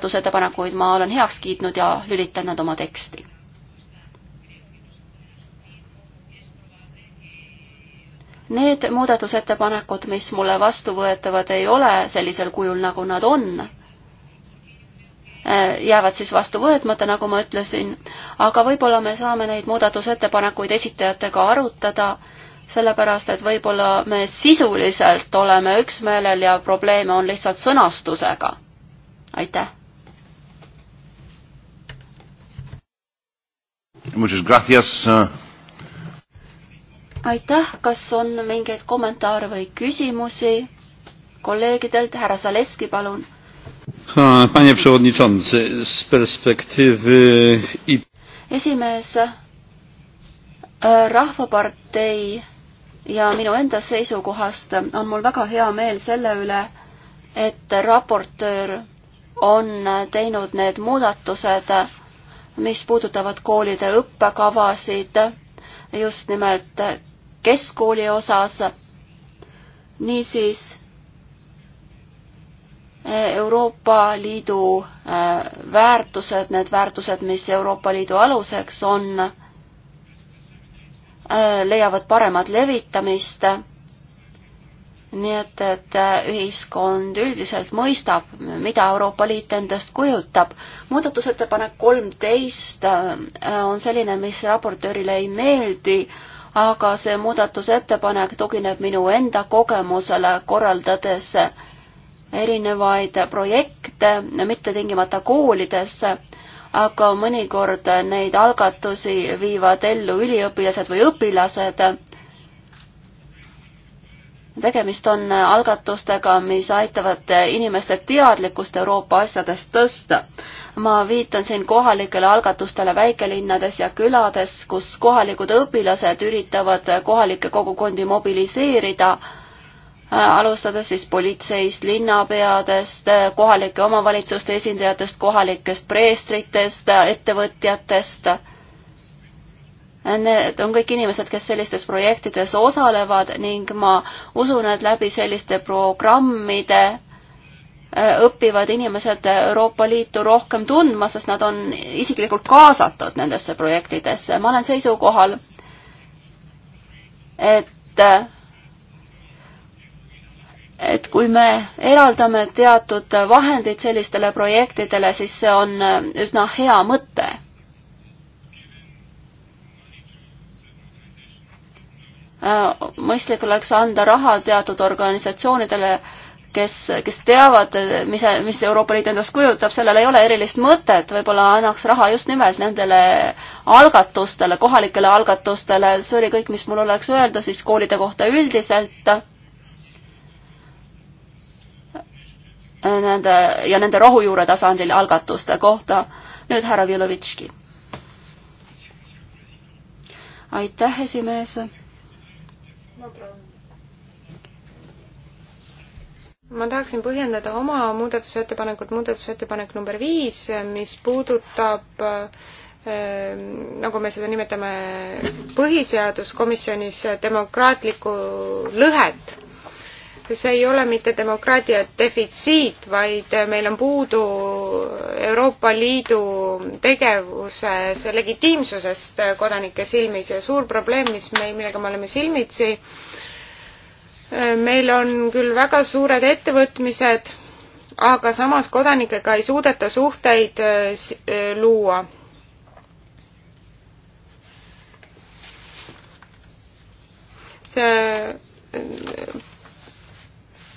muudatusettepanekuid ma olen heaks kiitnud ja lülitan nad oma teksti. Need muudatusettepanekud, mis mulle vastuvõetavad ei ole sellisel kujul, nagu nad on, eh, jäävad siis vastu võetmata, nagu ma ütlesin, aga võib-olla me saame neid muudatusettepanekuid esitajatega arutada sellepärast et võib-olla me sisuliselt oleme üksmeelel ja probleeme on lihtsalt sõnastusega. aitäh! aitäh, kas on mingeid kommentaare või küsimusi kolleegidelt, härra Zaleski, palun. esimees, e, Rahvapartei ja minu enda seisukohast on mul väga hea meel selle üle, et raportöör on teinud need muudatused mis puudutavad koolide õppekavasid just nimelt keskkooli osas. niisiis Euroopa Liidu äh, väärtused, need väärtused, mis Euroopa Liidu aluseks on, äh, leiavad paremat levitamist nii et, et äh, ühiskond üldiselt mõistab, mida Euroopa Liit endast kujutab. muudatusettepanek kolmteist äh, on selline, mis raportöörile ei meeldi, aga see muudatusettepanek tugineb minu enda kogemusele, korraldades erinevaid projekte, mitte tingimata koolides, aga mõnikord neid algatusi viivad ellu üliõpilased või õpilased tegemist on äh, algatustega, mis aitavad äh, inimeste teadlikkust Euroopa asjadest tõsta. ma viitan siin kohalikele algatustele väikelinnades ja külades, kus kohalikud õpilased üritavad äh, kohalikke kogukondi mobiliseerida, alustades siis politseist, linnapeadest, kohalike omavalitsuste esindajatest, kohalikest preestritest, ettevõtjatest Need on kõik inimesed, kes sellistes projektides osalevad ning ma usun, et läbi selliste programmide äh, õpivad inimesed Euroopa Liitu rohkem tundma, sest nad on isiklikult kaasatud nendesse projektidesse. ma olen seisukohal, et et kui me eraldame teatud vahendeid sellistele projektidele, siis see on üsna hea mõte Äh, mõistlik oleks anda raha teatud organisatsioonidele, kes, kes teavad, mis, mis Euroopa Liit endast kujutab, sellel ei ole erilist mõtet, võib-olla annaks raha just nimelt nendele algatustele, kohalikele algatustele, see oli kõik, mis mul oleks öelda siis koolide kohta üldiselt. Nende ja nende rohujuure tasandil algatuste kohta. nüüd härra Vilovitški. aitäh, esimees ma tahaksin põhjendada oma muudatusettepanekut, muudatusettepanek number viis, mis puudutab eh, nagu me seda nimetame, põhiseaduskomisjonis demokraatlikku lõhet see ei ole mitte demokraatia defitsiit, vaid meil on puudu Euroopa Liidu tegevuses legitiimsusest kodanike silmis ja suur probleem, mis meil, millega me oleme silmitsi, meil on küll väga suured ettevõtmised, aga samas kodanikega ei suudeta suhteid äh, luua see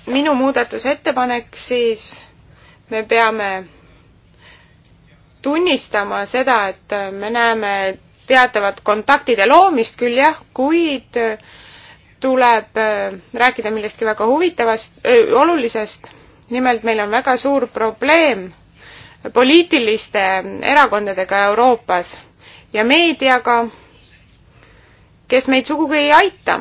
minu muudatusettepanek, siis me peame tunnistama seda, et me näeme teatavat kontaktide loomist küll jah, kuid tuleb äh, rääkida millestki väga huvitavast, äh, olulisest. nimelt meil on väga suur probleem poliitiliste erakondadega Euroopas ja meediaga, kes meid sugugi ei aita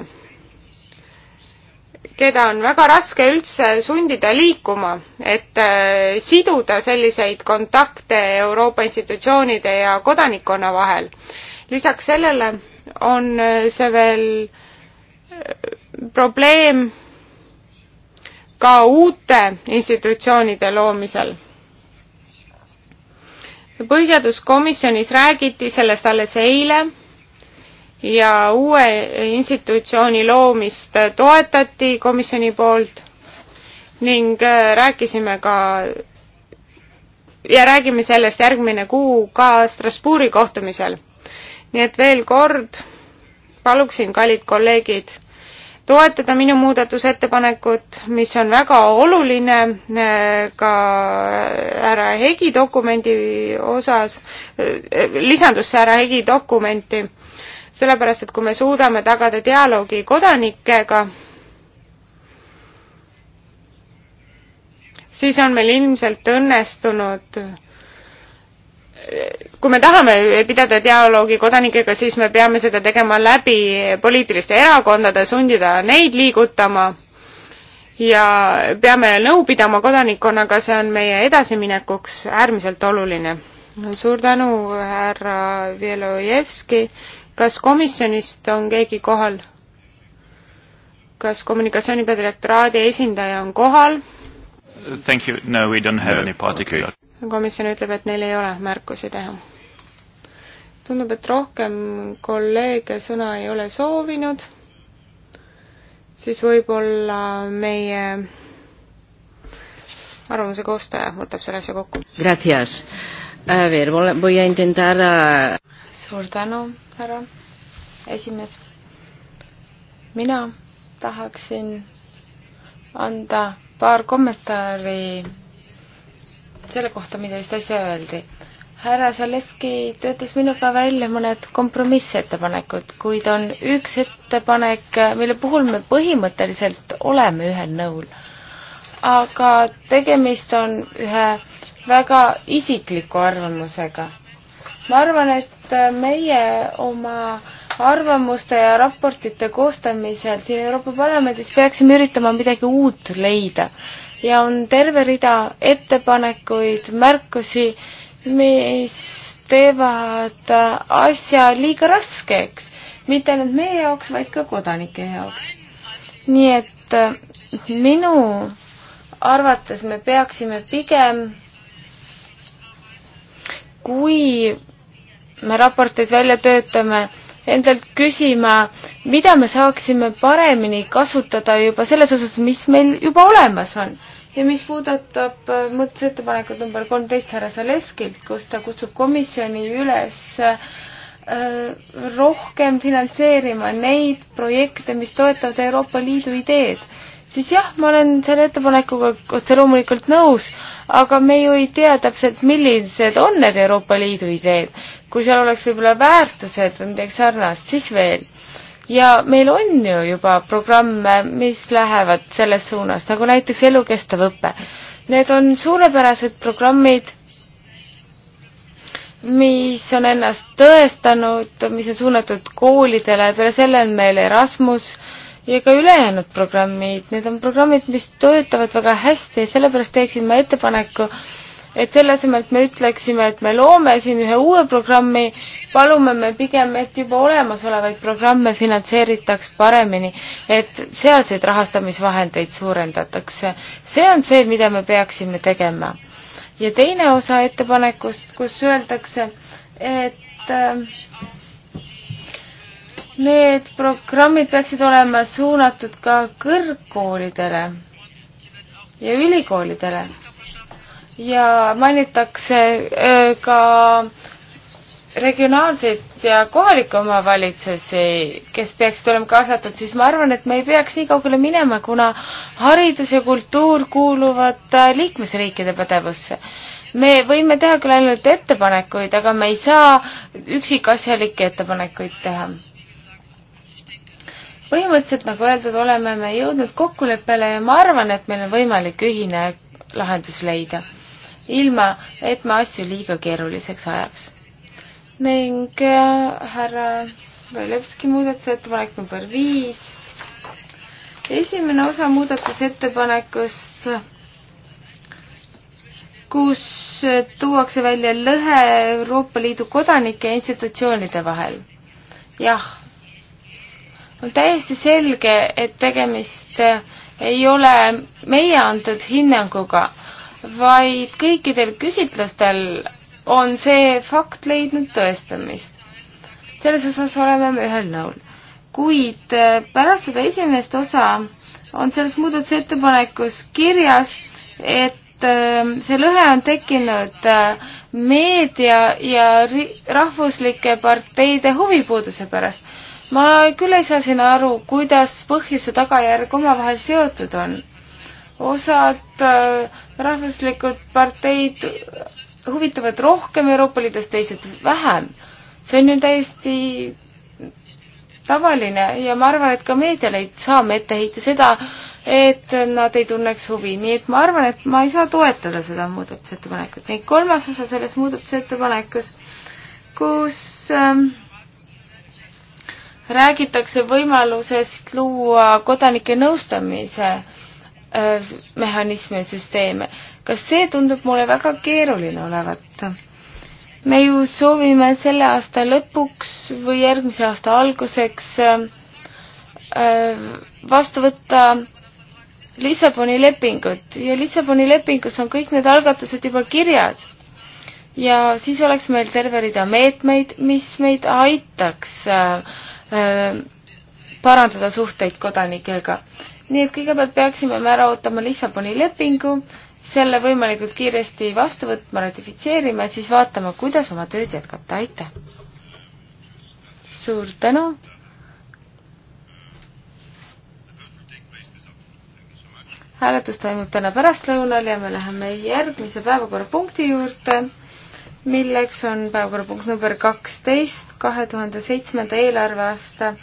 keda on väga raske üldse sundida liikuma, et äh, siduda selliseid kontakte Euroopa institutsioonide ja kodanikkonna vahel. lisaks sellele on äh, see veel äh, probleem ka uute institutsioonide loomisel. põhiseaduskomisjonis räägiti sellest alles eile ja uue institutsiooni loomist toetati komisjoni poolt ning äh, rääkisime ka ja räägime sellest järgmine kuu ka Strasbourgi kohtumisel. nii et veel kord paluksin, kallid kolleegid, toetada minu muudatusettepanekut, mis on väga oluline äh, ka härra Hegi dokumendi osas, äh, lisandus see härra Hegi dokumenti sellepärast et kui me suudame tagada dialoogi kodanikega, siis on meil ilmselt õnnestunud kui me tahame pidada dialoogi kodanikega, siis me peame seda tegema läbi poliitiliste erakondade, sundida neid liigutama ja peame nõu pidama kodanikkonnaga, see on meie edasiminekuks äärmiselt oluline. suur tänu, härra Vjelojevski kas komisjonist on keegi kohal? kas kommunikatsioonipeadirektoraadi esindaja on kohal? Thank you, no we don't have no, any particular okay.. komisjon ütleb, et neil ei ole märkusi teha. tundub, et rohkem kolleege sõna ei ole soovinud, siis võib-olla meie arvamuse koostaja võtab selle asja kokku. Gracias. A ver, voy a intentar a ah, suur tänu, härra esimees. mina tahaksin anda paar kommentaari selle kohta, mida just äsja öeldi. härra Zaleski töötas minuga välja mõned kompromissettepanekud, kuid on üks ettepanek, mille puhul me põhimõtteliselt oleme ühel nõul. aga tegemist on ühe väga isikliku arvamusega ma arvan, et meie oma arvamuste ja raportite koostamisel siin Euroopa Parlamendis peaksime üritama midagi uut leida ja on terve rida ettepanekuid, märkusi, mis teevad asja liiga raskeks, mitte ainult meie jaoks, vaid ka kodanike jaoks. nii et eh, minu arvates me peaksime pigem kui me raporteid välja töötame, endalt küsima, mida me saaksime paremini kasutada juba selles osas, mis meil juba olemas on. ja mis puudutab äh, muudatusettepanekut number kolmteist härra Zaleskilt, kus ta kutsub komisjoni üles äh, rohkem finantseerima neid projekte, mis toetavad Euroopa Liidu ideed, siis jah, ma olen selle ettepanekuga otse loomulikult nõus, aga me ju ei tea täpselt, millised on need Euroopa Liidu ideed kui seal oleks võib-olla väärtused või midagi sarnast, siis veel. ja meil on ju juba programme, mis lähevad selles suunas, nagu näiteks elukestev õpe. Need on suurepärased programmid, mis on ennast tõestanud, mis on suunatud koolidele, peale selle on meil Erasmus, ja ka ülejäänud programmid, need on programmid, mis töötavad väga hästi ja sellepärast teeksin ma ettepaneku, et selle asemel, et me ütleksime, et me loome siin ühe uue programmi, palume me pigem, et juba olemasolevaid programme finantseeritaks paremini, et sealseid rahastamisvahendeid suurendatakse. see on see, mida me peaksime tegema. ja teine osa ettepanekust, kus öeldakse, et äh, need programmid peaksid olema suunatud ka kõrgkoolidele ja ülikoolidele ja mainitakse äh, ka regionaalseid ja kohalikke omavalitsusi, kes peaksid olema kaasatud, siis ma arvan, et me ei peaks nii kaugele minema, kuna haridus ja kultuur kuuluvad äh, liikmesriikide pädevusse. me võime teha küll ainult ettepanekuid, aga me ei saa üksikasjalikke ettepanekuid teha. põhimõtteliselt, nagu öeldud, oleme me jõudnud kokkuleppele ja ma arvan, et meil on võimalik ühine lahendus leida ilma et me asju liiga keeruliseks ajaks. ning äh, härra Belevski muudatusettepanek number viis. esimene osa muudatusettepanekust, kus tuuakse välja lõhe Euroopa Liidu kodanike ja institutsioonide vahel. jah, on täiesti selge, et tegemist ei ole meie antud hinnanguga vaid kõikidel küsitlustel on see fakt leidnud tõestamist. selles osas oleme me ühel nõul. kuid äh, pärast seda esimest osa on selles muudatusettepanekus kirjas, et äh, see lõhe on tekkinud äh, meedia ja rahvuslike parteide huvipuuduse pärast. ma küll ei saa siin aru, kuidas põhjus ja tagajärg omavahel seotud on osad äh, rahvuslikud parteid huvitavad rohkem Euroopa Liidust, teised vähem. see on ju täiesti tavaline ja ma arvan, et ka meediale ei saa me ette heita seda, et nad ei tunneks huvi, nii et ma arvan, et ma ei saa toetada seda muudatusettepanekut. ning kolmas osa selles muudatusettepanekus, kus ähm, räägitakse võimalusest luua kodanike nõustamise äh, Äh, mehhanisme ja süsteeme. kas see tundub mulle väga keeruline olevat? me ju soovime selle aasta lõpuks või järgmise aasta alguseks äh, äh, vastu võtta Lissaboni lepingut ja Lissaboni lepingus on kõik need algatused juba kirjas. ja siis oleks meil terve rida meetmeid, mis meid aitaks äh, parandada suhteid kodanikega nii et kõigepealt peaksime me ära ootama Lissaboni lepingu, selle võimalikult kiiresti vastu võtma, ratifitseerima ja siis vaatama, kuidas oma tööd jätkata, aitäh! suur tänu! hääletus toimub täna pärastlõunal ja me läheme järgmise päevakorrapunkti juurde, milleks on päevakorrapunkt number kaksteist, kahe tuhande seitsmenda eelarveaasta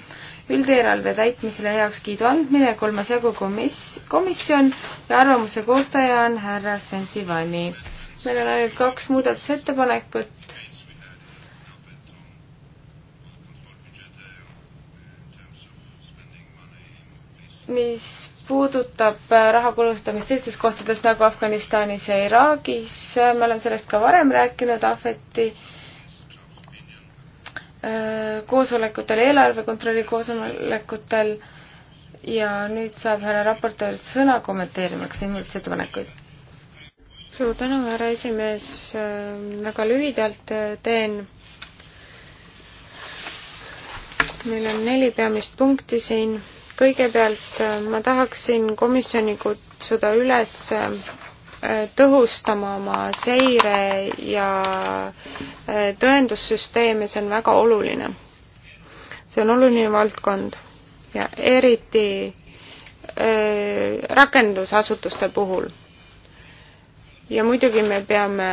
üldeelarve täitmisele heakskiidu andmine, kolmas jagu komis-, komisjon ja arvamuse koostaja on härra Sentivani. meil on ainult kaks muudatusettepanekut. mis puudutab raha kulutamist sellistes kohtades nagu Afganistanis ja Iraagis, me oleme sellest ka varem rääkinud, Ahveti äh, Äh, koosolekutel, eelarvekontrolli koosolekutel ja nüüd saab härra raportöör sõna kommenteerimaks muudatusettepanekuid. suur tänu, härra esimees, ähm, väga lühidalt äh, teen. meil on neli peamist punkti siin. kõigepealt äh, ma tahaksin komisjoni kutsuda üles Äh, tõhustama oma seire ja äh, tõendussüsteemi, see on väga oluline. see on oluline valdkond ja eriti äh, rakendusasutuste puhul. ja muidugi me peame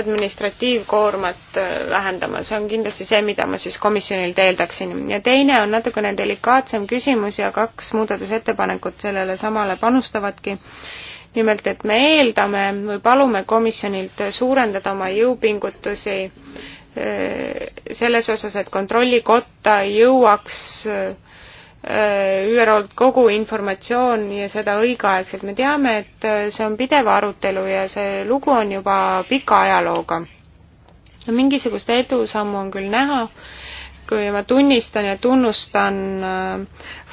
administratiivkoormat vähendama, see on kindlasti see, mida ma siis komisjonilt eeldaksin. ja teine on natukene delikaatsem küsimus ja kaks muudatusettepanekut sellele samale panustavadki nimelt, et me eeldame või palume komisjonilt suurendada oma jõupingutusi äh, selles osas, et kontrollikotta jõuaks äh, ÜRO-lt kogu informatsioon ja seda õigeaegselt. me teame, et äh, see on pidev arutelu ja see lugu on juba pika ajalooga. no mingisugust edusammu on küll näha, kui ma tunnistan ja tunnustan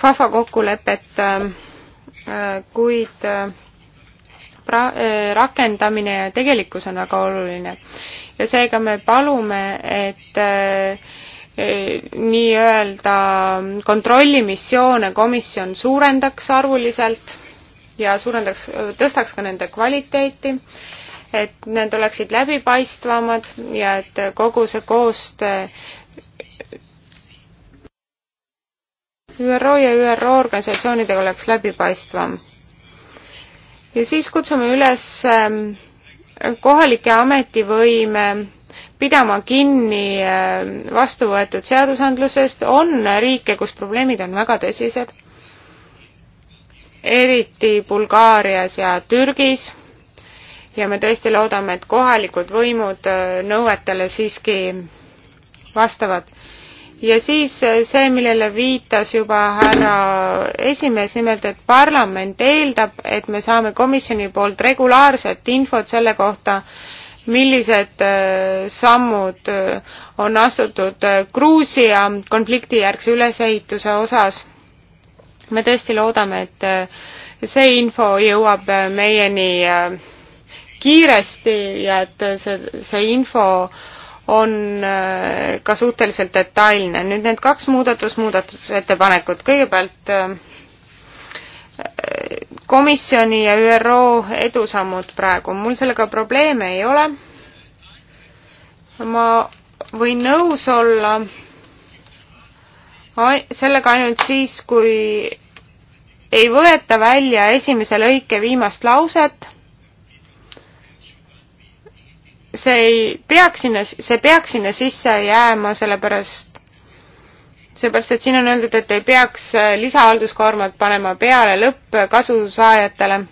FAFA kokkulepet, kuid pra-, äh, rakendamine ja tegelikkus on väga oluline. ja seega me palume, et äh, äh, nii-öelda kontrollimissioone komisjon suurendaks arvuliselt ja suurendaks, tõstaks ka nende kvaliteeti, et need oleksid läbipaistvamad ja et kogu see koostöö ÜRO ja ÜRO organisatsioonidega oleks läbipaistvam ja siis kutsume üles ähm, kohalike ametivõime pidama kinni ähm, vastu võetud seadusandlusest, on riike, kus probleemid on väga tõsised, eriti Bulgaarias ja Türgis, ja me tõesti loodame, et kohalikud võimud äh, nõuetele siiski vastavad ja siis eh, see, millele viitas juba härra esimees, nimelt et parlament eeldab, et me saame komisjoni poolt regulaarset infot selle kohta, millised eh, sammud eh, on astutud Gruusia konfliktijärgse ülesehituse osas. me tõesti loodame, et see info jõuab meieni kiiresti ja et see, see info äh, on äh, ka suhteliselt detailne. nüüd need kaks muudatus, muudatusettepanekut. kõigepealt äh, komisjoni ja ÜRO edusammud praegu. mul sellega probleeme ei ole. ma võin nõus olla sellega ainult siis, kui ei võeta välja esimese lõike viimast lauset see ei peaks sinna, see peaks sinna sisse jääma, sellepärast, seepärast, et siin on öeldud, et ei peaks äh, lisahalduskoormat panema peale lõppkasusaajatele.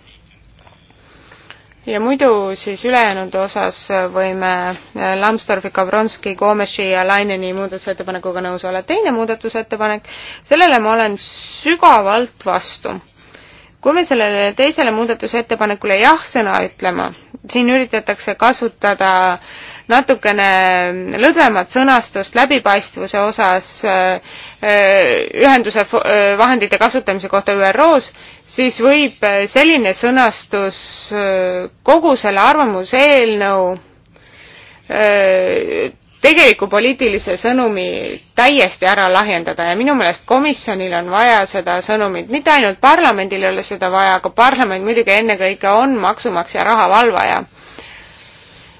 ja muidu siis ülejäänud osas võime äh, Lambsdorfi, Kavronski, Gomeshi ja Laineni muudatusettepanekuga nõus olla. teine muudatusettepanek, sellele ma olen sügavalt vastu kui me sellele teisele muudatusettepanekule jah-sõna ütlema, siin üritatakse kasutada natukene lõdvemat sõnastust läbipaistvuse osas äh, äh, ühenduse äh, vahendite kasutamise kohta ÜRO-s, siis võib selline sõnastus kogu selle arvamuseelnõu tegeliku poliitilise sõnumi täiesti ära lahjendada ja minu meelest komisjonil on vaja seda sõnumit, mitte ainult parlamendil ei ole seda vaja, aga parlament muidugi ennekõike on maksumaksja raha valvaja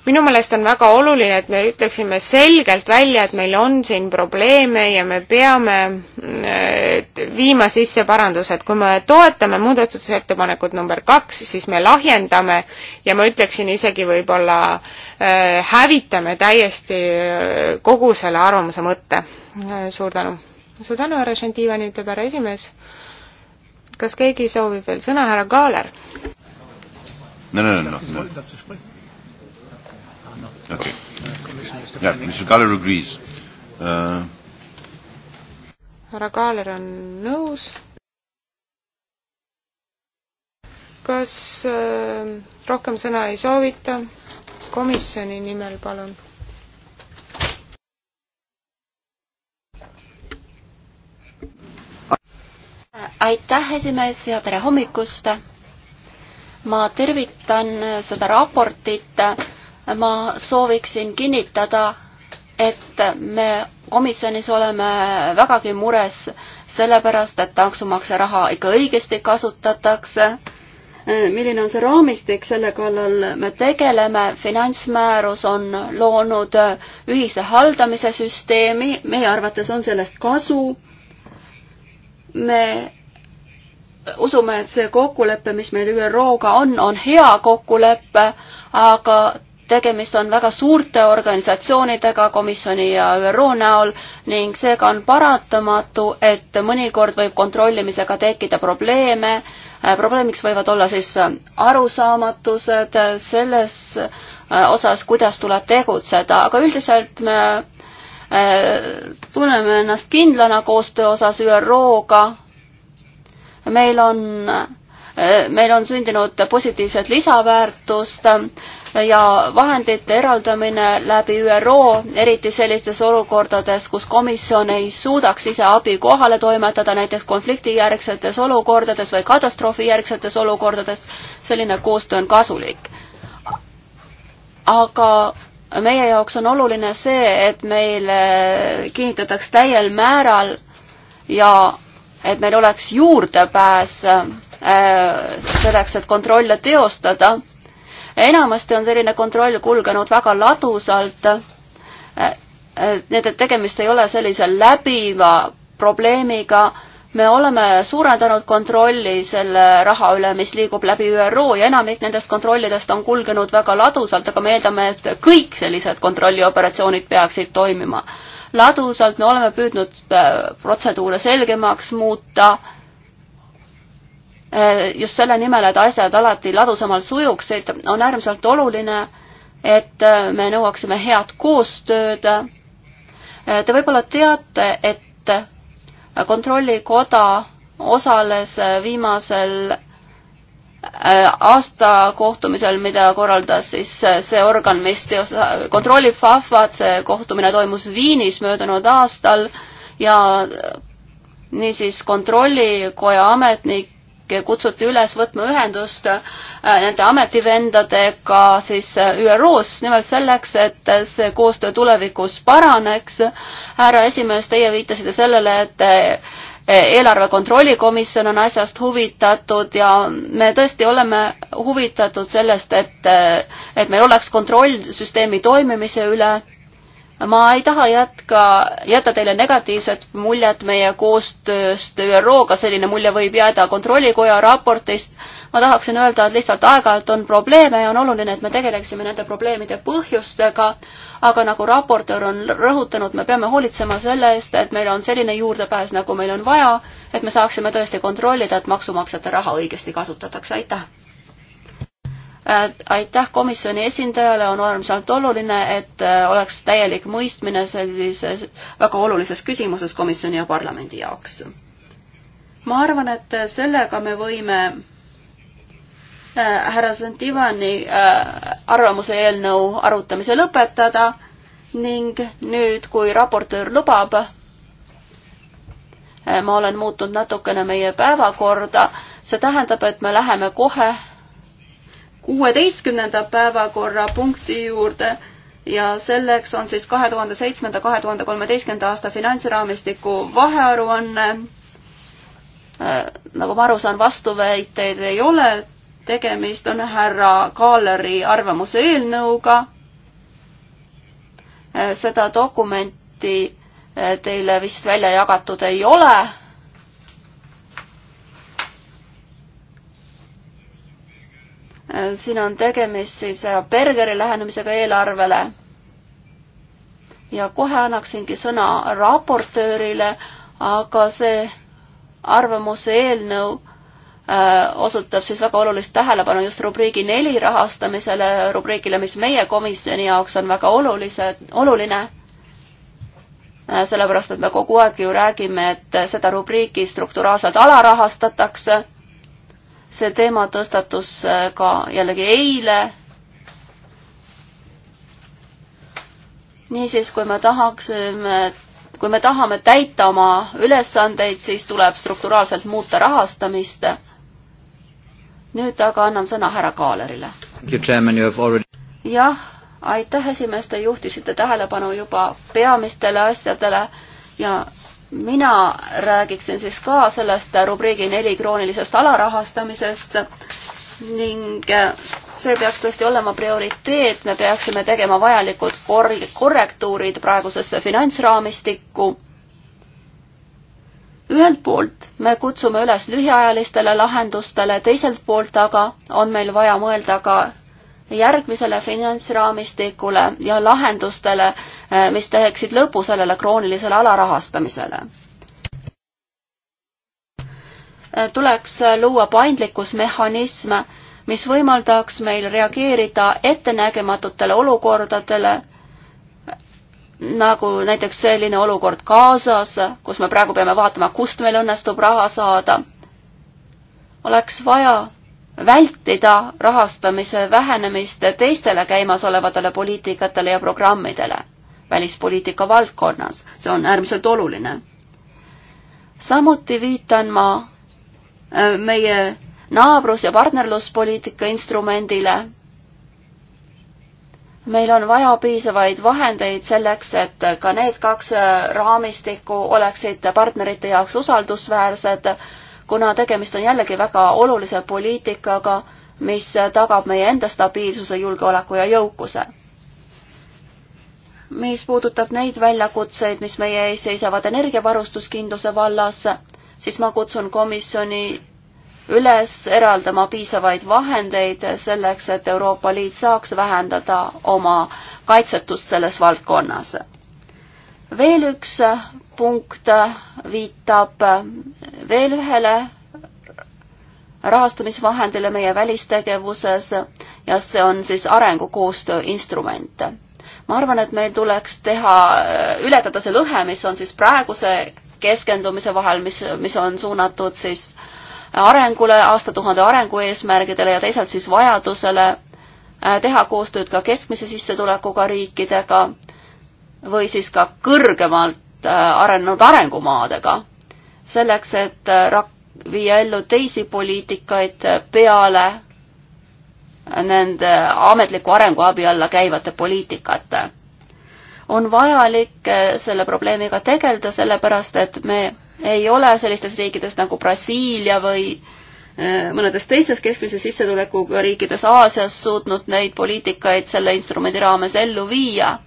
minu meelest on väga oluline, et me ütleksime selgelt välja, et meil on siin probleeme ja me peame äh, viima sisse parandused. kui me toetame muudatusettepanekut number kaks, siis me lahjendame ja ma ütleksin isegi võib-olla äh, hävitame täiesti äh, kogu selle arvamuse mõtte. suur tänu. suur tänu, härra Šantivani, ütleb härra esimees. kas keegi soovib veel sõna, härra Kaaler? no, no, no, no. Okay. Yeah, Mr. Galler agrees. Uh... härra Kaaler on nõus. kas äh, rohkem sõna ei soovita? komisjoni nimel, palun. aitäh, esimees ja tere hommikust! ma tervitan seda raportit ma sooviksin kinnitada, et me komisjonis oleme vägagi mures sellepärast, et maksumaksja raha ikka õigesti kasutatakse. milline on see raamistik, selle kallal me tegeleme, finantsmäärus on loonud ühise haldamise süsteemi, meie arvates on sellest kasu. me usume, et see kokkulepe, mis meil ÜRO-ga on, on hea kokkulepe, aga tegemist on väga suurte organisatsioonidega komisjoni ja ÜRO näol ning seega on paratamatu, et mõnikord võib kontrollimisega tekkida probleeme. Äh, probleemiks võivad olla siis äh, arusaamatused äh, selles osas, kuidas tuleb tegutseda, aga üldiselt me tunneme ennast kindlana koostöö osas ÜRO-ga. meil on, meil on sündinud positiivset lisaväärtust ja vahendite eraldamine läbi ÜRO, eriti sellistes olukordades, kus komisjon ei suudaks ise abi kohale toimetada, näiteks konfliktijärgsetes olukordades või katastroofijärgsetes olukordades, selline koostöö on kasulik. aga meie jaoks on oluline see, et meil kinnitataks täiel määral ja et meil oleks juurdepääs äh, selleks, et kontrolle teostada enamasti on selline kontroll kulgenud väga ladusalt. Äh, äh, nii et, et tegemist ei ole sellise läbiva probleemiga. me oleme suurendanud kontrolli selle raha üle, mis liigub läbi ÜRO ja enamik nendest kontrollidest on kulgenud väga ladusalt, aga me eeldame, et kõik sellised kontrollioperatsioonid peaksid toimima ladusalt, me oleme püüdnud äh, protseduure selgemaks muuta Eh, just selle nimel, et asjad alati ladusamalt sujuksid, on äärmiselt oluline, et eh, me nõuaksime head koostööd. Eh, te võib-olla teate, et kontrollikoda osales viimasel aasta kohtumisel, mida korraldas siis see organ, mis teos-, kontrollib FAFA-d, see kohtumine toimus Viinis möödunud aastal ja niisiis kontrollikoja ametnik kutsuti üles võtma ühendust äh, nende ametivendadega siis äh, ÜRO-s, nimelt selleks, et äh, see koostöö tulevikus paraneks. härra esimees, teie viitasite sellele, et eelarve kontrolli komisjon on asjast huvitatud ja me tõesti oleme huvitatud sellest, et, et meil oleks kontroll süsteemi toimimise üle ma ei taha jätka, jätta teile negatiivset muljet meie koostööst ÜRO-ga, selline mulje võib jääda Kontrollikoja raportist. ma tahaksin öelda, et lihtsalt aeg-ajalt on probleeme ja on oluline, et me tegeleksime nende probleemide põhjustega, aga nagu raportöör on rõhutanud, me peame hoolitsema selle eest, et meil on selline juurdepääs, nagu meil on vaja, et me saaksime tõesti kontrollida, et maksumaksjate raha õigesti kasutatakse, aitäh! Äh, aitäh komisjoni esindajale, on äärmiselt oluline, et äh, oleks täielik mõistmine sellises väga olulises küsimuses komisjoni ja parlamendi jaoks. ma arvan, et sellega me võime äh, härra Santivani arvamuse eelnõu arutamise lõpetada ning nüüd, kui raportöör lubab, ma olen muutnud natukene meie päevakorda, see tähendab, et me läheme kohe kuueteistkümnenda päevakorrapunkti juurde ja selleks on siis kahe tuhande seitsmenda, kahe tuhande kolmeteistkümnenda aasta finantsraamistiku vahearuanne. Äh, nagu ma aru saan, vastuväiteid ei ole, tegemist on härra Kaaleri arvamuse eelnõuga. Äh, seda dokumenti äh, teile vist välja jagatud ei ole siin on tegemist siis härra äh, Bergeri lähenemisega eelarvele. ja kohe annaksingi sõna raportöörile, aga see arvamuse eelnõu äh, osutab siis väga olulist tähelepanu just rubriigi neli rahastamisele, rubriigile, mis meie komisjoni jaoks on väga olulise, oluline. Äh, sellepärast, et me kogu aeg ju räägime, et seda rubriiki strukturaalselt alarahastatakse see teema tõstatus äh, ka jällegi eile. niisiis, kui me tahaksime, kui me tahame täita oma ülesandeid, siis tuleb strukturaalselt muuta rahastamist. nüüd aga annan sõna härra Kaalerile. jah, aitäh, esimees, te juhtisite tähelepanu juba peamistele asjadele ja mina räägiksin siis ka sellest rubriigi neli kroonilisest alarahastamisest ning see peaks tõesti olema prioriteet, me peaksime tegema vajalikud kor-, korrektuurid praegusesse finantsraamistikku. ühelt poolt me kutsume üles lühiajalistele lahendustele, teiselt poolt aga on meil vaja mõelda ka järgmisele finantsraamistikule ja lahendustele, eh, mis teeksid lõpu sellele kroonilisele alarahastamisele. Eh, tuleks luua paindlikkusmehhanism, mis võimaldaks meil reageerida ettenägematutele olukordadele, nagu näiteks selline olukord Gazas, kus me praegu peame vaatama, kust meil õnnestub raha saada. oleks vaja vältida rahastamise vähenemist teistele käimasolevatele poliitikatele ja programmidele välispoliitika valdkonnas. see on äärmiselt oluline. samuti viitan ma äh, meie naabrus- ja partnerluspoliitika instrumendile. meil on vaja piisavaid vahendeid selleks, et ka need kaks raamistikku oleksid partnerite jaoks usaldusväärsed kuna tegemist on jällegi väga olulise poliitikaga, mis tagab meie enda stabiilsuse, julgeoleku ja jõukuse. mis puudutab neid väljakutseid, mis meie ees seisavad energiavarustuskindluse vallas, siis ma kutsun komisjoni üles eraldama piisavaid vahendeid selleks, et Euroopa Liit saaks vähendada oma kaitsetust selles valdkonnas veel üks punkt viitab veel ühele rahastamisvahendile meie välistegevuses ja see on siis arengukoostöö instrument. ma arvan, et meil tuleks teha, ületada see lõhe, mis on siis praeguse keskendumise vahel, mis, mis on suunatud siis arengule, aastatuhande arengueesmärgidele ja teisalt siis vajadusele eh, teha koostööd ka keskmise sissetulekuga riikidega või siis ka kõrgemalt äh, arenenud arengumaadega, selleks et äh, rak-, viia ellu teisi poliitikaid peale nende ametliku arenguabi alla käivate poliitikate. on vajalik äh, selle probleemiga tegeleda, sellepärast et me ei ole sellistes riikides nagu Brasiilia või mõnedes teistes keskmise sissetulekuga riikides Aasias suutnud neid poliitikaid selle instrumendi raames ellu viia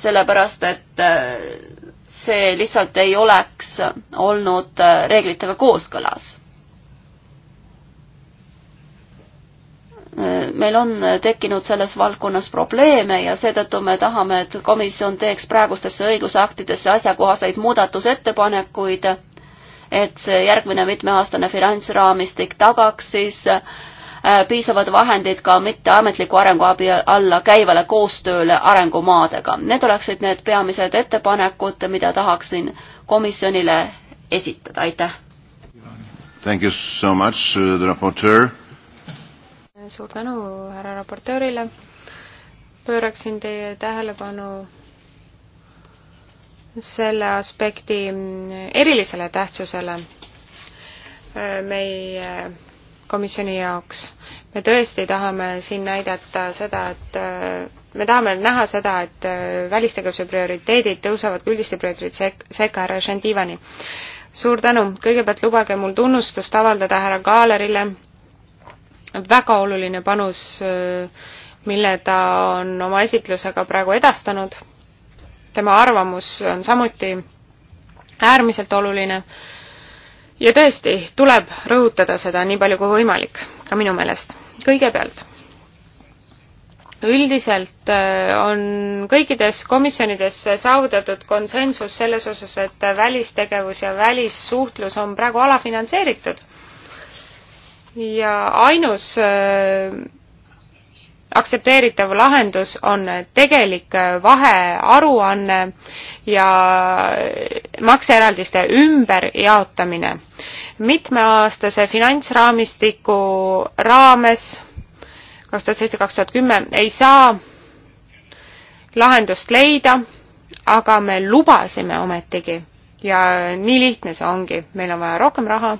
sellepärast et äh, see lihtsalt ei oleks olnud äh, reeglitega kooskõlas. Äh, meil on tekkinud selles valdkonnas probleeme ja seetõttu me tahame, et komisjon teeks praegustesse õigusaktidesse asjakohaseid muudatusettepanekuid, et see järgmine mitmeaastane finantsraamistik tagaks siis äh, Äh, piisavad vahendid ka mitteametliku arenguabi alla käivale koostööle arengumaadega. Need oleksid need peamised ettepanekud, mida tahaksin komisjonile esitada, aitäh! Thank you so much, uh, the raportöör. suur tänu härra raportöörile. pööraksin teie tähelepanu selle aspekti erilisele tähtsusele meie komisjoni jaoks. me tõesti tahame siin näidata seda, et me tahame näha seda, et välistegevuse prioriteedid tõusevad ka üldiste prioriteetide sek-, sekka härra Šantivani. suur tänu, kõigepealt lubage mul tunnustust avaldada härra Kaalerile, väga oluline panus, mille ta on oma esitlusega praegu edastanud, tema arvamus on samuti äärmiselt oluline ja tõesti, tuleb rõhutada seda nii palju kui võimalik, ka minu meelest. kõigepealt, üldiselt äh, on kõikides komisjonides saavutatud konsensus selles osas, et välistegevus ja välissuhtlus on praegu alafinantseeritud. ja ainus äh, aktsepteeritav lahendus on tegelik äh, vahearuanne ja makseeraldiste ümberjaotamine. mitmeaastase finantsraamistiku raames kaks tuhat seitse, kaks tuhat kümme ei saa lahendust leida, aga me lubasime ometigi ja nii lihtne see ongi, meil on vaja rohkem raha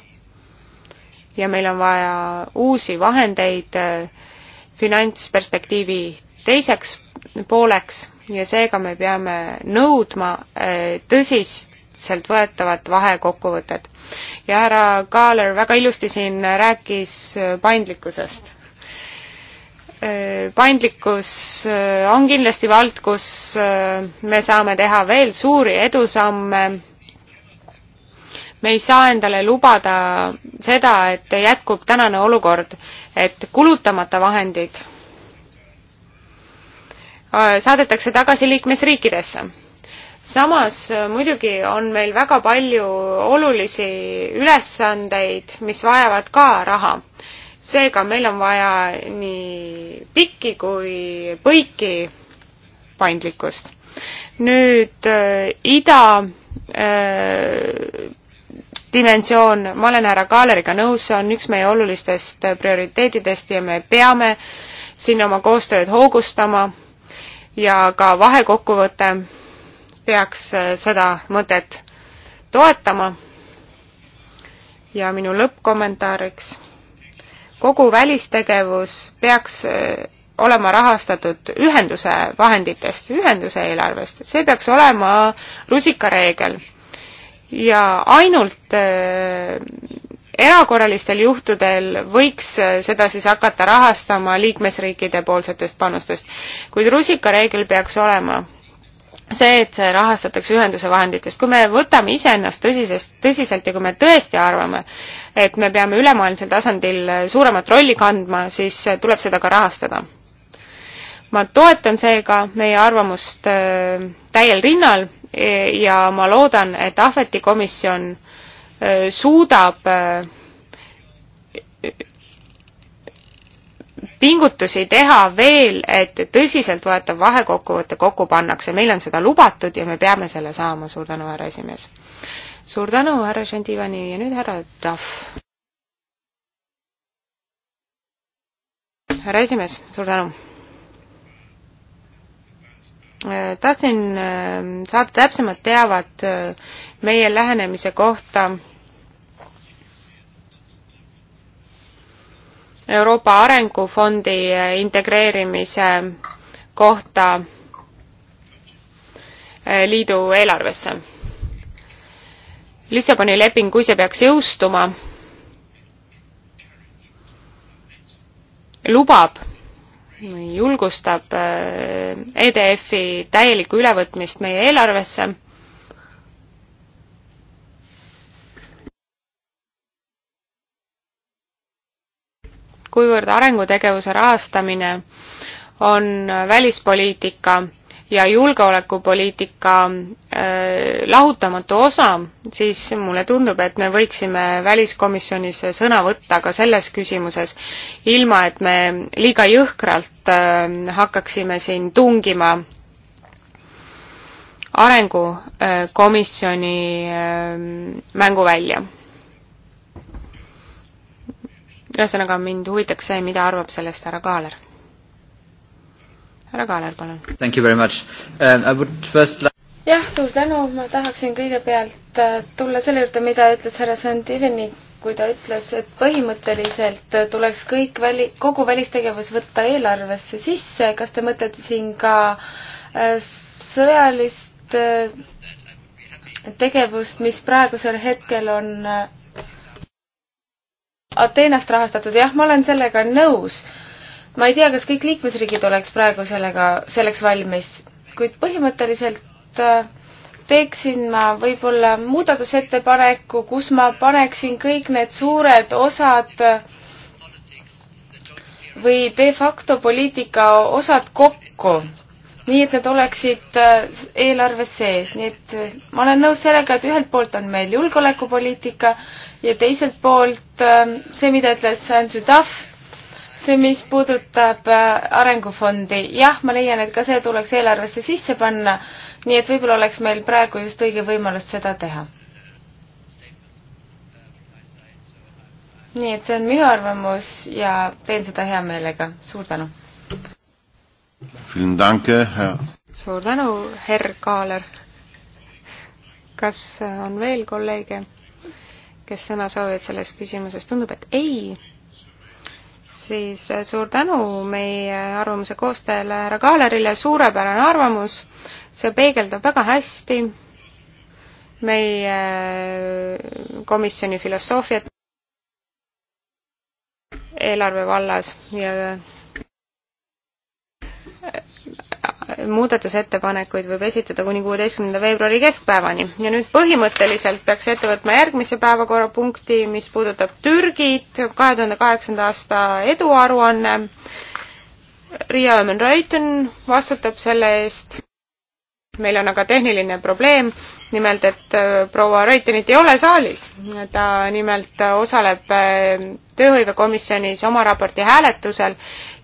ja meil on vaja uusi vahendeid eh, finantsperspektiivi teiseks pooleks ja seega me peame nõudma eh, tõsiselt võetavat vahekokkuvõtet. ja härra Kaaler väga ilusti siin rääkis eh, paindlikkusest. Eh, paindlikkus on kindlasti vald, kus me saame teha veel suuri edusamme me ei saa endale lubada seda, et jätkub tänane olukord, et kulutamata vahendid Äh, saadetakse tagasi liikmesriikidesse. samas äh, muidugi on meil väga palju olulisi ülesandeid, mis vajavad ka raha. seega meil on vaja nii pikki kui põiki paindlikkust. nüüd äh, ida äh, dimensioon, ma olen härra Kaaleriga nõus, see on üks meie olulistest prioriteetidest ja me peame siin oma koostööd hoogustama ja ka vahekokkuvõte peaks äh, seda mõtet toetama. ja minu lõppkommentaariks. kogu välistegevus peaks äh, olema rahastatud ühenduse vahenditest, ühenduse eelarvest, see peaks olema rusikareegel. ja ainult äh, erakorralistel juhtudel võiks seda siis hakata rahastama liikmesriikide poolsetest panustest, kuid rusikareegel peaks olema see, et see rahastatakse ühenduse vahenditest. kui me võtame iseennast tõsisest, tõsiselt ja kui me tõesti arvame, et me peame ülemaailmsel tasandil suuremat rolli kandma, siis tuleb seda ka rahastada. ma toetan seega meie arvamust äh, täiel rinnal ja ma loodan, et Ahveti komisjon Äh, suudab äh, pingutusi teha veel, et tõsiseltvõetav vahekokkuvõte kokku pannakse, meil on seda lubatud ja me peame selle saama, suur tänu, härra esimees. suur tänu, härra Šantivani ja nüüd härra Tahv. härra esimees, suur tänu. Äh, tahtsin saada täpsemat teavet meie lähenemise kohta Euroopa Arengufondi integreerimise kohta eh, liidu eelarvesse. Lissaboni leping, kui see peaks jõustuma, lubab, julgustab EDF-i eh, e täielikku ülevõtmist meie eelarvesse kuivõrd arengutegevuse rahastamine on välispoliitika ja julgeolekupoliitika äh, lahutamatu osa, siis mulle tundub, et me võiksime väliskomisjonis sõna võtta ka selles küsimuses, ilma et me liiga jõhkralt äh, hakkaksime siin tungima arengukomisjoni äh, mänguvälja ühesõnaga, mind huvitaks see, mida arvab sellest härra Kaaler. härra Kaaler, palun. Thank you very much um,. I would first jah, suur tänu, ma tahaksin kõigepealt äh, tulla selle juurde, mida ütles härra Santivini, kui ta ütles, et põhimõtteliselt tuleks kõik väli, kogu välistegevus võtta eelarvesse sisse, kas te mõtlete siin ka äh, sõjalist äh, tegevust, mis praegusel hetkel on Ateenast rahastatud, jah, ma olen sellega nõus. ma ei tea, kas kõik liikmesriigid oleks praegu sellega, selleks valmis, kuid põhimõtteliselt äh, teeksin ma võib-olla muudatusettepaneku, kus ma paneksin kõik need suured osad äh, või de facto poliitika osad kokku, nii et need oleksid äh, eelarves sees, nii et ma olen nõus sellega, et ühelt poolt on meil julgeolekupoliitika ja teiselt poolt ähm, see, mida ütles Andrew Duff, see, mis puudutab äh, arengufondi, jah, ma leian, et ka see tuleks eelarvesse sisse panna, nii et võib-olla oleks meil praegu just õige võimalus seda teha. nii et see on minu arvamus ja teen seda hea meelega, suur tänu! suur tänu, härr Kaaler! kas äh, on veel kolleege? kes sõna soovivad selles küsimuses, tundub, et ei, siis äh, suur tänu meie arvamuse koostajale härra Kaalerile, suurepärane arvamus, see peegeldab väga hästi meie äh, komisjoni filosoofiat eelarve vallas ja muudatusettepanekuid võib esitada kuni kuueteistkümnenda veebruari keskpäevani. ja nüüd põhimõtteliselt peaks ette võtma järgmise päevakorrapunkti, mis puudutab Türgit, kahe tuhande kaheksanda aasta eduaruanne. Riia Ömenreuten vastutab selle eest. meil on aga tehniline probleem, nimelt et äh, proua Reutenit ei ole saalis. ta nimelt osaleb äh, tööhõivekomisjonis oma raporti hääletusel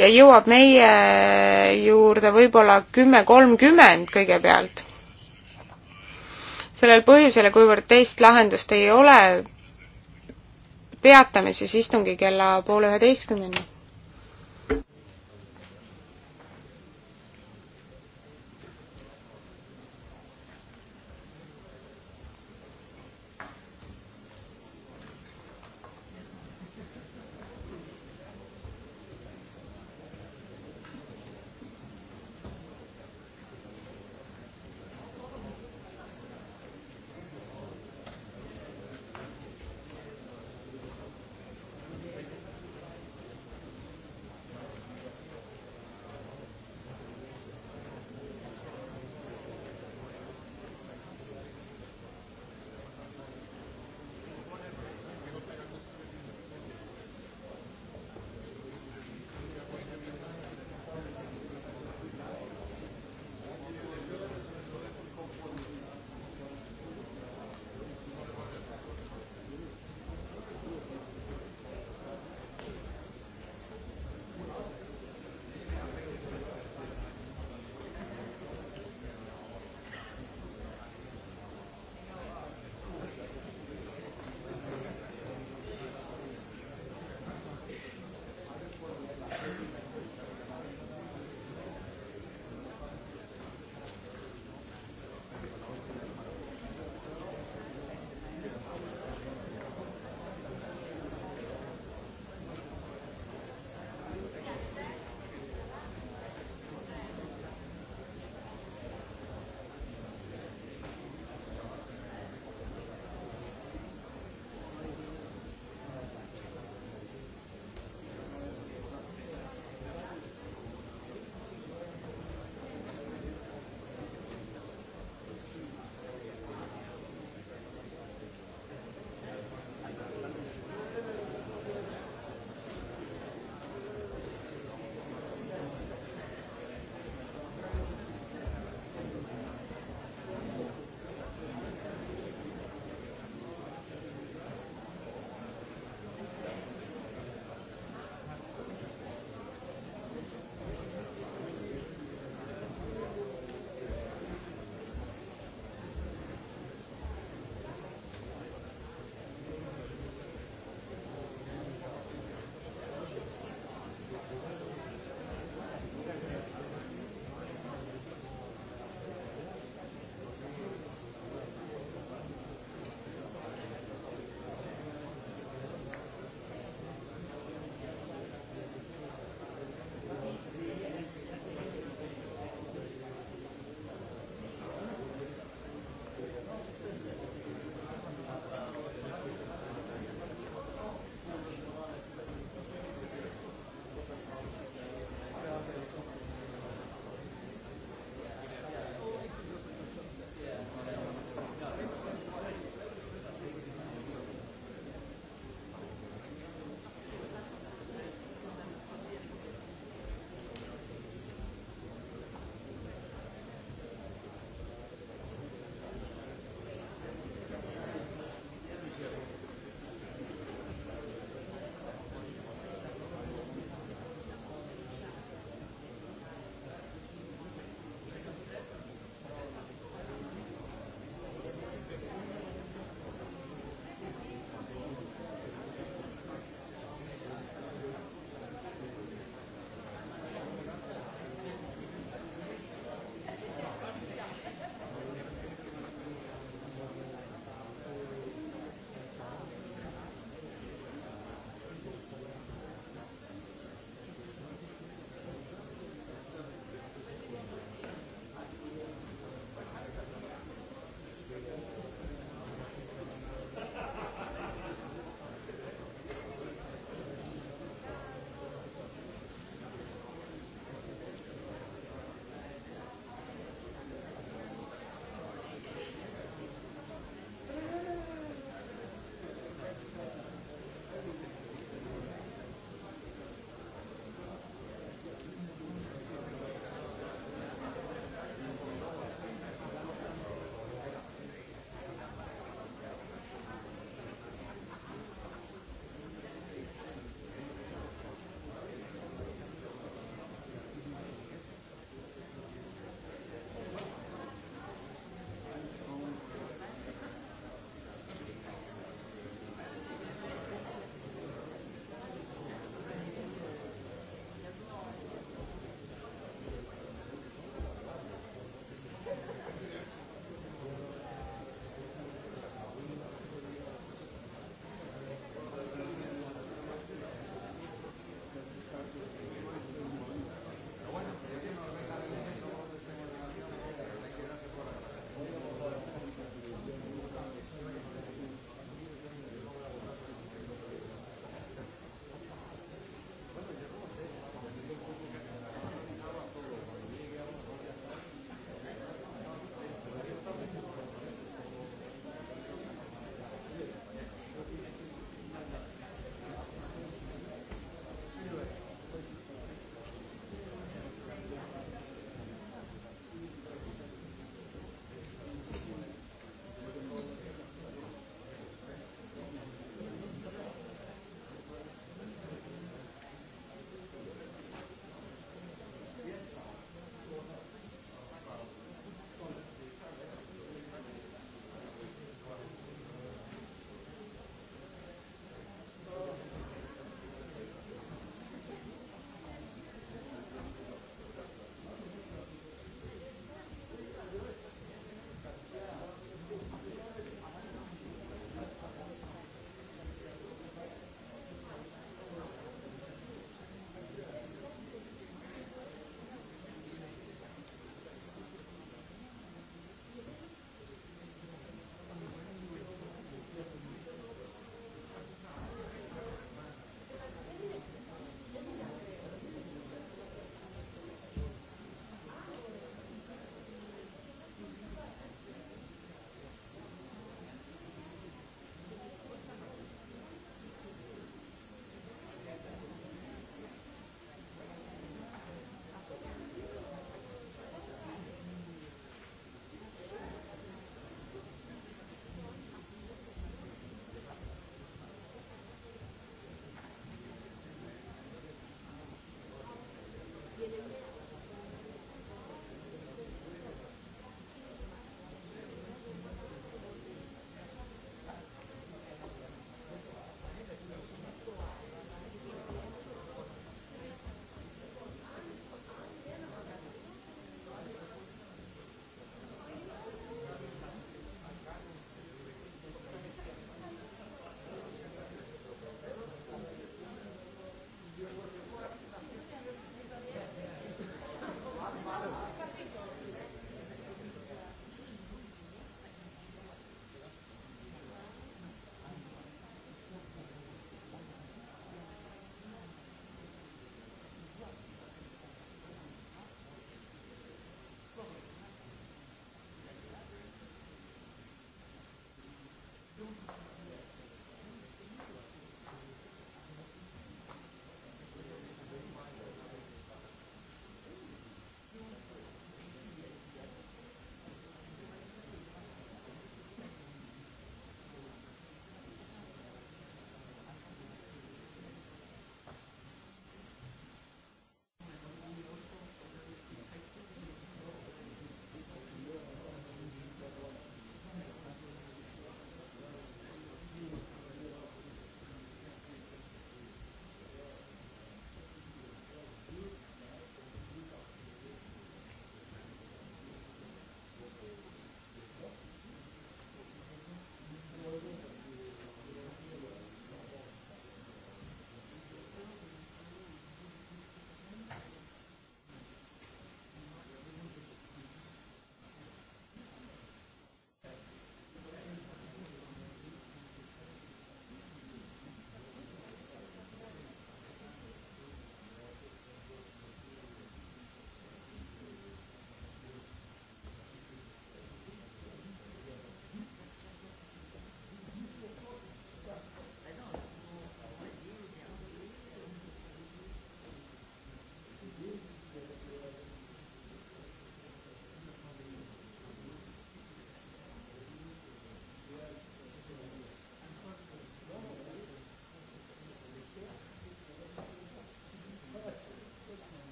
ja jõuab meie juurde võib-olla kümme kolmkümmend kõigepealt. sellel põhjusel ja kuivõrd teist lahendust ei ole, peatame siis istungi kella poole üheteistkümneni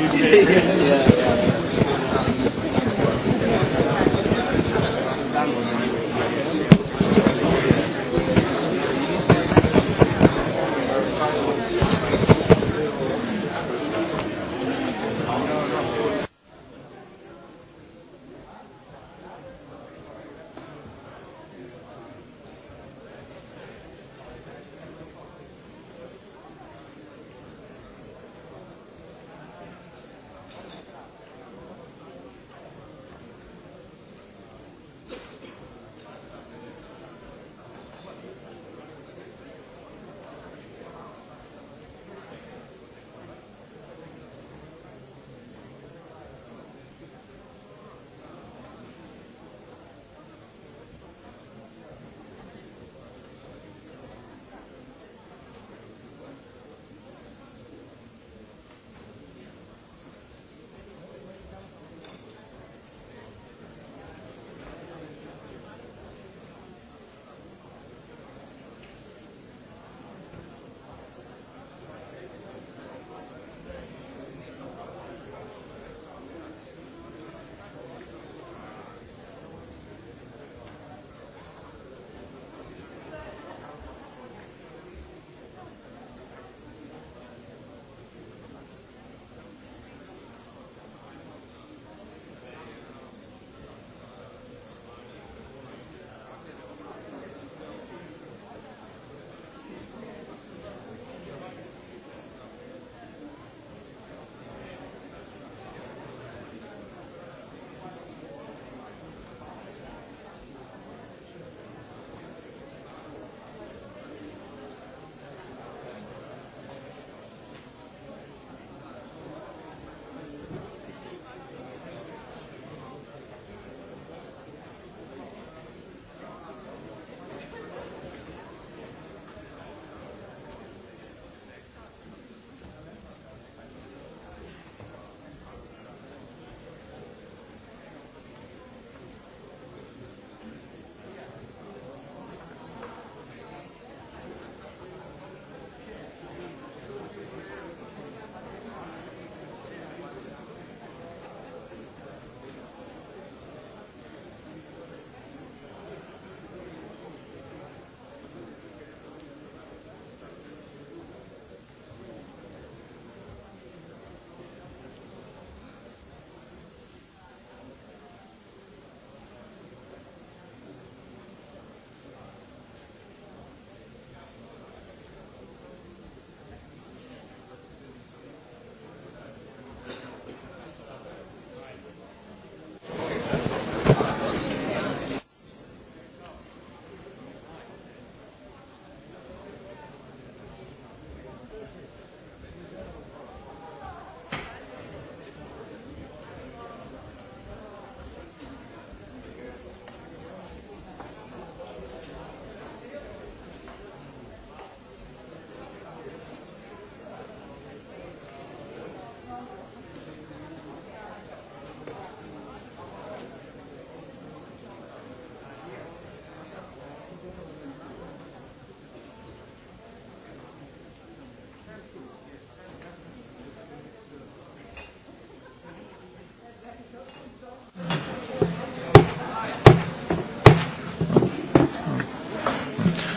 yeah.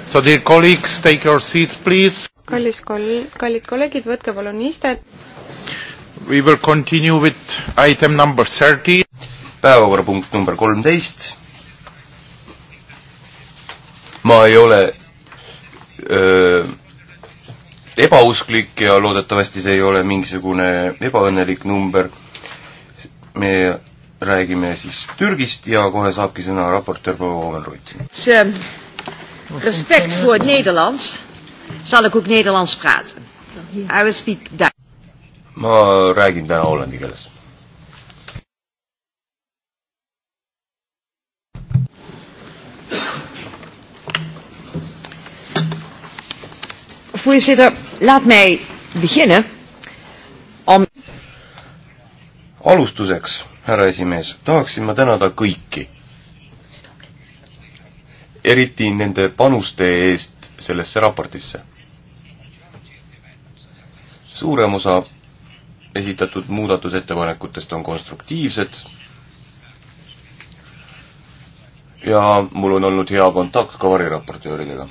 So dear colleagues, take your seats, please. kallis kol-, kallid kolleegid, võtke palun istet. We will continue with item number thirty. päevakorrapunkt number kolmteist. ma ei ole öö, ebausklik ja loodetavasti see ei ole mingisugune ebaõnnelik number. me räägime siis Türgist ja kohe saabki sõna raportöör proua Omen Ruit. see Respect voor het Nederlands zal ik ook Nederlands praten. I will speak Dutch. Ma räägin täna hollandi keeles. Voorzitter, laat mij beginnen om... Alustuseks, härra esimees, tahaksin ma tänada kõiki eriti nende panuste eest sellesse raportisse. suurem osa esitatud muudatusettepanekutest on konstruktiivsed ja mul on olnud hea kontakt ka variraportööridega.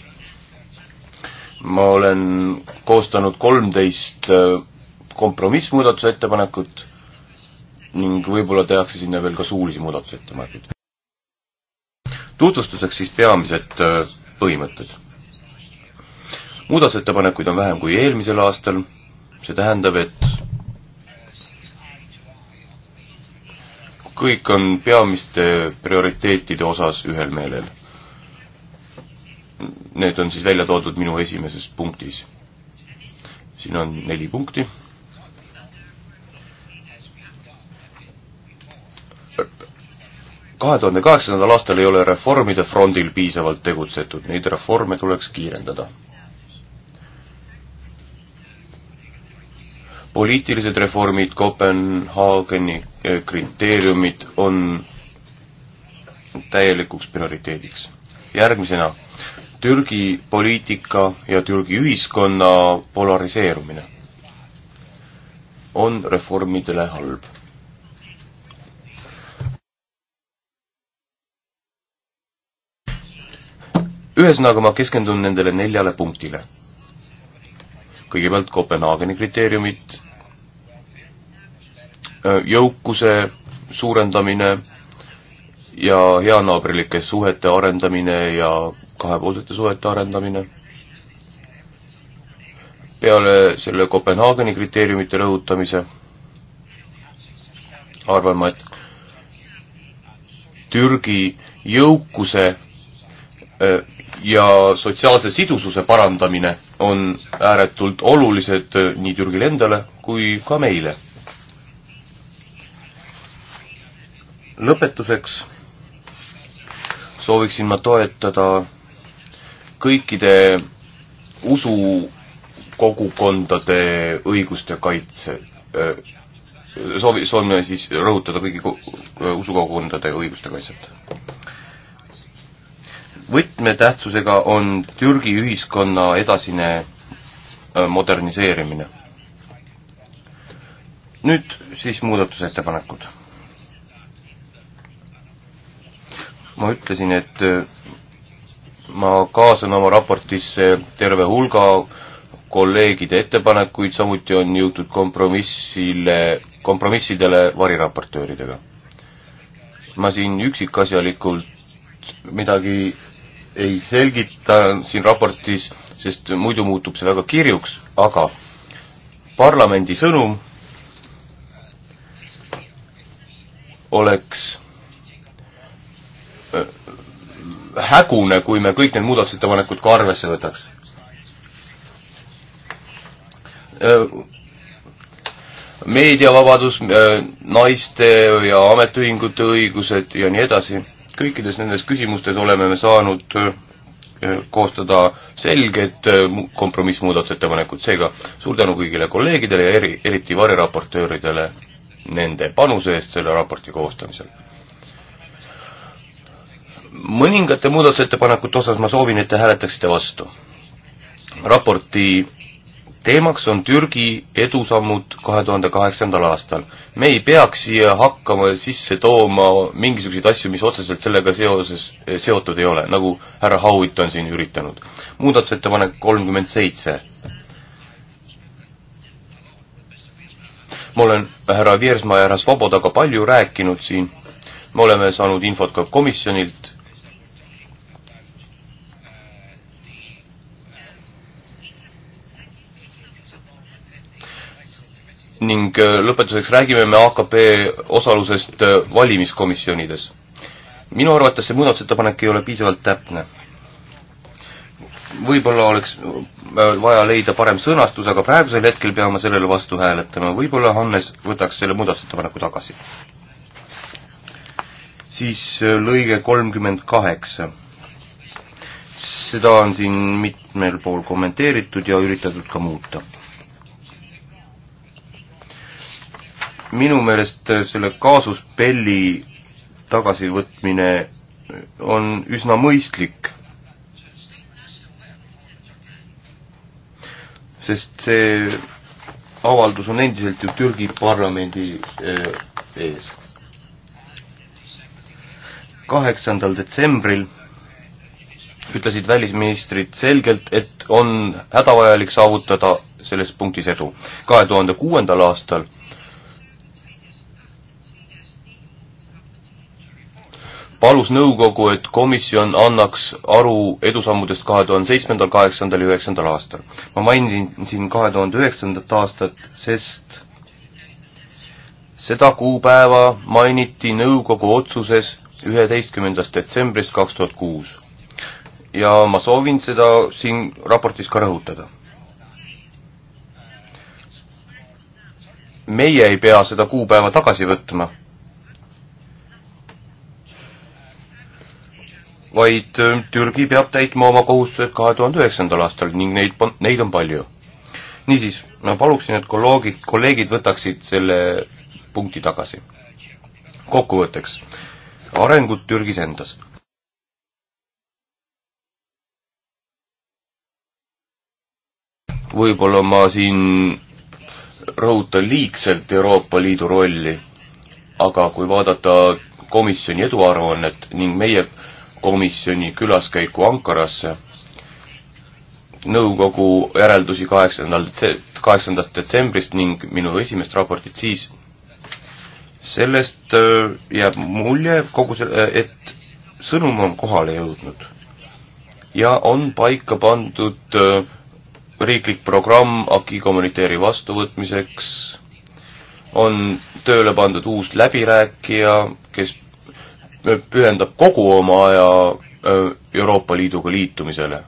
ma olen koostanud kolmteist äh, kompromissmuudatusettepanekut ning võib-olla tehakse sinna veel ka suulisi muudatusettepanekuid tutvustuseks siis peamised äh, põhimõtted. muudatusettepanekuid on vähem kui eelmisel aastal, see tähendab, et kõik on peamiste prioriteetide osas ühel meelel. Need on siis välja toodud minu esimeses punktis. siin on neli punkti kahe tuhande kaheksandal aastal ei ole reformide frondil piisavalt tegutsetud, neid reforme tuleks kiirendada. poliitilised reformid, Kopenhaageni eh, kriteeriumid on täielikuks prioriteediks. järgmisena Türgi poliitika ja Türgi ühiskonna polariseerumine on reformidele halb ühesõnaga, ma keskendun nendele neljale punktile. kõigepealt Kopenhaageni kriteeriumid, jõukuse suurendamine ja heanaabrilike suhete arendamine ja kahepoolsete suhete arendamine. peale selle Kopenhaageni kriteeriumite rõhutamise arvan ma, et Türgi jõukuse ja sotsiaalse sidususe parandamine on ääretult olulised nii Türgile endale kui ka meile. lõpetuseks sooviksin ma toetada kõikide usukogukondade õiguste kaitse, äh, soovi, soovime siis rõhutada kõigi äh, usukogukondade õiguste kaitset võtmetähtsusega on Türgi ühiskonna edasine äh, moderniseerimine. nüüd siis muudatusettepanekud. ma ütlesin, et äh, ma kaasan oma raportisse terve hulga kolleegide ettepanekuid, samuti on jõutud kompromissile, kompromissidele variraportööridega. ma siin üksikasjalikult midagi ei selgita siin raportis, sest muidu muutub see väga kirjuks, aga parlamendi sõnum oleks äh, hägune, kui me kõik need muudatusettepanekud ka arvesse võtaks. Äh, meediavabadus, äh, naiste ja ametiühingute õigused ja nii edasi kõikides nendes küsimustes oleme me saanud eh, koostada selged eh, kompromissmuudatusettepanekud, seega suur tänu kõigile kolleegidele ja eri, eriti variraportööridele nende panuse eest selle raporti koostamisel. mõningate muudatusettepanekute osas ma soovin, et te hääletaksite vastu. raporti teemaks on Türgi edusammud kahe tuhande kaheksandal aastal. me ei peaks siia hakkama sisse tooma mingisuguseid asju, mis otseselt sellega seoses, eh, seotud ei ole, nagu härra Howitt on siin üritanud. muudatusettepanek kolmkümmend seitse. ma olen härra Viersmaa ja härra Svobodaga palju rääkinud siin, me oleme saanud infot ka komisjonilt ning äh, lõpetuseks räägime me AKP osalusest äh, valimiskomisjonides. minu arvates see muudatusettepanek ei ole piisavalt täpne. võib-olla oleks äh, vaja leida parem sõnastus, aga praegusel hetkel peame sellele vastu hääletama, võib-olla Hannes võtaks selle muudatusettepaneku tagasi. siis lõige kolmkümmend kaheksa. seda on siin mitmel pool kommenteeritud ja üritatud ka muuta minu meelest äh, selle kaasuspelli tagasivõtmine on üsna mõistlik. sest see avaldus on endiselt ju Türgi parlamendi äh, ees. kaheksandal detsembril ütlesid välisministrid selgelt, et on hädavajalik saavutada selles punktis edu. kahe tuhande kuuendal aastal palus nõukogu, et komisjon annaks aru edusammudest kahe tuhande seitsmendal, kaheksandal ja üheksandal aastal. ma mainin siin kahe tuhande üheksandat aastat, sest seda kuupäeva mainiti nõukogu otsuses üheteistkümnendast detsembrist kaks tuhat kuus. ja ma soovin seda siin raportis ka rõhutada. meie ei pea seda kuupäeva tagasi võtma vaid äh, Türgi peab täitma oma kohustused kahe tuhande üheksandal aastal ning neid, neid on palju. niisiis, ma paluksin, et kolloogid, kolleegid võtaksid selle punkti tagasi. kokkuvõtteks, arengud Türgis endas. võib-olla ma siin rõhutan liigselt Euroopa Liidu rolli, aga kui vaadata komisjoni eduaruannet ning meie äh, komisjoni külaskäiku Ankarasse, nõukogu järeldusi kaheksandal, kaheksandast detsembrist ning minu esimest raportit siis, sellest jääb mulje kogu see, et sõnum on kohale jõudnud ja on paika pandud riiklik programm AKI kommuniteeri vastuvõtmiseks, on tööle pandud uus läbirääkija, kes pühendab kogu oma aja Euroopa Liiduga liitumisele.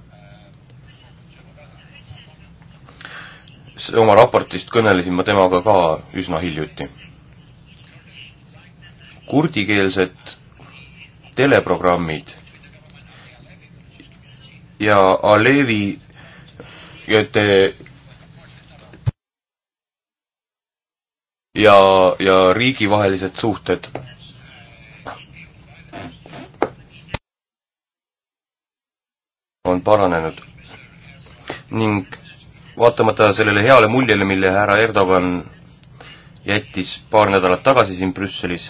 oma raportist kõnelesin ma temaga ka üsna hiljuti. kurdikeelsed teleprogrammid ja Alevi ja te ja, ja riigivahelised suhted on paranenud. ning vaatamata sellele heale muljele, mille härra Erdogan jättis paar nädalat tagasi siin Brüsselis,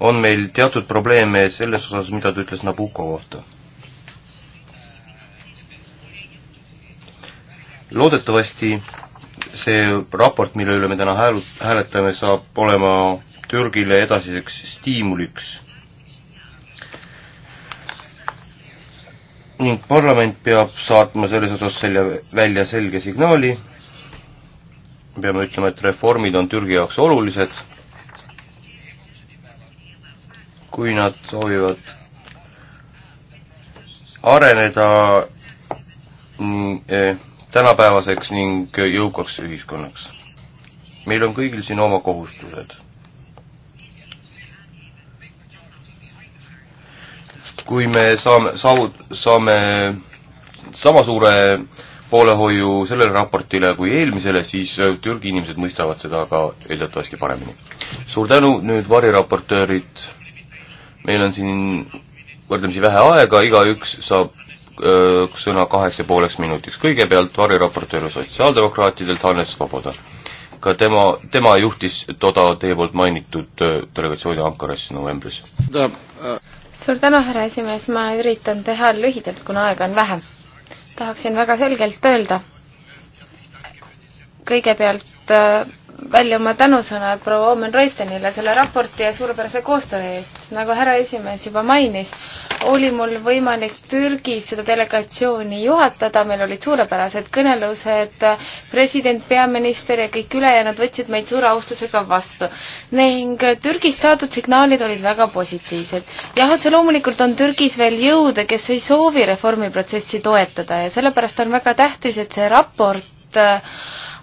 on meil teatud probleeme selles osas, mida ta ütles Nabucco kohta. loodetavasti see raport, mille üle me täna hääl-, hääletame, saab olema Türgile edasiseks stiimuliks ning parlament peab saatma selles osas selle, välja selge signaali, peame ütlema, et reformid on Türgi jaoks olulised, kui nad soovivad areneda nii, eh, tänapäevaseks ning jõukaks ühiskonnaks. meil on kõigil siin oma kohustused kui me saame, saavut-, saame sama suure poolehoiu sellele raportile kui eelmisele, siis äh, Türgi inimesed mõistavad seda ka eeldatavasti paremini. suur tänu, nüüd variraportöörid, meil on siin võrdlemisi vähe aega, igaüks saab öö, äh, sõna kaheks ja pooleks minutiks. kõigepealt variraportöör sotsiaaldemokraatidelt Hannes Vaboda. ka tema, tema juhtis toda teie poolt mainitud äh, delegatsiooni Ankarasse novembris suur tänu, härra esimees, ma üritan teha lühidalt, kuna aega on vähe. tahaksin väga selgelt öelda, kõigepealt äh, välja oma tänusõnad proua Omen Reutenile selle raporti ja suurepärase koostöö eest. nagu härra esimees juba mainis, oli mul võimalik Türgis seda delegatsiooni juhatada, meil olid suurepärased kõnelused, president, peaminister ja kõik ülejäänud võtsid meid suure austusega vastu. ning Türgist saadud signaalid olid väga positiivsed. jah, otse loomulikult on Türgis veel jõude, kes ei soovi reformiprotsessi toetada ja sellepärast on väga tähtis, et see raport äh,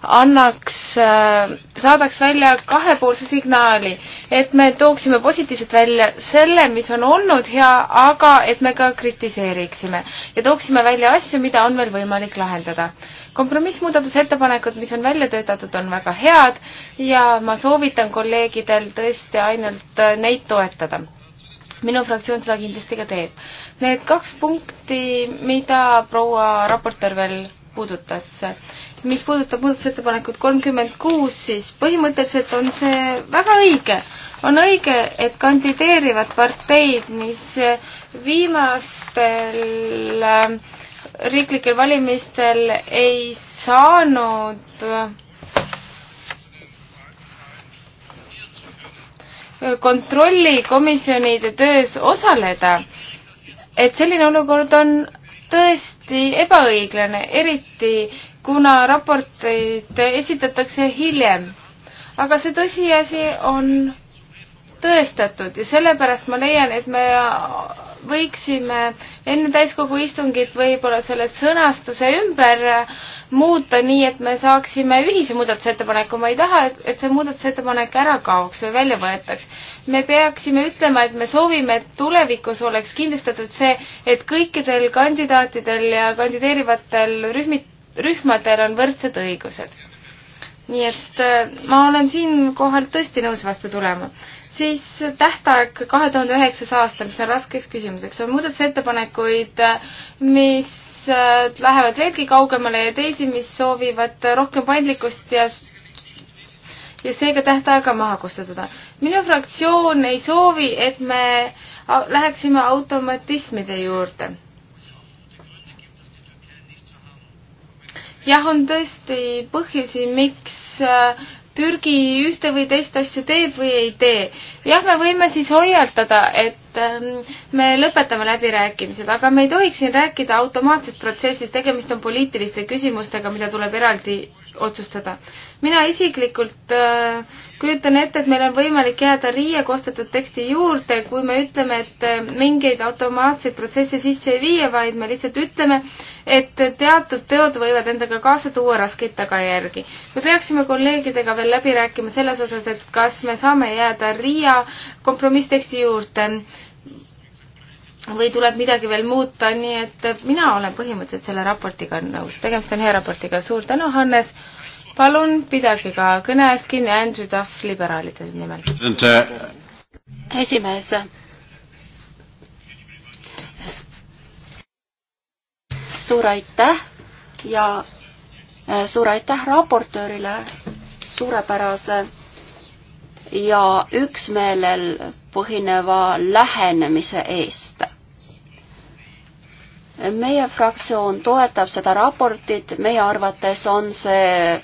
annaks, äh, saadaks välja kahepoolse signaali, et me tooksime positiivselt välja selle, mis on olnud hea, aga et me ka kritiseeriksime ja tooksime välja asju, mida on veel võimalik lahendada. kompromissmuudatusettepanekud, mis on välja töötatud, on väga head ja ma soovitan kolleegidel tõesti ainult äh, neid toetada minu fraktsioon seda kindlasti ka teeb. Need kaks punkti, mida proua raportöör veel puudutas mis puudutab muudatusettepanekut kolmkümmend kuus, siis põhimõtteliselt on see väga õige. on õige, et kandideerivad parteid, mis viimastel äh, riiklikel valimistel ei saanud äh, kontrollikomisjonide töös osaleda, et selline olukord on tõesti ebaõiglane, eriti kuna raporteid esitatakse hiljem. aga see tõsiasi on tõestatud ja sellepärast ma leian, et me võiksime enne täiskogu istungit võib-olla selle sõnastuse ümber muuta nii, et me saaksime ühise muudatusettepaneku, ma ei taha, et see muudatusettepanek ära kaoks või välja võetaks. me peaksime ütlema, et me soovime, et tulevikus oleks kindlustatud see, et kõikidel kandidaatidel ja kandideerivatel rühmit-, rühmadel on võrdsed õigused. nii et äh, ma olen siinkohal tõesti nõus vastu tulema. siis tähtaeg kahe tuhande üheksas aasta, mis on raskeks küsimuseks, on muudatusettepanekuid, äh, mis äh, lähevad veelgi kaugemale ja teisi, mis soovivad rohkem paindlikkust ja ja seega tähtaega maha kustutada. minu fraktsioon ei soovi, et me läheksime automatismide juurde jah, on tõesti põhjusi, miks äh, Türgi ühte või teist asja teeb või ei tee. jah, me võime siis hoiatada, et Ähm, me lõpetame läbirääkimised, aga me ei tohiks siin rääkida automaatsest protsessist, tegemist on poliitiliste küsimustega, mida tuleb eraldi otsustada. mina isiklikult äh, kujutan ette, et meil on võimalik jääda Riie koostatud teksti juurde, kui me ütleme, et äh, mingeid automaatseid protsesse sisse ei viia, vaid me lihtsalt ütleme, et teatud peod võivad endaga kaasa tuua raskeid tagajärgi. me peaksime kolleegidega veel läbi rääkima selles osas, et kas me saame jääda Riia kompromissteksti juurde või tuleb midagi veel muuta, nii et mina olen põhimõtteliselt selle raportiga nõus. tegemist on hea raportiga, suur tänu, Hannes! palun pidage ka kõnes kinni Andrew Duff liberaalide nimel. esimees. suur aitäh ja e, suur aitäh raportöörile suurepärase ja üksmeelel põhineva lähenemise eest. meie fraktsioon toetab seda raportit, meie arvates on see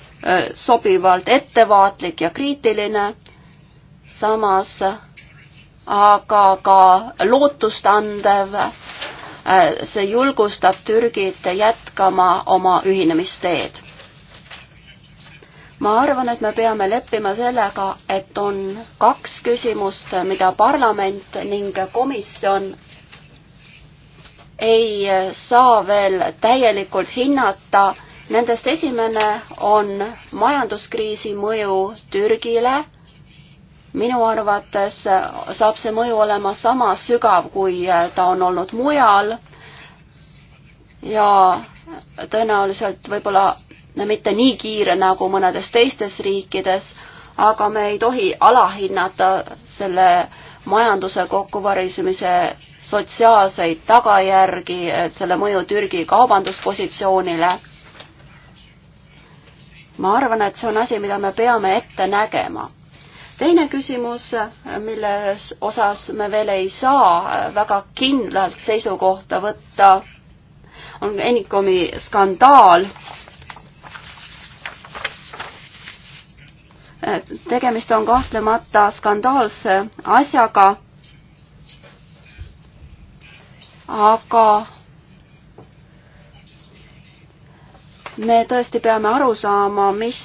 sobivalt ettevaatlik ja kriitiline, samas aga ka lootustandev, see julgustab Türgit jätkama oma ühinemisteed ma arvan, et me peame leppima sellega, et on kaks küsimust, mida parlament ning komisjon ei saa veel täielikult hinnata. Nendest esimene on majanduskriisi mõju Türgile. minu arvates saab see mõju olema sama sügav, kui ta on olnud mujal ja tõenäoliselt võib-olla mitte nii kiire nagu mõnedes teistes riikides, aga me ei tohi alahinnata selle majanduse kokkuvarisemise sotsiaalseid tagajärgi, selle mõju Türgi kaubanduspositsioonile. ma arvan, et see on asi, mida me peame ette nägema. teine küsimus, milles osas me veel ei saa väga kindlalt seisukohta võtta, on Enikomi skandaal tegemist on kahtlemata skandaalse asjaga, aga me tõesti peame aru saama, mis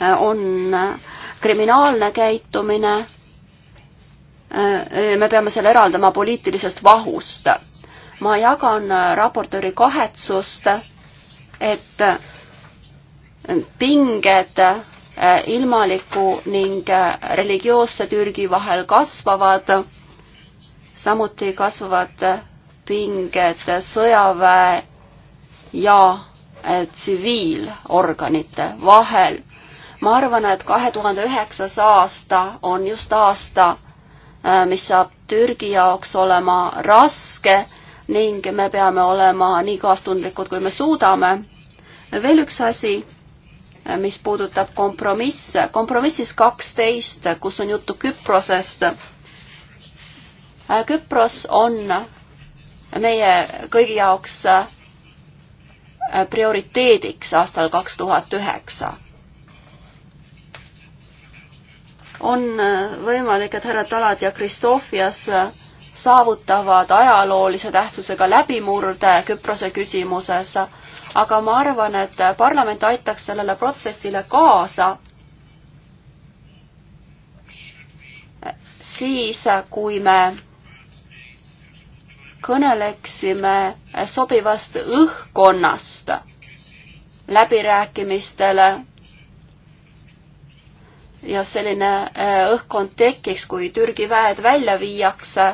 on kriminaalne käitumine. me peame selle eraldama poliitilisest vahust. ma jagan raportööri kahetsust, et pinged Äh, ilmaliku ning äh, religioosse Türgi vahel kasvavad, samuti kasvavad äh, pinged sõjaväe ja tsiviilorganite vahel. ma arvan, et kahe tuhande üheksas aasta on just aasta, mis saab Türgi jaoks olema raske ning me peame olema nii kaastundlikud, kui me suudame. veel üks asi mis puudutab kompromisse, kompromissis kaksteist, kus on juttu Küprosest. Küpros on meie kõigi jaoks prioriteediks aastal kaks tuhat üheksa. on võimalik, et härra Talat ja Kristofias saavutavad ajaloolise tähtsusega läbimurde Küprose küsimuses aga ma arvan, et parlament aitaks sellele protsessile kaasa siis, kui me kõneleksime sobivast õhkkonnast läbirääkimistele ja selline õhkkond tekiks, kui Türgi väed välja viiakse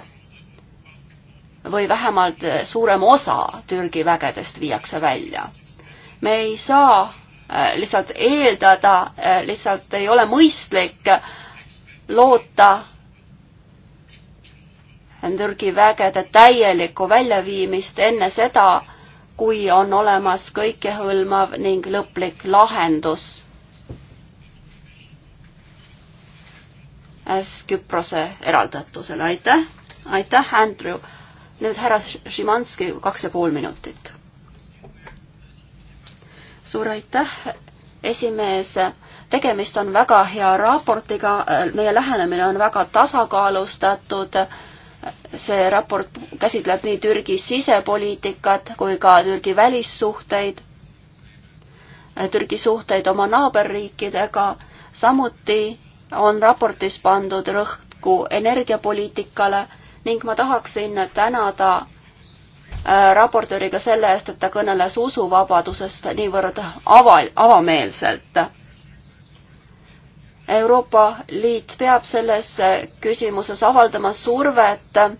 või vähemalt suurem osa Türgi vägedest viiakse välja. me ei saa äh, lihtsalt eeldada, äh, lihtsalt ei ole mõistlik loota Türgi vägede täielikku väljaviimist enne seda, kui on olemas kõikehõlmav ning lõplik lahendus. Äh, Küprose eraldatusele, aitäh, aitäh, Andrew nüüd härra Šimanski, kaks ja pool minutit. suur aitäh, esimees. tegemist on väga hea raportiga, meie lähenemine on väga tasakaalustatud see raport käsitleb nii Türgi sisepoliitikat kui ka Türgi välissuhteid, Türgi suhteid oma naaberriikidega, samuti on raportis pandud rõhku energiapoliitikale ning ma tahaksin tänada äh, raportööri ka selle eest, et ta kõneles usuvabadusest niivõrd ava, avameelselt. Euroopa Liit peab selles küsimuses avaldama survet. Äh,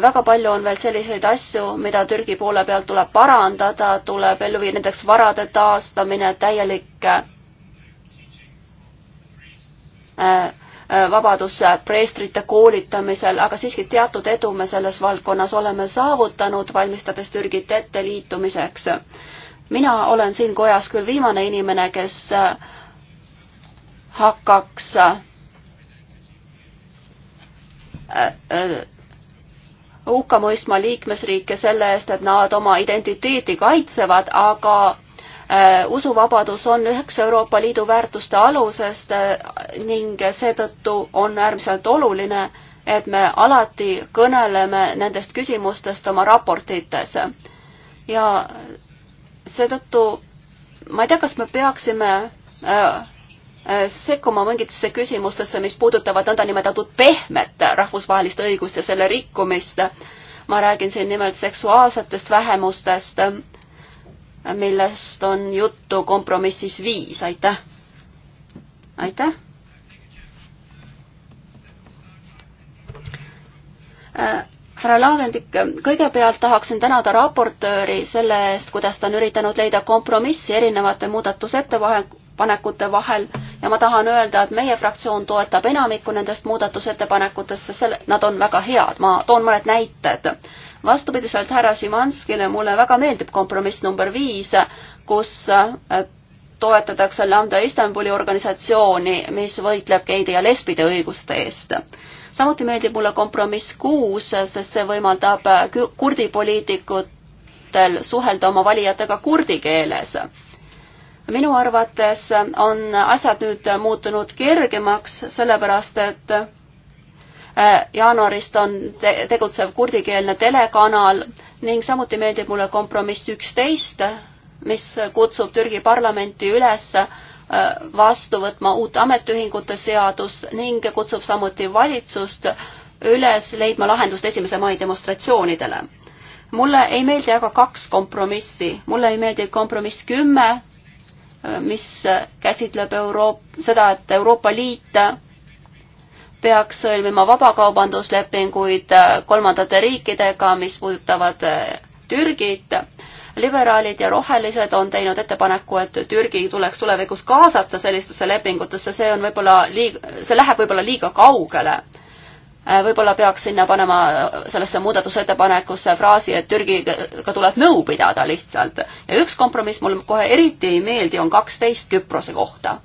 väga palju on veel selliseid asju, mida Türgi poole pealt tuleb parandada, tuleb ellu viia näiteks varade taastamine, täielik äh, Äh, vabaduspreestrite koolitamisel, aga siiski teatud edu me selles valdkonnas oleme saavutanud, valmistades Türgit ette liitumiseks. mina olen siin kojas küll viimane inimene, kes äh, hakkaks äh, hukka mõistma liikmesriike selle eest, et nad oma identiteeti kaitsevad, aga Äh, usuvabadus on üheks Euroopa Liidu väärtuste alusest äh, ning seetõttu on äärmiselt oluline, et me alati kõneleme nendest küsimustest oma raportites. ja seetõttu ma ei tea, kas me peaksime äh, sekkuma mingitesse küsimustesse, mis puudutavad nõndanimetatud pehmet rahvusvahelist õigust ja selle rikkumist. ma räägin siin nimelt seksuaalsetest vähemustest millest on juttu kompromissis viis, aitäh. aitäh. Äh, härra Laagendik, kõigepealt tahaksin tänada raportööri selle eest, kuidas ta on üritanud leida kompromissi erinevate muudatusettepanekute vahel ja ma tahan öelda, et meie fraktsioon toetab enamikku nendest muudatusettepanekutest, sest selle, nad on väga head, ma toon mõned näited vastupidiselt härra Šimanskile mulle väga meeldib kompromiss number viis, kus äh, toetatakse Lambda Istanbuli organisatsiooni, mis võitleb geide ja lesbide õiguste eest. samuti meeldib mulle kompromiss kuus, sest see võimaldab äh, kurdi poliitikutel suhelda oma valijatega kurdi keeles minu arvates on asjad nüüd muutunud kergemaks, sellepärast et Äh, jaanuarist on te tegutsev kurdikeelne telekanal ning samuti meeldib mulle kompromiss üksteist, mis kutsub Türgi parlamenti üles äh, vastu võtma uut ametiühingute seadust ning kutsub samuti valitsust üles leidma lahendust esimese mai demonstratsioonidele. mulle ei meeldi aga kaks kompromissi, mulle ei meeldi kompromiss kümme, äh, mis käsitleb Euroop-, seda, et Euroopa Liit peaks sõlmima vabakaubanduslepinguid äh, kolmandate riikidega, mis puudutavad äh, Türgit. liberaalid ja rohelised on teinud ettepaneku, et Türgi tuleks tulevikus kaasata sellistesse lepingutesse, see on võib-olla liig-, see läheb võib-olla liiga kaugele. Äh, võib-olla peaks sinna panema sellesse muudatusettepanekusse fraasi, et Türgiga tuleb nõu pidada lihtsalt. ja üks kompromiss mulle kohe eriti ei meeldi, on kaksteist Küprose kohta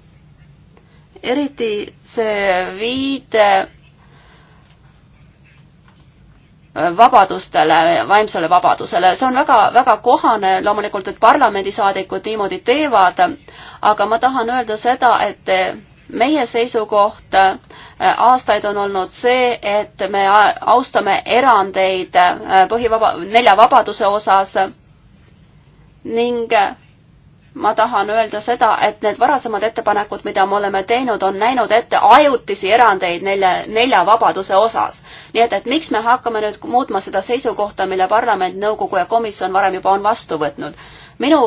eriti see viide vabadustele, vaimsele vabadusele, see on väga, väga kohane loomulikult, et parlamendisaadikud niimoodi teevad, aga ma tahan öelda seda, et meie seisukoht äh, aastaid on olnud see, et me austame erandeid äh, põhivaba, nelja vabaduse osas ning äh, ma tahan öelda seda, et need varasemad ettepanekud, mida me oleme teinud, on näinud ette ajutisi erandeid nelja, nelja vabaduse osas. nii et, et miks me hakkame nüüd muutma seda seisukohta, mille parlament, nõukogu ja komisjon varem juba on vastu võtnud? minu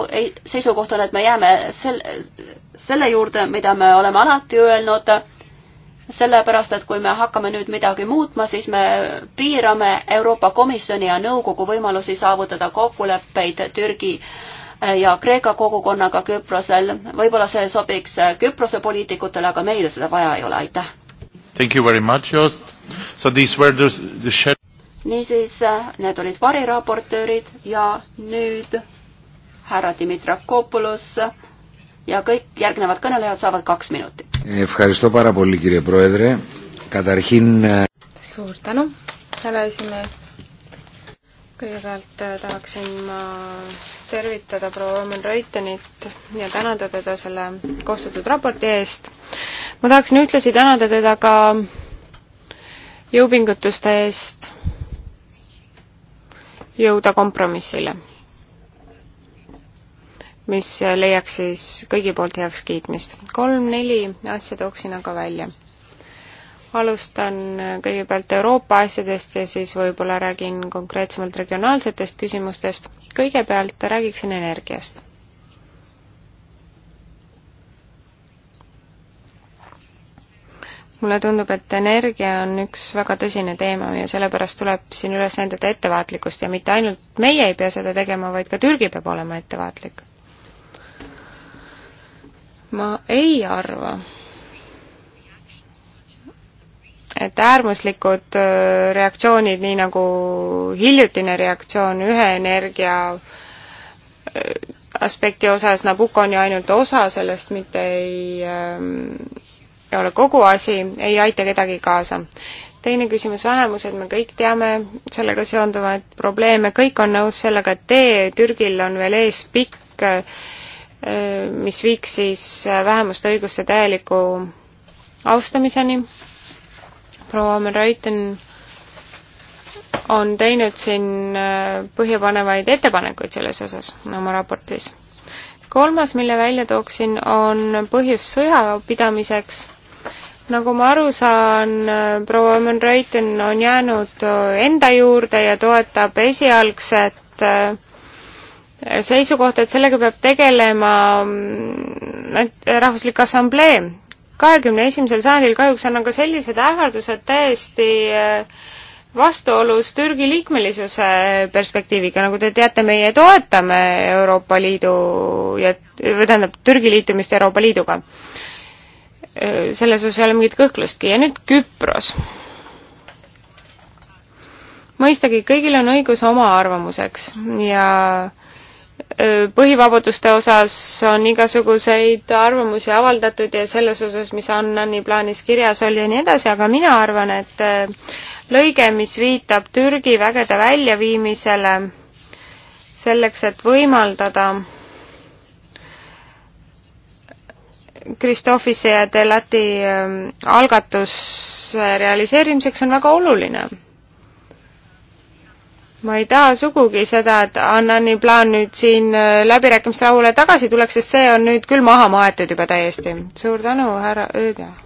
seisukoht on, et me jääme sel-, selle juurde, mida me oleme alati öelnud, sellepärast et kui me hakkame nüüd midagi muutma, siis me piirame Euroopa Komisjoni ja nõukogu võimalusi saavutada kokkuleppeid Türgi äh, ja Kreeka kogukonnaga Küprosel. võib-olla see sobiks äh, Küprose poliitikutele, aga meile seda vaja ei ole, aitäh. Thank you very much, Joost. So these were the, the share niisiis, äh, need olid variraportöörid ja nüüd härra Dimitrakopoulos ja kõik järgnevad kõnelejad saavad kaks minutit. suur tänu, härra esimees kõigepealt äh, tahaksin ma tervitada proua Omen Reutenit ja tänada teda selle koostatud raporti eest. ma tahaksin ühtlasi tänada teda ka jõupingutuste eest jõuda kompromissile, mis leiaks siis kõigi poolt heakskiitmist. kolm-neli asja tooksin aga välja alustan kõigepealt Euroopa asjadest ja siis võib-olla räägin konkreetsemalt regionaalsetest küsimustest. kõigepealt räägiksin energiast. mulle tundub, et energia on üks väga tõsine teema ja sellepärast tuleb siin üles näidata ettevaatlikkust ja mitte ainult meie ei pea seda tegema, vaid ka Türgi peab olema ettevaatlik. ma ei arva et äärmuslikud äh, reaktsioonid, nii nagu hiljutine reaktsioon ühe energia äh, aspekti osas, Nabucco on ju ainult osa sellest, mitte ei, ähm, ei ole kogu asi, ei aita kedagi kaasa. teine küsimus, vähemused, me kõik teame sellega seonduvaid probleeme, kõik on nõus sellega, et tee Türgil on veel ees pikk, äh, mis viiks siis vähemuste õiguste täieliku austamiseni proua Merreuten on teinud siin äh, põhjapanevaid ettepanekuid selles osas oma raportis. kolmas, mille välja tooksin, on põhjus sõjapidamiseks. nagu ma aru saan, äh, proua Merreuten on jäänud äh, enda juurde ja toetab esialgset seisukohta, et sellega peab tegelema mm, Rahvuslik Assamblee kahekümne esimesel sajandil kahjuks on aga sellised ähvardused täiesti äh, vastuolus Türgi liikmelisuse äh, perspektiiviga, nagu te teate, meie toetame Euroopa Liidu ja, või tähendab, Türgi liitumist Euroopa Liiduga. Äh, selles osas ei ole mingit kõhklustki ja nüüd Küpros. mõistagi, kõigil on õigus oma arvamuseks ja äh, põhivabaduste osas on igasuguseid arvamusi avaldatud ja selles osas, mis Annani plaanis kirjas oli ja nii edasi, aga mina arvan, et lõige, mis viitab Türgi vägede väljaviimisele selleks, et võimaldada Kristofise ja Delati algatus realiseerimiseks on väga oluline ma ei taha sugugi seda, et Annani plaan nüüd siin äh, läbirääkimiste lauale tagasi tuleks, sest see on nüüd küll maha maetud juba täiesti. suur tänu, härra Ööge.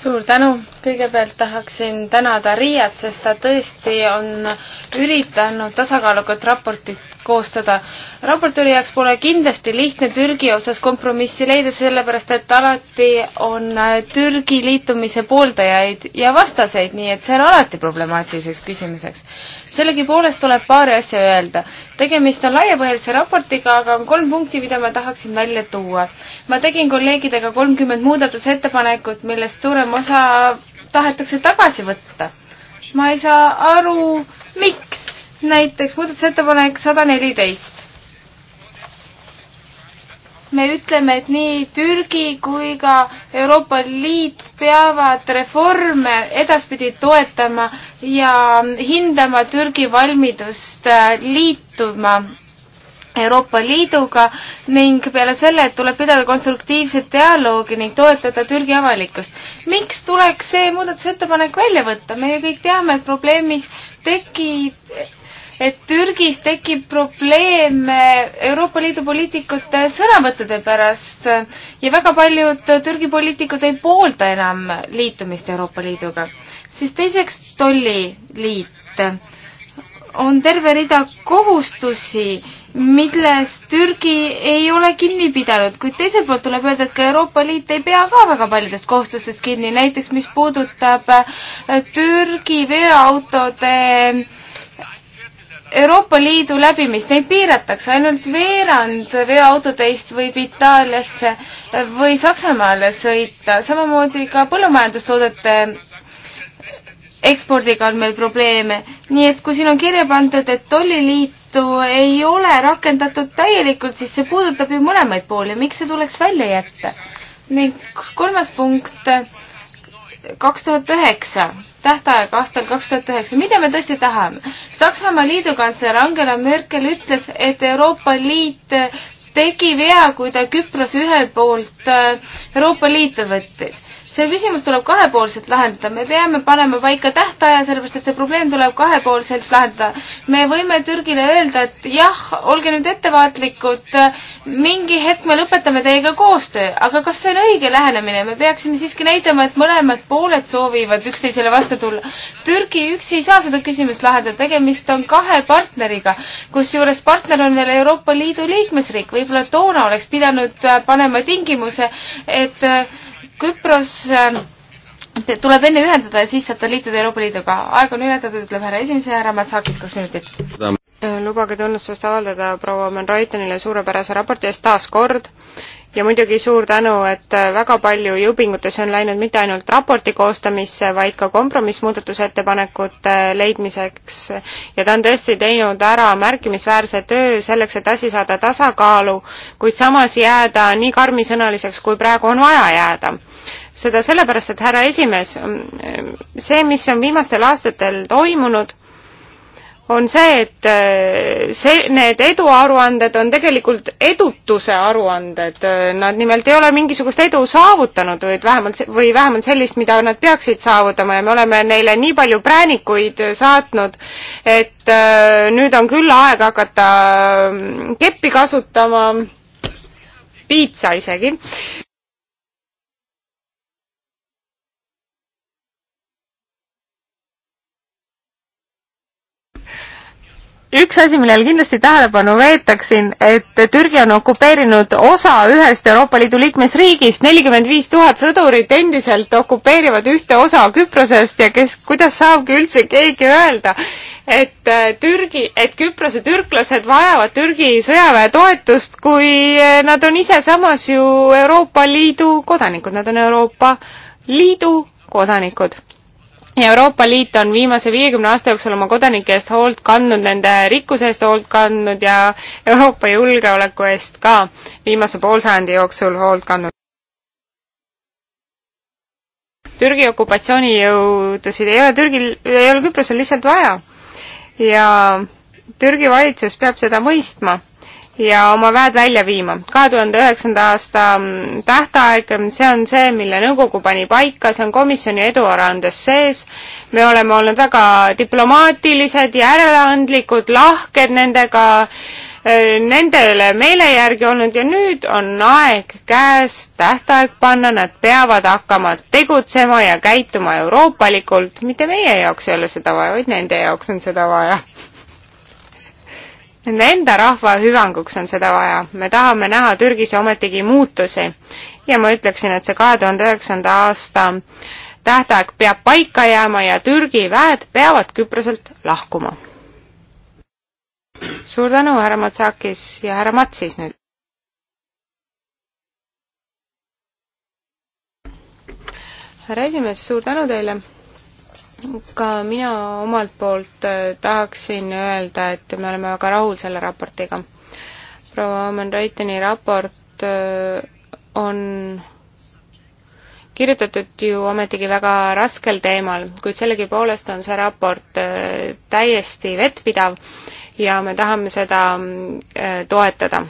suur tänu, kõigepealt tahaksin tänada Riiat, sest ta tõesti on üritanud tasakaalukat raportit koostada. raportööri jaoks pole kindlasti lihtne Türgi osas kompromissi leida, sellepärast et alati on Türgi liitumise pooldajaid ja vastaseid, nii et see on alati problemaatiliseks küsimuseks sellegipoolest tuleb paari asja öelda. tegemist on laiapõhjalise raportiga, aga on kolm punkti, mida ma tahaksin välja tuua. ma tegin kolleegidega kolmkümmend muudatusettepanekut, millest suurem osa tahetakse tagasi võtta. ma ei saa aru, miks. näiteks muudatusettepanek sada neliteist me ütleme, et nii Türgi kui ka Euroopa Liit peavad reforme edaspidi toetama ja hindama Türgi valmidust äh, liituma Euroopa Liiduga ning peale selle, et tuleb pidada konstruktiivset dialoogi ning toetada Türgi avalikkust. miks tuleks see muudatusettepanek välja võtta, me ju kõik teame, et probleemis tekib et Türgis tekib probleeme eh, Euroopa Liidu poliitikute sõnavõttude pärast ja väga paljud Türgi poliitikud ei poolda enam liitumist Euroopa Liiduga. siis teiseks tolliliit. on terve rida kohustusi, millest Türgi ei ole kinni pidanud, kuid teiselt poolt tuleb öelda, et ka Euroopa Liit ei pea ka väga paljudest kohustustest kinni, näiteks mis puudutab Türgi veoautode äh, Euroopa Liidu läbimist, neid piiratakse, ainult veerand veoautoteist võib Itaaliasse või Saksamaale sõita, samamoodi ka põllumajandustoodete ekspordiga on meil probleeme. nii et kui siin on kirja pandud, et tolliliitu ei ole rakendatud täielikult, siis see puudutab ju mõlemaid pooli, miks see tuleks välja jätta? ning kolmas punkt kaks tuhat üheksa, tähtaeg aastal kaks tuhat üheksa, mida me tõesti tahame? Saksamaa liidukantsler Angela Merkel ütles, et Euroopa Liit eh, tegi vea, kui ta Küprose ühelt poolt eh, Euroopa Liitu võttis see küsimus tuleb kahepoolselt lahendada, me peame panema paika tähtaja, sellepärast et see probleem tuleb kahepoolselt lahendada. me võime Türgile öelda, et jah, olge nüüd ettevaatlikud, mingi hetk me lõpetame teiega koostöö, aga kas see on õige lähenemine, me peaksime siiski näitama, et mõlemad pooled soovivad üksteisele vastu tulla. Türgi üksi ei saa seda küsimust lahendada, tegemist on kahe partneriga, kusjuures partner on veel Euroopa Liidu liikmesriik, võib-olla toona oleks pidanud panema tingimuse, et Küpros äh, tuleb enne ühendada ja siis saate liituda Euroopa Liiduga. aeg on ületatud, ütleb härra esimees ja härra Matsakis, kaks minutit. lubage tunnustust avaldada proua Manroitenile suurepärase raporti eest taas kord ja muidugi suur tänu, et äh, väga palju jõupingutusi on läinud mitte ainult raporti koostamisse, vaid ka kompromissmuudatusettepanekute äh, leidmiseks ja ta on tõesti teinud ära märkimisväärse töö selleks, et asi saada tasakaalu, kuid samas jääda nii karmisõnaliseks, kui praegu on vaja jääda seda sellepärast, et härra esimees, mm, see, mis on viimastel aastatel toimunud, on see, et äh, see, need eduaruanded on tegelikult edutuse aruanded, nad nimelt ei ole mingisugust edu saavutanud, vaid vähemalt, või vähemalt sellist, mida nad peaksid saavutama ja me oleme neile nii palju präänikuid saatnud, et äh, nüüd on küll aeg hakata mm, keppi kasutama, piitsa isegi üks asi, millele kindlasti tähelepanu veetaksin, et Türgi on okupeerinud osa ühest Euroopa Liidu liikmesriigist, nelikümmend viis tuhat sõdurit endiselt okupeerivad ühte osa Küprosest ja kes, kuidas saabki üldse keegi öelda, et äh, Türgi, et Küprose türklased vajavad Türgi sõjaväe toetust, kui äh, nad on ise samas ju Euroopa Liidu kodanikud, nad on Euroopa Liidu kodanikud Euroopa Liit on viimase viiekümne aasta jooksul oma kodanike eest hoolt kandnud, nende rikkuse eest hoolt kandnud ja Euroopa julgeoleku eest ka viimase poolsajandi jooksul hoolt kandnud. Türgi okupatsioonijõudusid ei ole Türgil, ei ole Küprosel lihtsalt vaja. ja Türgi valitsus peab seda mõistma ja oma väed välja viima. kahe tuhande üheksanda aasta mm, tähtaeg, mm, see on see, mille nõukogu pani paika, see on komisjoni eduarandes sees. me oleme olnud väga diplomaatilised, järeleandlikud, lahked nendega, äh, nendele meele järgi olnud ja nüüd on aeg käes tähtaeg panna, nad peavad hakkama tegutsema ja käituma euroopalikult. mitte meie jaoks ei ole seda vaja, vaid nende jaoks on seda vaja Nende enda rahva hüvanguks on seda vaja. me tahame näha Türgis ometigi muutusi ja ma ütleksin, et see kahe tuhande üheksanda aasta tähtaeg peab paika jääma ja Türgi väed peavad Küproselt lahkuma. suur tänu, härra Matsakis ja härra Matsis nüüd. härra esimees, suur tänu teile ka mina omalt poolt äh, tahaksin öelda, et me oleme väga rahul selle raportiga. proua Omen-Reuteni raport äh, on kirjutatud ju ometigi väga raskel teemal, kuid sellegipoolest on see raport äh, täiesti vettpidav ja me tahame seda toetada.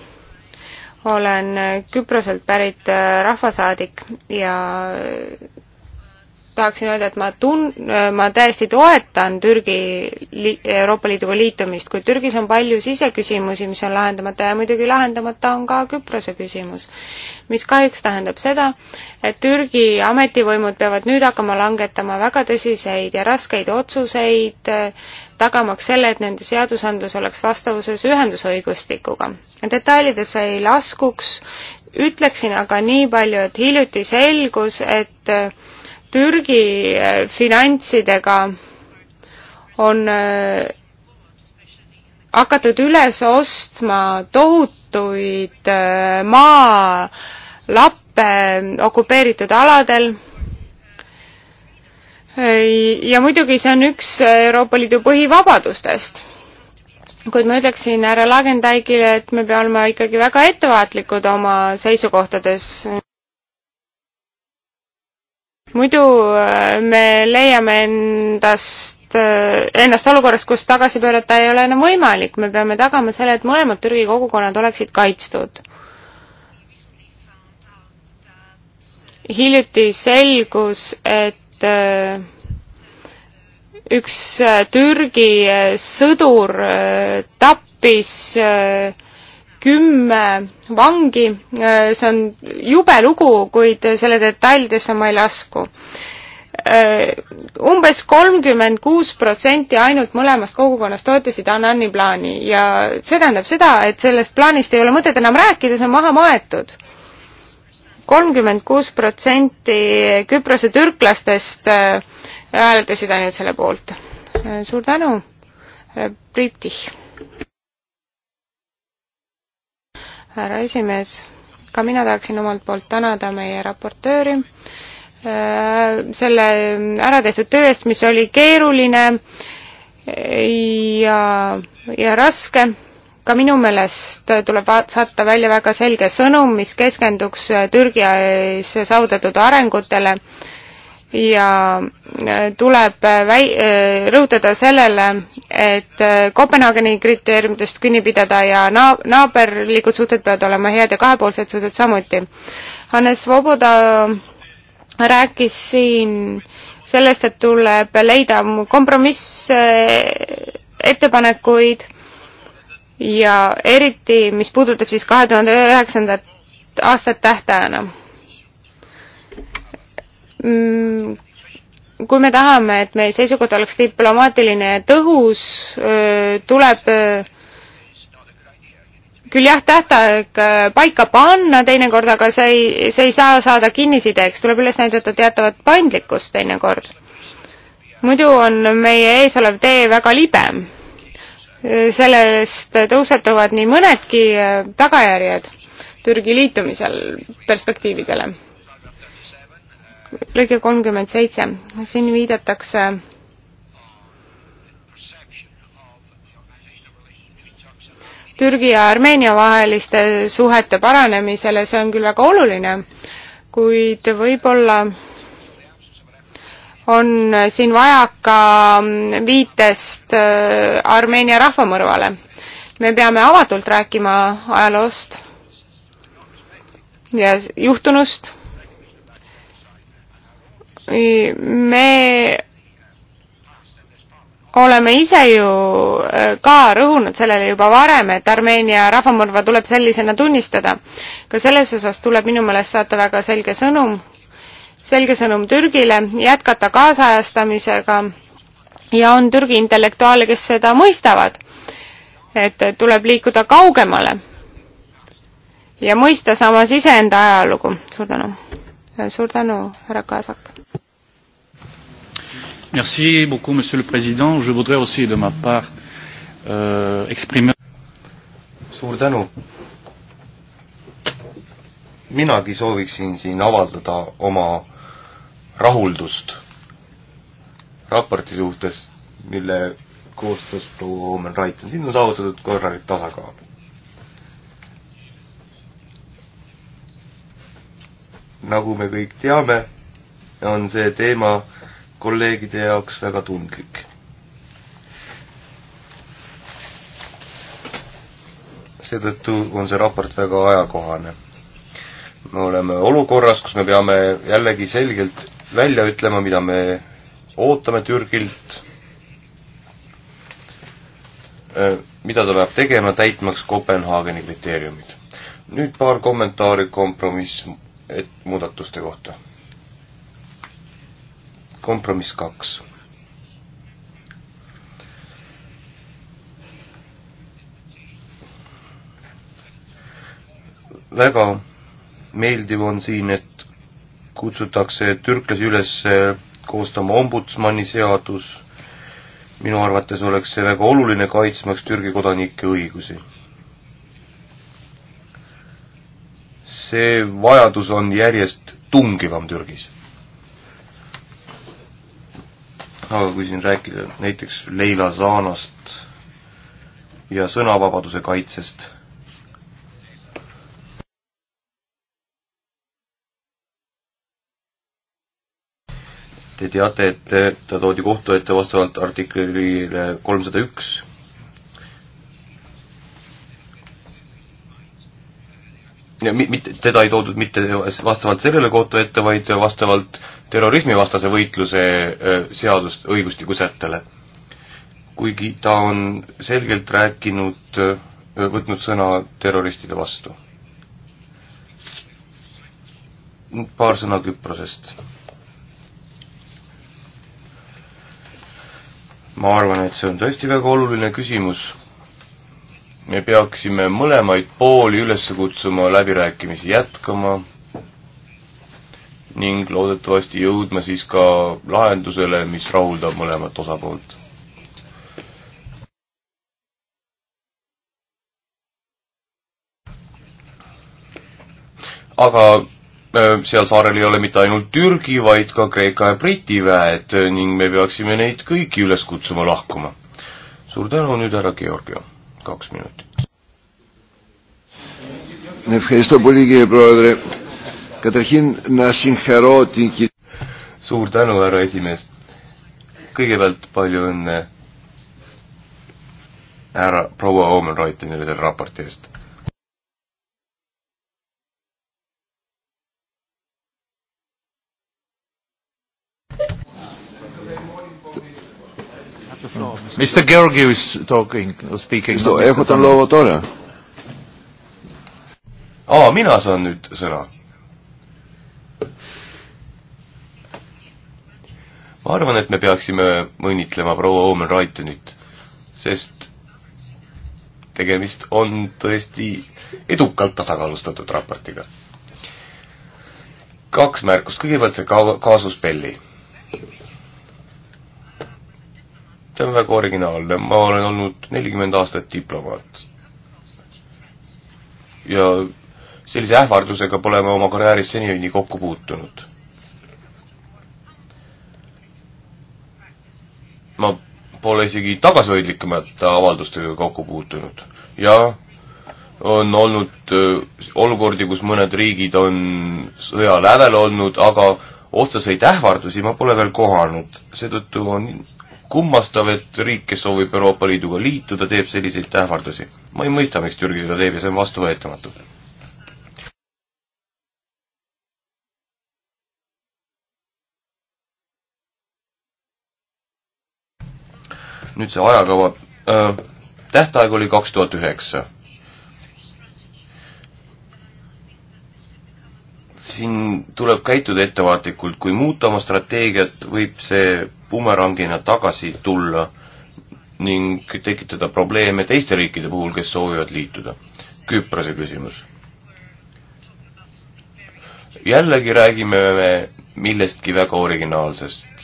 olen Küproselt pärit rahvasaadik ja tahaksin öelda, et ma tun-, ma täiesti toetan Türgi li-, Euroopa Liiduga liitumist, kuid Türgis on palju siseküsimusi, mis on lahendamata ja muidugi lahendamata on ka Küprose küsimus. mis kahjuks tähendab seda, et Türgi ametivõimud peavad nüüd hakkama langetama väga tõsiseid ja raskeid otsuseid, tagamaks selle, et nende seadusandlus oleks vastavuses ühendusõigustikuga. detailidesse ei laskuks, ütleksin aga nii palju, et hiljuti selgus, et Türgi äh, finantsidega on äh, hakatud üles ostma tohutuid äh, maalappe okupeeritud aladel. ja muidugi see on üks Euroopa Liidu põhivabadustest. kuid ma ütleksin härra Lagendaigile, et me peame olema ikkagi väga ettevaatlikud oma seisukohtades muidu äh, me leiame endast äh, ennast olukorras, kus tagasi pöörata ei ole enam võimalik, me peame tagama selle, et mõlemad Türgi kogukonnad oleksid kaitstud. hiljuti selgus, et äh, üks Türgi sõdur tappis kümme vangi, äh, see on jube lugu, kuid selle detailidesse ma ei lasku äh, umbes kolmkümmend kuus protsenti ainult mõlemast kogukonnast toetasid Anani plaani ja see tähendab seda, et sellest plaanist ei ole mõtet enam rääkida, see on maha maetud. kolmkümmend kuus protsenti Küprose türklastest äh, hääletasid ainult selle poolt. suur tänu, Priit Tih härra esimees, ka mina tahaksin omalt poolt tänada meie raportööri äh, selle ära tehtud töö eest, mis oli keeruline ja, ja raske. ka minu meelest tuleb saata välja väga selge sõnum, mis keskenduks Türgis äh, saavutatud arengutele ja äh, tuleb äh, väi-, äh, rõhutada sellele, et Kopenhaageni kriteeriumitest kinni pidada ja naa-, naaberlikud suhted peavad olema head ja kahepoolsed suhted samuti. Hannes Voboda rääkis siin sellest, et tuleb leida kompromissettepanekuid ja eriti, mis puudutab siis kahe tuhande üheksandat aastat tähtajana Mm, kui me tahame, et meie seisukoht oleks diplomaatiline ja tõhus, tuleb küll jah, tähtaeg äh, paika panna teinekord, aga see ei, see ei saa saada kinnisideks, tuleb üles näidata teatavat paindlikkust teinekord. muidu on meie ees olev tee väga libe. sellest tõusetuvad nii mõnedki äh, tagajärjed Türgi liitumisel perspektiividele lõige kolmkümmend seitse, siin viidatakse Türgi ja Armeenia vaheliste suhete paranemisele, see on küll väga oluline, kuid võib-olla on siin vajaka viitest äh, Armeenia rahvamõrvale. me peame avatult rääkima ajaloost ja juhtunust me oleme ise ju äh, ka rõhunud sellele juba varem, et Armeenia rahvamõrva tuleb sellisena tunnistada. ka selles osas tuleb minu meelest saata väga selge sõnum, selge sõnum Türgile, jätkata kaasajastamisega ja on Türgi intellektuaale, kes seda mõistavad, et tuleb liikuda kaugemale ja mõista samas iseenda ajalugu. suur tänu! suur tänu, härra Kaasak. Merci beaucoup, monsieur le president, je voudrais aussi de ma part euh, exprimer. suur tänu. minagi sooviksin siin avaldada oma rahuldust raporti suhtes, mille koostas proua Omen Raiten, siin on saavutatud korralik tasakaal. nagu me kõik teame, on see teema kolleegide jaoks väga tundlik. seetõttu on see raport väga ajakohane. me oleme olukorras, kus me peame jällegi selgelt välja ütlema, mida me ootame Türgilt, äh, mida ta peab tegema, täitmaks Kopenhaageni kriteeriumid. nüüd paar kommentaari kompromiss et muudatuste kohta. kompromiss kaks. väga meeldiv on siin, et kutsutakse türklasi üles koostama ombudsmani seadus. minu arvates oleks see väga oluline, kaitsmaks Türgi kodanike õigusi see vajadus on järjest tungivam Türgis. aga kui siin rääkida näiteks Leila Zanast ja sõnavabaduse kaitsest, Te teate, et ta toodi kohtu ette vastavalt artiklile kolmsada üks mitte, teda ei toodud mitte vastavalt sellele kohtu ette, vaid vastavalt terrorismivastase võitluse seadust, õigustiku sättele. kuigi ta on selgelt rääkinud, võtnud sõna terroristide vastu. paar sõna Küprosest. ma arvan, et see on tõesti väga oluline küsimus me peaksime mõlemaid pooli üles kutsuma läbirääkimisi jätkama ning loodetavasti jõudma siis ka lahendusele, mis rahuldab mõlemat osapoolt. aga äh, seal saarel ei ole mitte ainult Türgi, vaid ka Kreeka ja Briti väed ning me peaksime neid kõiki üles kutsuma lahkuma. suur tänu nüüd, härra Georgiev! kaks minutit. suur tänu, härra esimees. kõigepealt palju õnne härra proua Omenreutenile selle raporti eest Mr. Georgiou is talking, speaking. έχω τον λόγο τώρα. Aa, mina saan nüüd sõna. ma arvan, et me peaksime õnnitlema proua Omen Raitonit, sest tegemist on tõesti edukalt tasakaalustatud raportiga. kaks märkust, kõigepealt see ka-, kaasus Belli see on väga originaalne, ma olen olnud nelikümmend aastat diplomaat. ja sellise ähvardusega pole ma oma karjääris senini kokku puutunud. ma pole isegi tagasihoidlikumate avaldustega kokku puutunud ja on olnud äh, olukordi, kus mõned riigid on sõja lävel olnud, aga otseseid ähvardusi ma pole veel kohanud, seetõttu on kummastav, et riik, kes soovib Euroopa Liiduga liituda, teeb selliseid ähvardusi. ma ei mõista, miks Türgi seda teeb ja see on vastuvõetamatu. nüüd see ajakava äh,, tähtaeg oli kaks tuhat üheksa. siin tuleb käituda ettevaatlikult, kui muuta oma strateegiat, võib see bumerangina tagasi tulla ning tekitada probleeme teiste riikide puhul, kes soovivad liituda. Küprose küsimus. jällegi räägime me millestki väga originaalsest.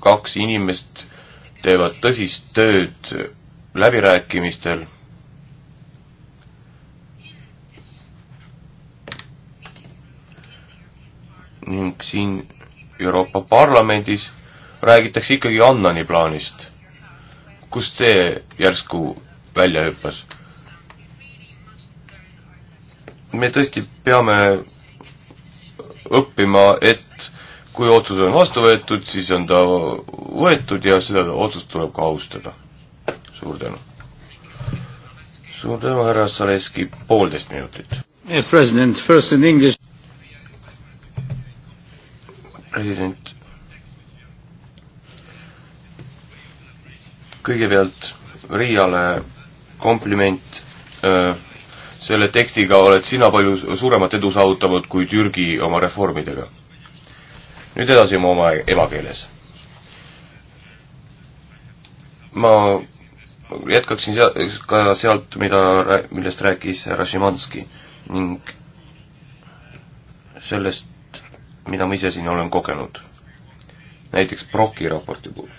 kaks inimest teevad tõsist tööd läbirääkimistel ning siin Euroopa Parlamendis räägitakse ikkagi Annani plaanist. kust see järsku välja hüppas? me tõesti peame õppima, et kui otsus on vastu võetud, siis on ta võetud ja seda otsust tuleb ka austada. suur tänu. suur tänu, härra Saleski, poolteist minutit. president, first in english. president kõigepealt Riiale kompliment, selle tekstiga oled sina palju suuremat edu saavutanud kui Türgi oma reformidega. nüüd edasi oma, oma emakeeles. ma jätkaksin sea-, ka sealt, mida, millest rääkis härra Šimanski ning sellest, mida ma ise siin olen kogenud. näiteks Broki raporti puhul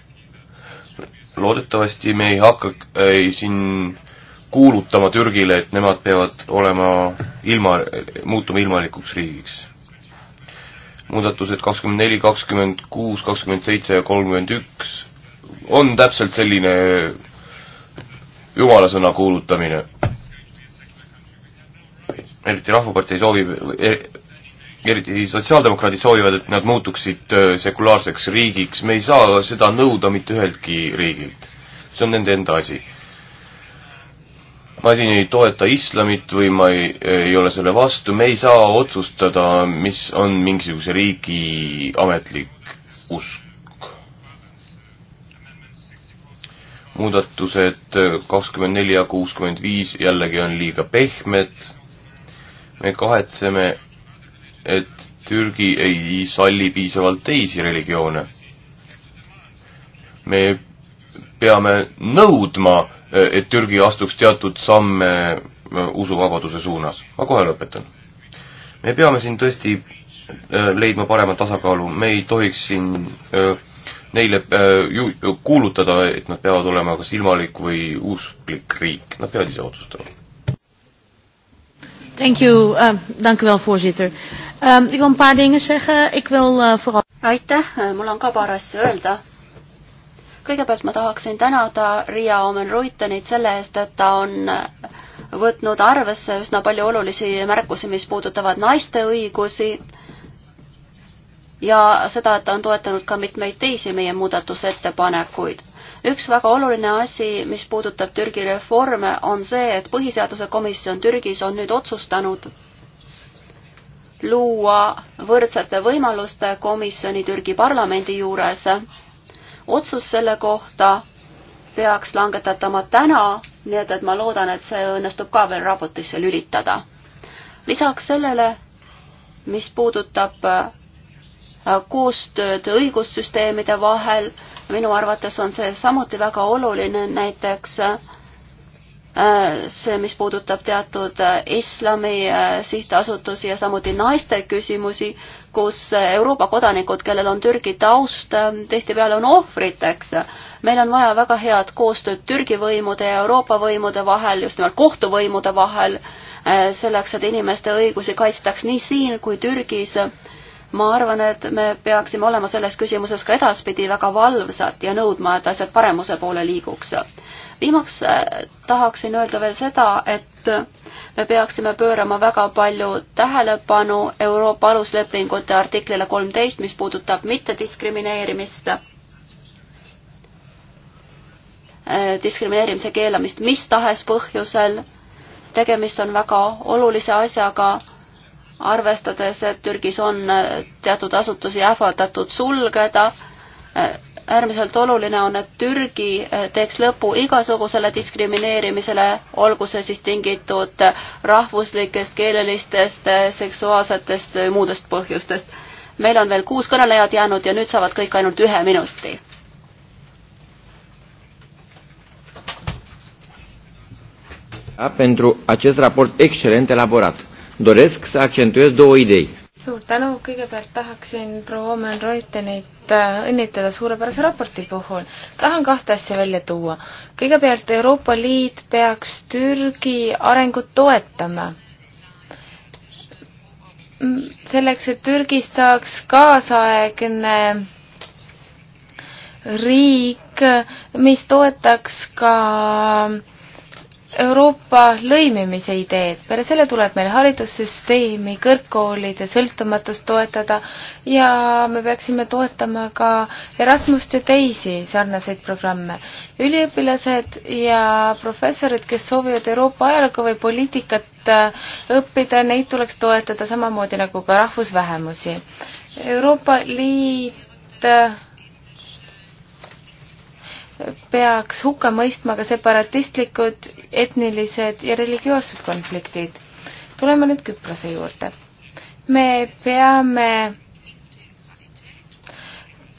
loodetavasti me ei hakka ei, siin kuulutama Türgile, et nemad peavad olema ilma, muutuma ilmalikuks riigiks. muudatused kakskümmend neli, kakskümmend kuus, kakskümmend seitse ja kolmkümmend üks on täpselt selline jumalasõna kuulutamine. eriti Rahvapartei soovib, eriti sotsiaaldemokraadid soovivad, et nad muutuksid äh, sekulaarseks riigiks, me ei saa seda nõuda mitte üheltki riigilt. see on nende enda asi. ma siin ei toeta islamit või ma ei, ei ole selle vastu, me ei saa otsustada, mis on mingisuguse riigi ametlik usk. muudatused äh, kakskümmend neli ja kuuskümmend viis jällegi on liiga pehmed, me kahetseme et Türgi ei salli piisavalt teisi religioone. me peame nõudma, et Türgi astuks teatud samme äh, usuvabaduse suunas. ma kohe lõpetan. me peame siin tõesti äh, leidma parema tasakaalu, me ei tohiks siin äh, neile ju kuulutada, et nad peavad olema kas ilmalik või usklik riik, nad peavad ise otsustama Thank you, uh, dank u wel, voorzitter. Um, ik wil een paar dingen zeggen. Ik wil uh, vooral... Aitäh, eh, mul on ka paar asja öelda. Kõigepealt ma tahaksin tänada Riia Omen-Ruitenit selle eest, et ta on võtnud arvesse üsna palju olulisi märkusi, mis puudutavad naiste õigusi ja seda, et ta on toetanud ka mitmeid teisi meie muudatusettepanekuid üks väga oluline asi, mis puudutab Türgi reforme, on see, et põhiseaduse komisjon Türgis on nüüd otsustanud luua võrdsete võimaluste komisjoni Türgi parlamendi juures. otsus selle kohta peaks langetatama täna, nii et, et ma loodan, et see õnnestub ka veel raportisse lülitada. lisaks sellele, mis puudutab äh, koostööd õigussüsteemide vahel, minu arvates on see samuti väga oluline, näiteks äh, see, mis puudutab teatud äh, islami äh, sihtasutusi ja samuti naiste küsimusi, kus Euroopa kodanikud, kellel on Türgi taust, tihtipeale on ohvriteks. meil on vaja väga head koostööd Türgi võimude ja Euroopa võimude vahel, just nimelt kohtuvõimude vahel, selleks, et inimeste õigusi kaitstaks nii siin kui Türgis ma arvan, et me peaksime olema selles küsimuses ka edaspidi väga valvsad ja nõudma, et asjad paremuse poole liiguks. viimaks äh, tahaksin öelda veel seda, et me peaksime pöörama väga palju tähelepanu Euroopa aluslepingute artiklile kolmteist, mis puudutab mittediskrimineerimist äh, diskrimineerimise keelamist mis tahes põhjusel. tegemist on väga olulise asjaga arvestades, et Türgis on äh, teatud asutusi ähvardatud sulgeda. Äh, äärmiselt oluline on, et Türgi äh, teeks lõpu igasugusele diskrimineerimisele, olgu see siis tingitud rahvuslikest, keelelistest, seksuaalsetest või muudest põhjustest. meil on veel kuus kõnelejat jäänud ja nüüd saavad kõik ainult ühe minuti. pentru acest raport excelent elaborat doresc să accentuez două idei. suur tänu, kõigepealt tahaksin proua Omen Reutenit äh, õnnitleda suurepärase raporti puhul. tahan kahte asja välja tuua. kõigepealt Euroopa Liit peaks Türgi arengut toetama selleks, et Türgist saaks kaasaegne riik, mis toetaks ka Euroopa lõimimise ideed, peale selle tuleb meil haridussüsteemi, kõrgkoolide sõltumatust toetada ja me peaksime toetama ka Erasmust ja teisi sarnaseid programme. üliõpilased ja professorid, kes soovivad Euroopa ajalugu või poliitikat äh, õppida, neid tuleks toetada samamoodi nagu ka rahvusvähemusi. Euroopa Liit äh, peaks hukka mõistma ka separatistlikud, etnilised ja religioossed konfliktid. tuleme nüüd Küprose juurde. me peame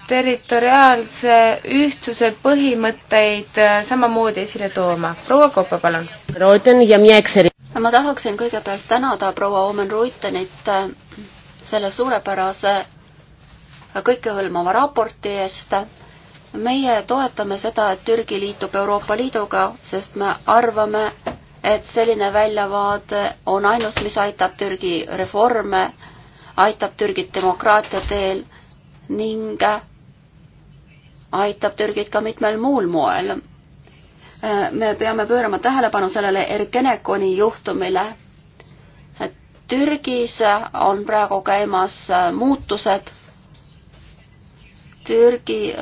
territoriaalse ühtsuse põhimõtteid äh, samamoodi esile tooma. proua Koppa, palun. ma tahaksin kõigepealt tänada proua Omen Ruitenit äh, selle suurepärase kõikehõlmava raporti eest meie toetame seda, et Türgi liitub Euroopa Liiduga, sest me arvame, et selline väljavaade on ainus, mis aitab Türgi reforme, aitab Türgit demokraatia teel ning aitab Türgit ka mitmel muul moel. me peame pöörama tähelepanu sellele Ergenekoni juhtumile. Türgis on praegu käimas muutused. Türgi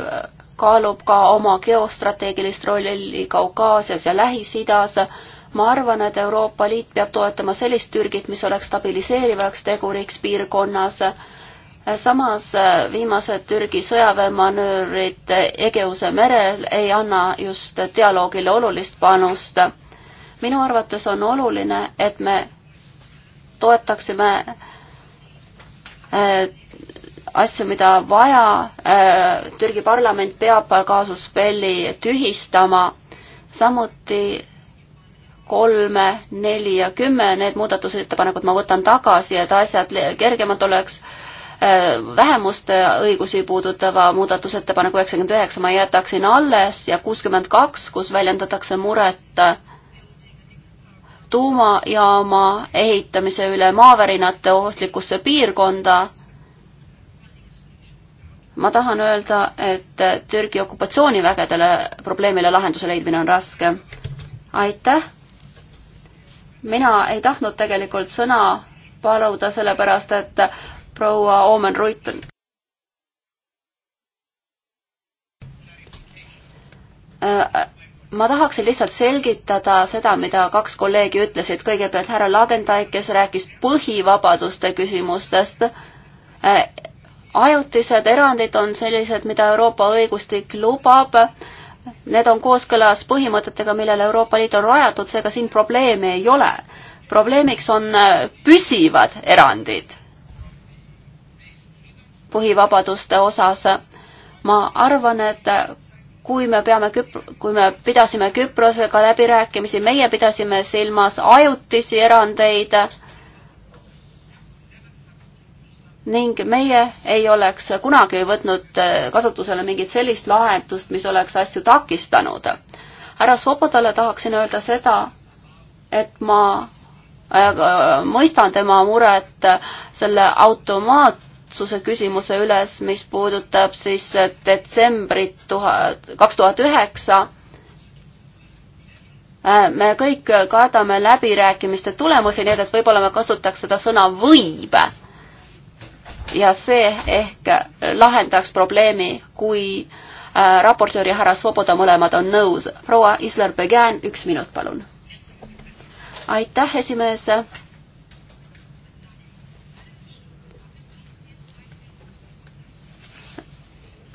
kaalub ka oma geostrateegilist rolli Kaukaasias ja Lähis-Idas. ma arvan, et Euroopa Liit peab toetama sellist Türgit, mis oleks stabiliseerivaks teguriks piirkonnas. samas viimased Türgi sõjaväemanöövrid Egeuse merel ei anna just dialoogile olulist panust. minu arvates on oluline, et me toetaksime eh, asju, mida vaja. Äh, Türgi parlament peab kaasuspelli tühistama, samuti kolme, neli ja kümme, need muudatusettepanekud ma võtan tagasi, et asjad kergemad oleks. Äh, vähemuste õigusi puudutava muudatusettepaneku üheksakümmend üheksa ma jätaksin alles ja kuuskümmend kaks, kus väljendatakse muret tuumajaama ehitamise üle maavärinate ohtlikusse piirkonda ma tahan öelda, et Türgi okupatsioonivägedele probleemile lahenduse leidmine on raske. aitäh! mina ei tahtnud tegelikult sõna paluda, sellepärast et proua Oomen Ruiten äh, ma tahaksin lihtsalt selgitada seda, mida kaks kolleegi ütlesid. kõigepealt härra Lagendaik, kes rääkis põhivabaduste küsimustest äh, ajutised erandid on sellised, mida Euroopa õigustik lubab. Need on kooskõlas põhimõtetega, millele Euroopa Liit on rajatud, seega siin probleemi ei ole. probleemiks on äh, püsivad erandid põhivabaduste osas. ma arvan, et kui me peame Küpr-, kui me pidasime Küprosega läbirääkimisi, meie pidasime silmas ajutisi erandeid ning meie ei oleks kunagi võtnud eh, kasutusele mingit sellist lahendust, mis oleks asju takistanud. härra Svobodale tahaksin öelda seda, et ma äh, mõistan tema muret selle automaatsuse küsimuse üles, mis puudutab siis detsembrit tuhat, kaks tuhat üheksa äh, me kõik kaadame läbirääkimiste tulemusi, nii et võib-olla ma kasutaks seda sõna võib ja see ehk lahendaks probleemi, kui äh, raportöör ja härra Svoboda mõlemad on nõus. proua Isler Begän, üks minut, palun. aitäh, esimees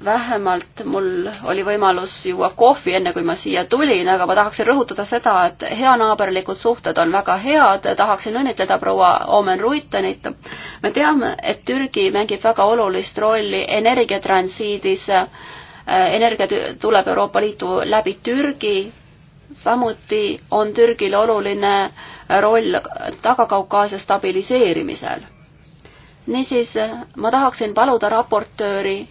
vähemalt mul oli võimalus juua kohvi, enne kui ma siia tulin, aga ma tahaksin rõhutada seda, et heanaaberlikud suhted on väga head, tahaksin õnnitleda proua Omen Ruitenit. me teame, et Türgi mängib väga olulist rolli energiatransiidis, energia tuleb Euroopa Liitu läbi Türgi, samuti on Türgil oluline roll Taga-Kaukaasia stabiliseerimisel niisiis ma tahaksin paluda raportööri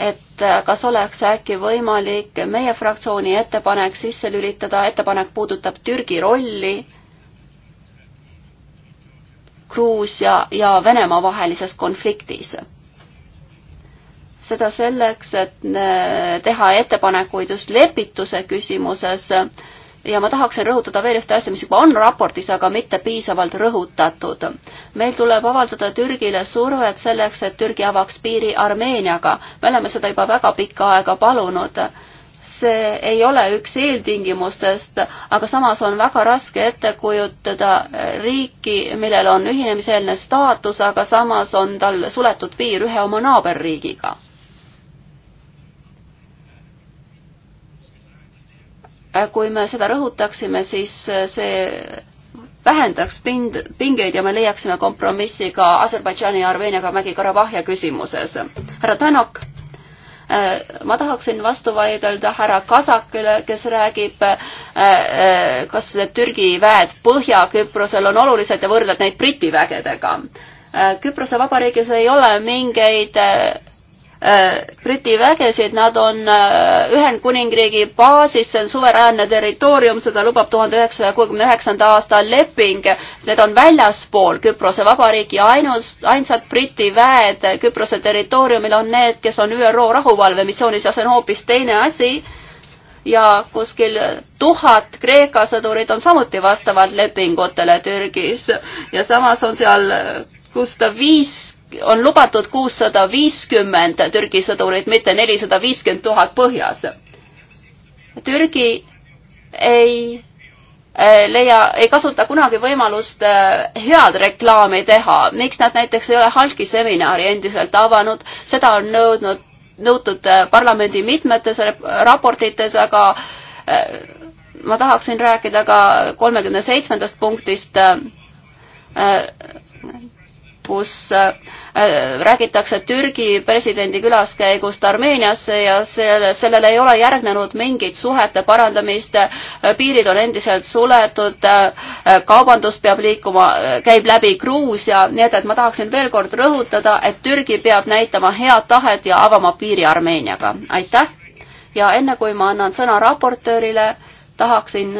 et kas oleks äkki võimalik meie fraktsiooni ettepanek sisse lülitada, ettepanek puudutab Türgi rolli Gruusia ja Venemaa vahelises konfliktis seda selleks, et teha ettepanekuid just lepituse küsimuses ja ma tahaksin rõhutada veel ühte asja, mis juba on raportis, aga mitte piisavalt rõhutatud. meil tuleb avaldada Türgile survet selleks, et Türgi avaks piiri Armeeniaga. me oleme seda juba väga pikka aega palunud. see ei ole üks eeltingimustest, aga samas on väga raske ette kujutada riiki, millel on ühinemiseelne staatus, aga samas on tal suletud piir ühe oma naaberriigiga Äh, kui me seda rõhutaksime, siis äh, see vähendaks pind, pingeid ja me leiaksime kompromissi ka Aserbaidžaani ja Armeeniaga Mägi-Karabahhi küsimuses. härra Tänok, äh, ma tahaksin vastu vaidelda härra Kasakile, kes räägib, kas Türgi väed Põhja-Küprosel on olulised ja võrdleb neid Briti vägedega Küprose vabariigis ei ole mingeid Äh, Briti vägesid, nad on äh, Ühendkuningriigi baasis, see on suveräänne territoorium, seda lubab tuhande üheksasaja kuuekümne üheksanda aasta leping. Need on väljaspool Küprose Vabariiki, ainus, ainsad Briti väed Küprose territooriumil on need, kes on ÜRO rahuvalvemissioonis ja see on hoopis teine asi ja kuskil tuhat Kreeka sõdurit on samuti vastavalt lepingutele Türgis ja samas on seal kuussada viis on lubatud kuussada viiskümmend Türgi sõdurit, mitte nelisada viiskümmend tuhat põhjas. Türgi ei eh, leia, ei kasuta kunagi võimalust eh, head reklaami teha. miks nad näiteks ei ole Halki seminari endiselt avanud, seda on nõudnud, nõutud eh, parlamendi mitmetes raportites, aga ma tahaksin rääkida ka kolmekümne seitsmendast punktist lõpus äh, räägitakse Türgi presidendi külaskäigust Armeeniasse ja selle, sellele ei ole järgnenud mingit suhete parandamist. Äh, piirid on endiselt suletud, äh, kaubandus peab liikuma, käib läbi Gruusia, nii et, et ma tahaksin veel kord rõhutada, et Türgi peab näitama head tahet ja avama piiri Armeeniaga. aitäh! ja enne kui ma annan sõna raportöörile, tahaksin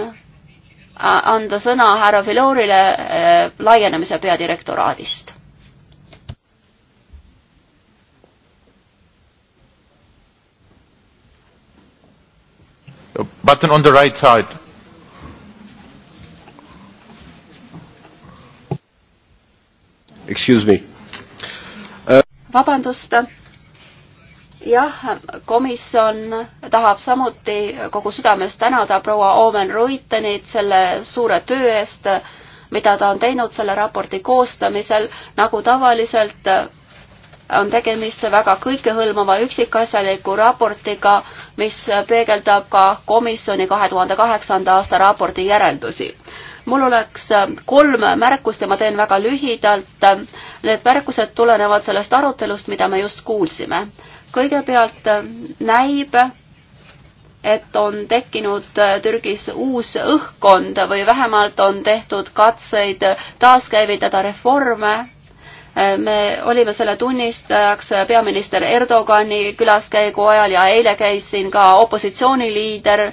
anda sõna härra Filorile äh, laienemise peadirektoraadist. A button on the right side. Excuse me uh.... vabandust. jah, komisjon tahab samuti kogu südamest tänada proua Omen Ruitenit selle suure töö eest, mida ta on teinud selle raporti koostamisel. nagu tavaliselt on tegemist väga kõikehõlmava üksikasjaliku raportiga, mis peegeldab ka komisjoni kahe tuhande kaheksanda aasta raporti järeldusi. mul oleks kolm märkust ja ma teen väga lühidalt. Need märkused tulenevad sellest arutelust, mida me just kuulsime. kõigepealt näib, et on tekkinud Türgis uus õhkkond või vähemalt on tehtud katseid taaskäivitada reforme Äh, me olime selle tunnistajaks peaminister Erdogani külaskäigu ajal ja eile käis siin ka opositsiooniliider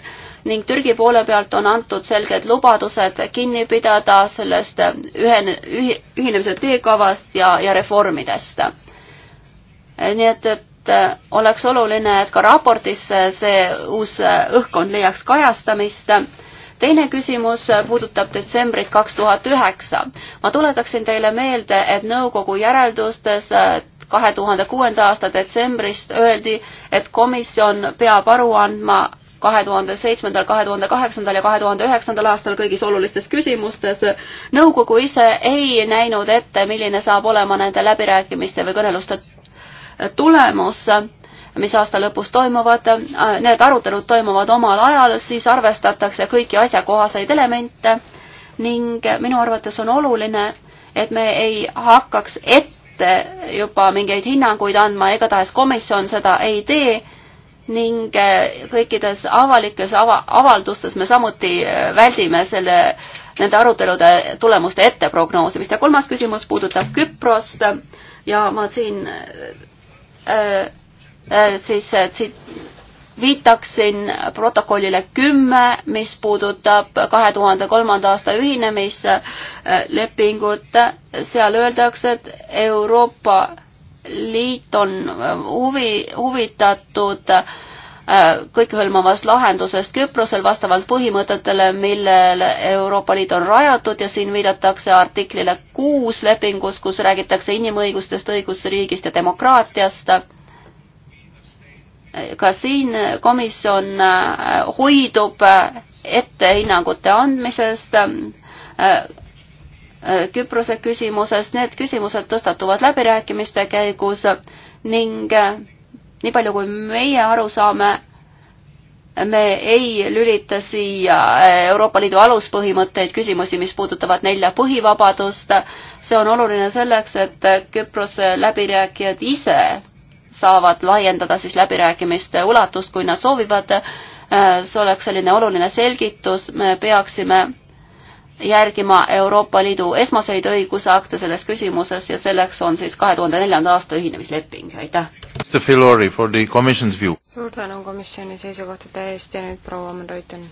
ning Türgi poole pealt on antud selged lubadused kinni pidada sellest ühen-, ühinemise teekavast ja, ja reformidest. Äh, nii et, et äh, oleks oluline, et ka raportis see uus õhkkond leiaks kajastamist teine küsimus puudutab detsembrit kaks tuhat üheksa. ma tuletaksin teile meelde, et nõukogu järeldustes kahe tuhande kuuenda aasta detsembrist öeldi, et komisjon peab aru andma kahe tuhande seitsmendal, kahe tuhande kaheksandal ja kahe tuhande üheksandal aastal kõigis olulistes küsimustes. nõukogu ise ei näinud ette, milline saab olema nende läbirääkimiste või kõneluste tulemus mis aasta lõpus toimuvad. Äh, need arutelud toimuvad omal ajal, siis arvestatakse kõiki asjakohaseid elemente ning minu arvates on oluline, et me ei hakkaks ette juba mingeid hinnanguid andma, igatahes komisjon seda ei tee ning äh, kõikides avalikes ava, avaldustes me samuti äh, väldime selle, nende arutelude tulemuste etteprognoosimist ja kolmas küsimus puudutab Küprost ja ma siin äh, Äh, siis äh, viitaksin protokollile kümme, mis puudutab kahe tuhande kolmanda aasta ühinemislepingut. Äh, seal öeldakse, et Euroopa Liit on huvi, huvitatud kõikehõlmavast lahendusest Küprosel vastavalt põhimõtetele, millele Euroopa Liit on rajatud ja siin viidatakse artiklile kuus lepingus, kus räägitakse inimõigustest, õigusriigist ja demokraatiast ka siin komisjon äh, hoidub äh, ettehinnangute andmisest äh, Küprose küsimuses, need küsimused tõstatuvad läbirääkimiste käigus ning nii palju, kui meie aru saame, me ei lülita siia Euroopa Liidu aluspõhimõtteid, küsimusi, mis puudutavad nelja põhivabadust. see on oluline selleks, et Küprose läbirääkijad ise saavad laiendada siis läbirääkimiste ulatust, kui nad soovivad. Äh, see oleks selline oluline selgitus, me peaksime järgima Euroopa Liidu esmaseid õigusakte selles küsimuses ja selleks on siis kahe tuhande neljanda aasta ühinemisleping, aitäh. suur tänu komisjoni seisukohtade eest ja nüüd proua Mann-Reuten.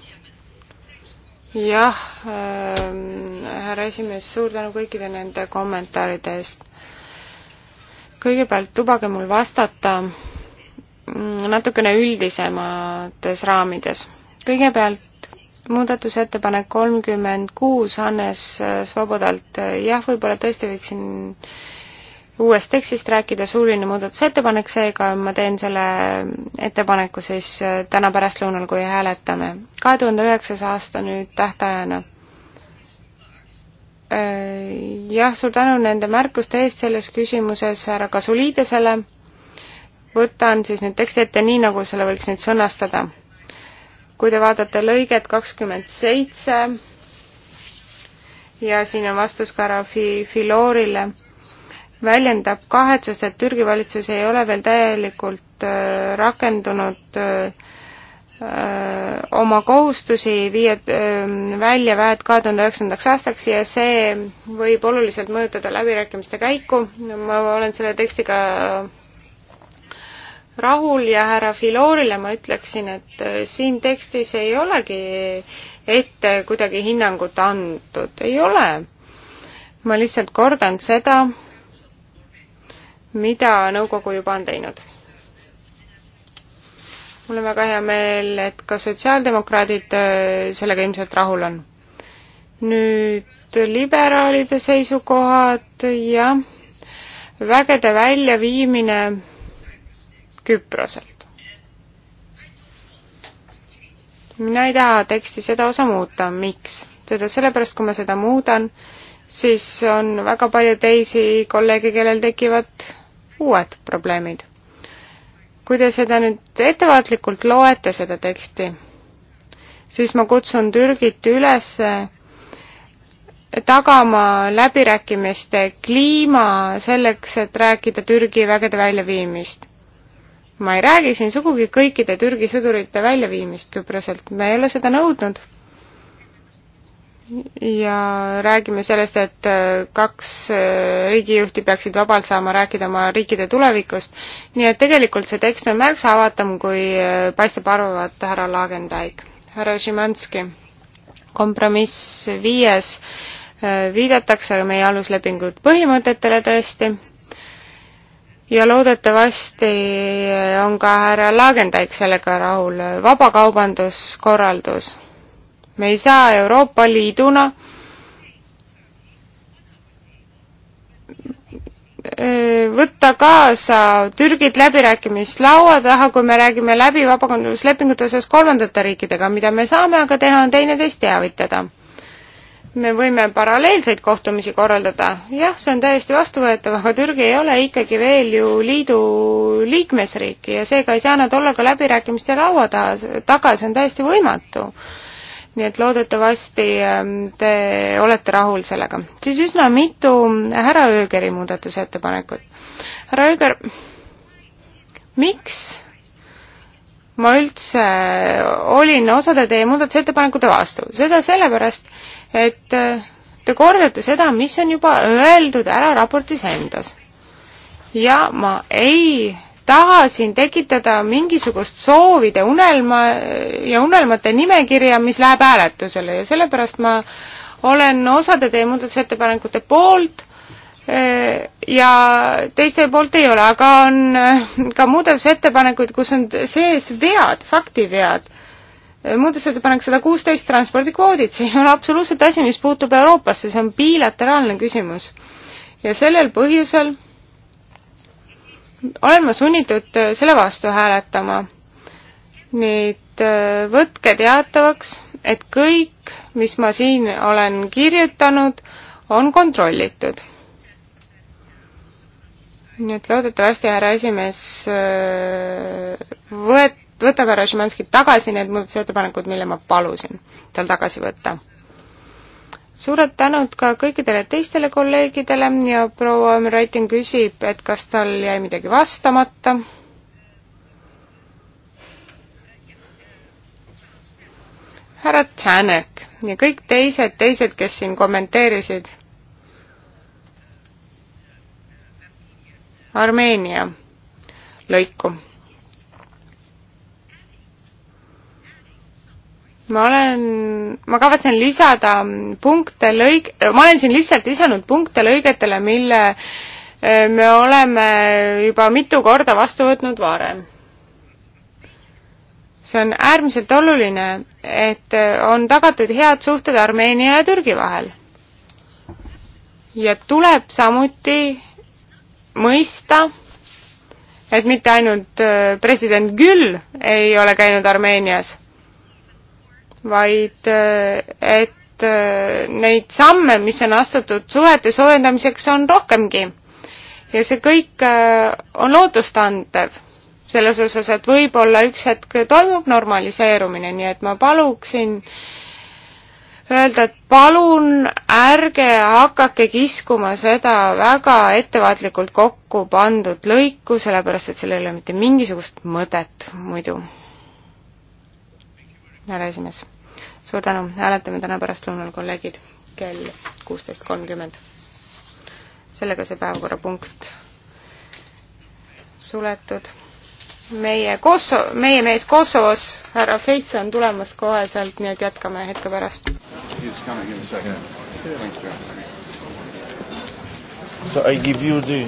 jah äh,, härra esimees, suur tänu kõikide nende kommentaaride eest kõigepealt lubage mul vastata natukene üldisemates raamides. kõigepealt muudatusettepanek kolmkümmend kuus Hannes Svobodalt, jah, võib-olla tõesti võiksin uuest tekstist rääkida, suuline muudatusettepanek, seega ma teen selle ettepaneku siis täna pärastlõunal, kui hääletame. kahe tuhande üheksas aasta nüüd tähtajana Äh, jah, suur tänu nende märkuste eest selles küsimuses härra Kasuliidesele. võtan siis nüüd teksti ette nii, nagu selle võiks nüüd sõnastada. kui te vaatate lõiget kakskümmend seitse ja siin on vastus ka härra Filorile, väljendab kahetsust, et Türgi valitsus ei ole veel täielikult äh, rakendunud äh, oma kohustusi viia välja väed kahe tuhande üheksandaks aastaks ja see võib oluliselt mõjutada läbirääkimiste käiku. ma olen selle tekstiga rahul ja härra Filorile ma ütleksin, et siin tekstis ei olegi ette kuidagi hinnangut antud, ei ole. ma lihtsalt kordan seda, mida nõukogu juba on teinud mul on väga hea meel, et ka sotsiaaldemokraadid äh, sellega ilmselt rahul on. nüüd liberaalide seisukohad, jah, vägede väljaviimine Küproselt. mina ei taha teksti seda osa muuta, miks? seda sellepärast, kui ma seda muudan, siis on väga palju teisi kolleege, kellel tekivad uued probleemid kui te seda nüüd ettevaatlikult loete, seda teksti, siis ma kutsun Türgit üles tagama läbirääkimiste kliima selleks, et rääkida Türgi vägede väljaviimist. ma ei räägi siin sugugi kõikide Türgi sõdurite väljaviimist Küproselt, me ei ole seda nõudnud ja räägime sellest, et äh, kaks äh, riigijuhti peaksid vabalt saama rääkida oma riikide tulevikust. nii et tegelikult see tekst on märksa avatum, kui äh, paistab arvavat härra Lagendaik. härra Šimanski, kompromiss viies, viidatakse meie aluslepingu põhimõtetele tõesti ja loodetavasti on ka härra Lagendaik sellega rahul, vabakaubanduskorraldus me ei saa Euroopa Liiduna äh, võtta kaasa Türgit läbirääkimislaua taha, kui me räägime läbi vabakondaduslepingute osas kolmandate riikidega, mida me saame aga teha, on teineteist teavitada. me võime paralleelseid kohtumisi korraldada, jah, see on täiesti vastuvõetav, aga Türgi ei ole ikkagi veel ju liidu liikmesriiki ja seega ei saa nad olla ka läbirääkimiste laua taha, taga, see on täiesti võimatu nii et loodetavasti ähm, te olete rahul sellega. siis üsna mitu härra Öögeri muudatusettepanekut. härra Ööger, miks ma üldse olin osade teie muudatusettepanekute vastu? seda sellepärast, et äh, te kordate seda, mis on juba öeldud ära raportis endas. ja ma ei tahasin tekitada mingisugust soovide unelma ja unelmate nimekirja, mis läheb hääletusele ja sellepärast ma olen osade teie muudatusettepanekute poolt eh, ja teiste poolt ei ole, aga on eh, ka muudatusettepanekuid, kus on sees vead, faktivead. Eh, muudatusettepanek sada kuusteist, transpordikvoodid, see ei ole absoluutselt asi, mis puutub Euroopasse, see on bilateraalne küsimus. ja sellel põhjusel olen ma sunnitud äh, selle vastu hääletama. nüüd äh, võtke teatavaks, et kõik, mis ma siin olen kirjutanud, on kontrollitud. nii et loodetavasti härra esimees äh, võet-, võtab härra Šimanskit tagasi need muudatusettepanekud, mille ma palusin tal tagasi võtta suured tänud ka kõikidele teistele kolleegidele ja proua Raiting küsib, et kas tal jäi midagi vastamata. härra Tänek ja kõik teised, teised, kes siin kommenteerisid. Armeenia lõiku ma olen, ma kavatsen lisada punkte lõig-, ma olen siin lihtsalt lisanud punkte lõigetele, mille eh, me oleme juba mitu korda vastu võtnud varem. see on äärmiselt oluline, et on tagatud head suhted Armeenia ja Türgi vahel. ja tuleb samuti mõista, et mitte ainult eh, president Gül ei ole käinud Armeenias vaid et äh, neid samme, mis on astutud suhete soojendamiseks, on rohkemgi. ja see kõik äh, on lootustandev selles osas, et võib-olla üks hetk toimub normaliseerumine, nii et ma paluksin öelda, et palun ärge hakake kiskuma seda väga ettevaatlikult kokku pandud lõiku, sellepärast et sellel ei ole mitte mingisugust mõtet muidu. härra esimees suur tänu, hääletame täna pärastlõunal, kolleegid, kell kuusteist kolmkümmend. sellega see päevakorrapunkt suletud. meie Kosovo, meie mees Kosovos, härra Feith on tulemas kohe sealt, nii et jätkame hetke pärast. So I give you the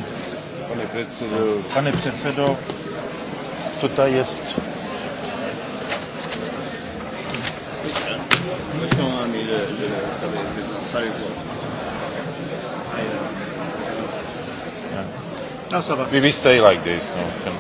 Pane předsedo. Pane předsedo, tutaj jest no, a mí le, le sabe sabe eh. No, ça va. We, we stay like this. No, can,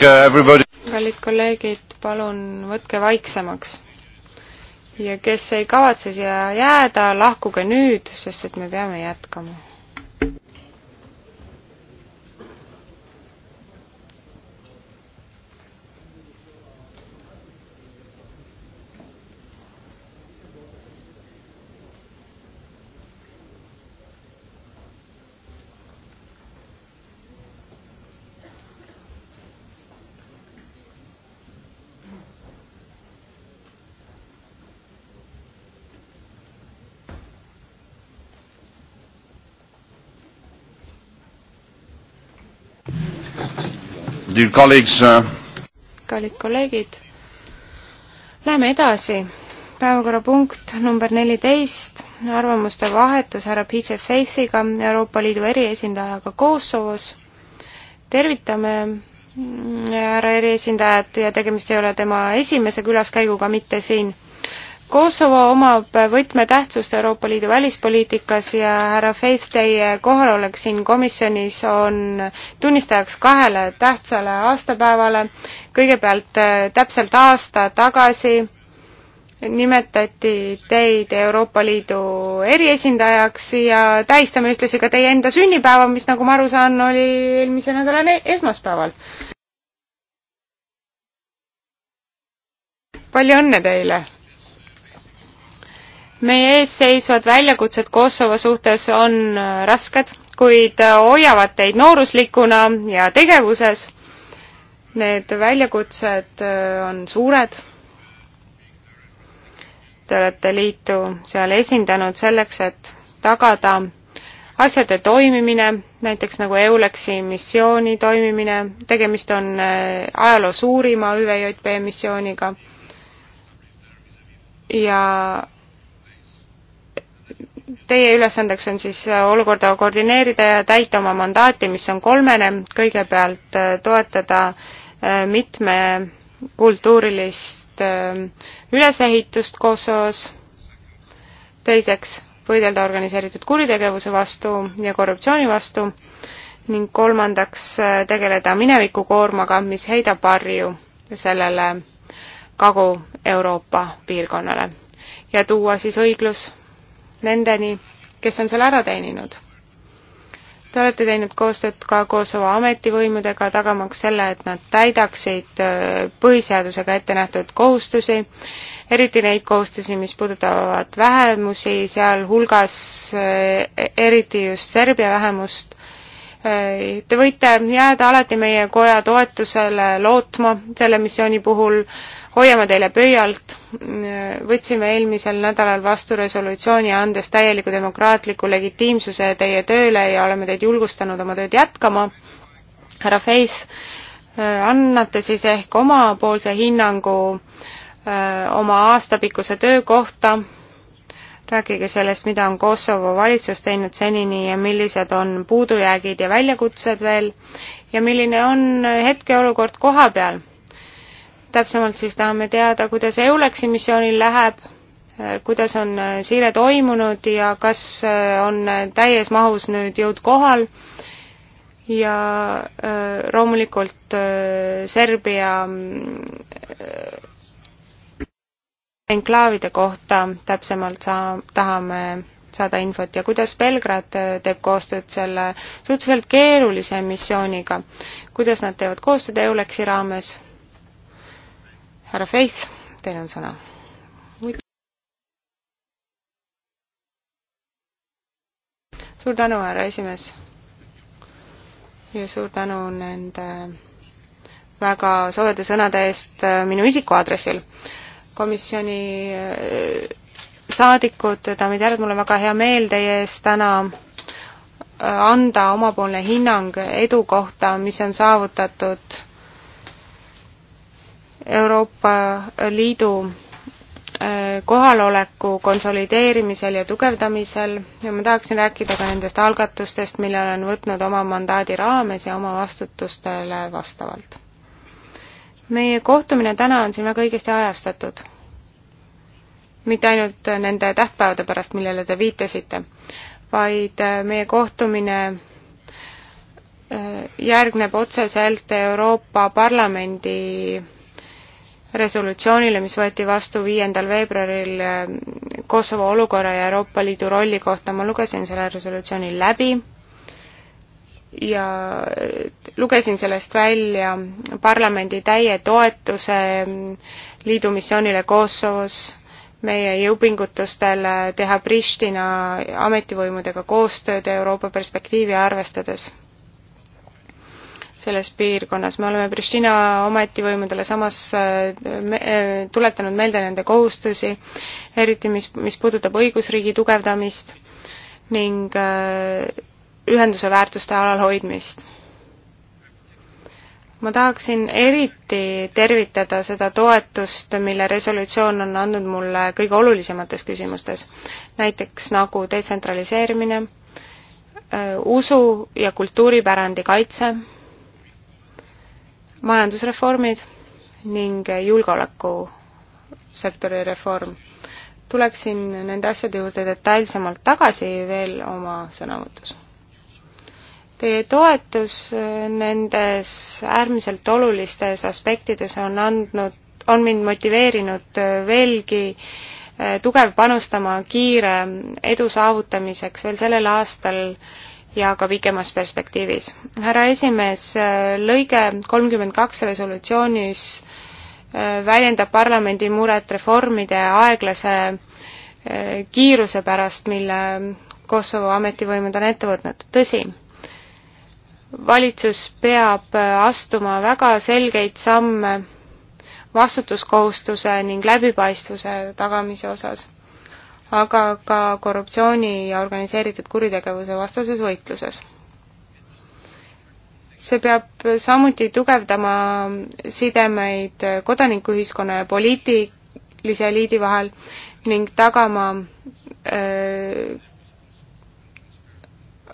Uh, kallid kolleegid, palun võtke vaiksemaks. ja kes ei kavatse siia jääda, lahkuge nüüd, sest et me peame jätkama dear colleagues uh.... kallid kolleegid, läheme edasi. päevakorrapunkt number neliteist, arvamuste vahetus härra PJ Faithiga, Euroopa Liidu eriesindajaga Kosovos. tervitame mm, härra eriesindajat ja tegemist ei ole tema esimese külaskäiguga mitte siin Kosovo omab võtmetähtsust Euroopa Liidu välispoliitikas ja härra Faith, teie kohalolek siin komisjonis on tunnistajaks kahele tähtsale aastapäevale. kõigepealt äh, täpselt aasta tagasi nimetati teid Euroopa Liidu eriesindajaks ja tähistame ühtlasi ka teie enda sünnipäeva, mis, nagu ma aru saan, oli eelmise nädala esmaspäeval. palju õnne teile! meie ees seisvad väljakutsed Kosovo suhtes on äh, rasked, kuid äh, hoiavad teid nooruslikuna ja tegevuses. Need väljakutsed äh, on suured. Te olete liitu seal esindanud selleks, et tagada asjade toimimine, näiteks nagu EULEX-i missiooni toimimine, tegemist on ajaloo suurima ÜVJP missiooniga ja Teie ülesandeks on siis äh, olukorda koordineerida ja täita oma mandaati, mis on kolmene, kõigepealt äh, toetada äh, mitmekultuurilist ülesehitust Kosovos, teiseks võidelda organiseeritud kuritegevuse vastu ja korruptsiooni vastu ning kolmandaks tegeleda minevikukoormaga, mis heidab varju sellele Kagu-Euroopa piirkonnale ja tuua siis õiglus nendeni, kes on selle ära teeninud. Te olete teinud koostööd ka Kosovo ametivõimudega, tagamaks selle, et nad täidaksid äh, põhiseadusega ette nähtud kohustusi, eriti neid kohustusi, mis puudutavad vähemusi, sealhulgas äh, eriti just Serbia vähemust. Äh, te võite jääda alati meie koja toetusele lootma selle missiooni puhul hoiame teile pöialt, võtsime eelmisel nädalal vastu resolutsiooni, andes täieliku demokraatliku legitiimsuse teie tööle ja oleme teid julgustanud oma tööd jätkama. härra Faith, annate siis ehk omapoolse hinnangu oma aastapikkuse töö kohta, rääkige sellest, mida on Kosovo valitsus teinud senini ja millised on puudujäägid ja väljakutsed veel ja milline on hetkeolukord koha peal täpsemalt siis tahame teada, kuidas EULEX-i missioonil läheb, kuidas on äh, siire toimunud ja kas äh, on äh, täies mahus nüüd jõud kohal ja loomulikult Serbia mm, enklaavide kohta täpsemalt saa-, tahame saada infot ja kuidas Belgrad teeb koostööd selle suhteliselt keerulise missiooniga, kuidas nad teevad koostööd EULEX-i raames härra Feith, teil on sõna. suur tänu, härra esimees. ja suur tänu nende väga soojade sõnade eest äh, minu isiku aadressil. komisjoni äh, saadikud, daamid ja härrad, mul on väga hea meel teie ees täna äh, anda omapoolne hinnang edu kohta, mis on saavutatud Euroopa Liidu äh, kohaloleku konsolideerimisel ja tugevdamisel ja ma tahaksin rääkida ka nendest algatustest, mille olen võtnud oma mandaadi raames ja oma vastutustele vastavalt. meie kohtumine täna on siin väga õigesti ajastatud. mitte ainult nende tähtpäevade pärast, millele te viitasite, vaid äh, meie kohtumine äh, järgneb otseselt Euroopa Parlamendi resolutsioonile, mis võeti vastu viiendal veebruaril äh, Kosovo olukorra ja Euroopa Liidu rolli kohta, ma lugesin selle resolutsiooni läbi ja äh, lugesin sellest välja parlamendi täie toetuse mm, liidu missioonile Kosovos, meie jõupingutustele teha Pristina ametivõimudega koostööd Euroopa perspektiivi arvestades selles piirkonnas, me oleme Pristina ametivõimudele samas äh, me, äh, tuletanud meelde nende kohustusi, eriti mis, mis puudutab õigusriigi tugevdamist ning äh, ühenduse väärtuste alal hoidmist. ma tahaksin eriti tervitada seda toetust, mille resolutsioon on andnud mulle kõige olulisemates küsimustes, näiteks nagu detsentraliseerimine, usu- ja kultuuripärandi kaitse, majandusreformid ning julgeolekusektori reform. tuleksin nende asjade juurde detailsemalt tagasi veel oma sõnavõtus. Teie toetus nendes äärmiselt olulistes aspektides on andnud, on mind motiveerinud veelgi eh, tugev panustama kiire edu saavutamiseks veel sellel aastal äh, ja ka pikemas perspektiivis. härra esimees, lõige kolmkümmend kaks resolutsioonis äh, väljendab parlamendi muret reformide aeglase äh, kiiruse pärast, mille Kosovo ametivõimud on ette võtnud. tõsi, valitsus peab äh, astuma väga selgeid samme vastutuskohustuse ning läbipaistvuse tagamise osas aga ka korruptsiooni ja organiseeritud kuritegevuse vastases võitluses. see peab samuti tugevdama sidemeid kodanikuühiskonna ja poliitilise eliidi vahel ning tagama öö, äh,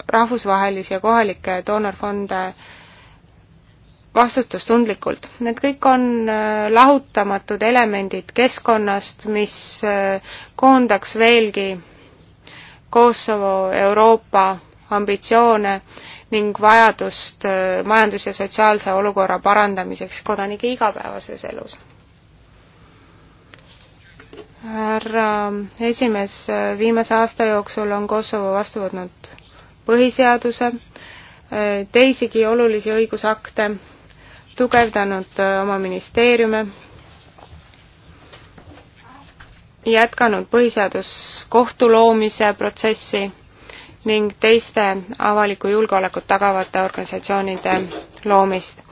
rahvusvahelisi ja kohalikke doonorfonde vastutustundlikult. Need kõik on äh, lahutamatud elemendid keskkonnast, mis äh, koondaks veelgi Kosovo Euroopa ambitsioone ning vajadust äh, majandus- ja sotsiaalse olukorra parandamiseks kodanike igapäevases elus. härra esimees, viimase aasta jooksul on Kosovo vastu võtnud põhiseaduse, teisigi olulisi õigusakte tugevdanud äh, oma ministeeriume, jätkanud põhiseaduskohtu loomise protsessi ning teiste avalikku julgeolekut tagavate organisatsioonide loomist.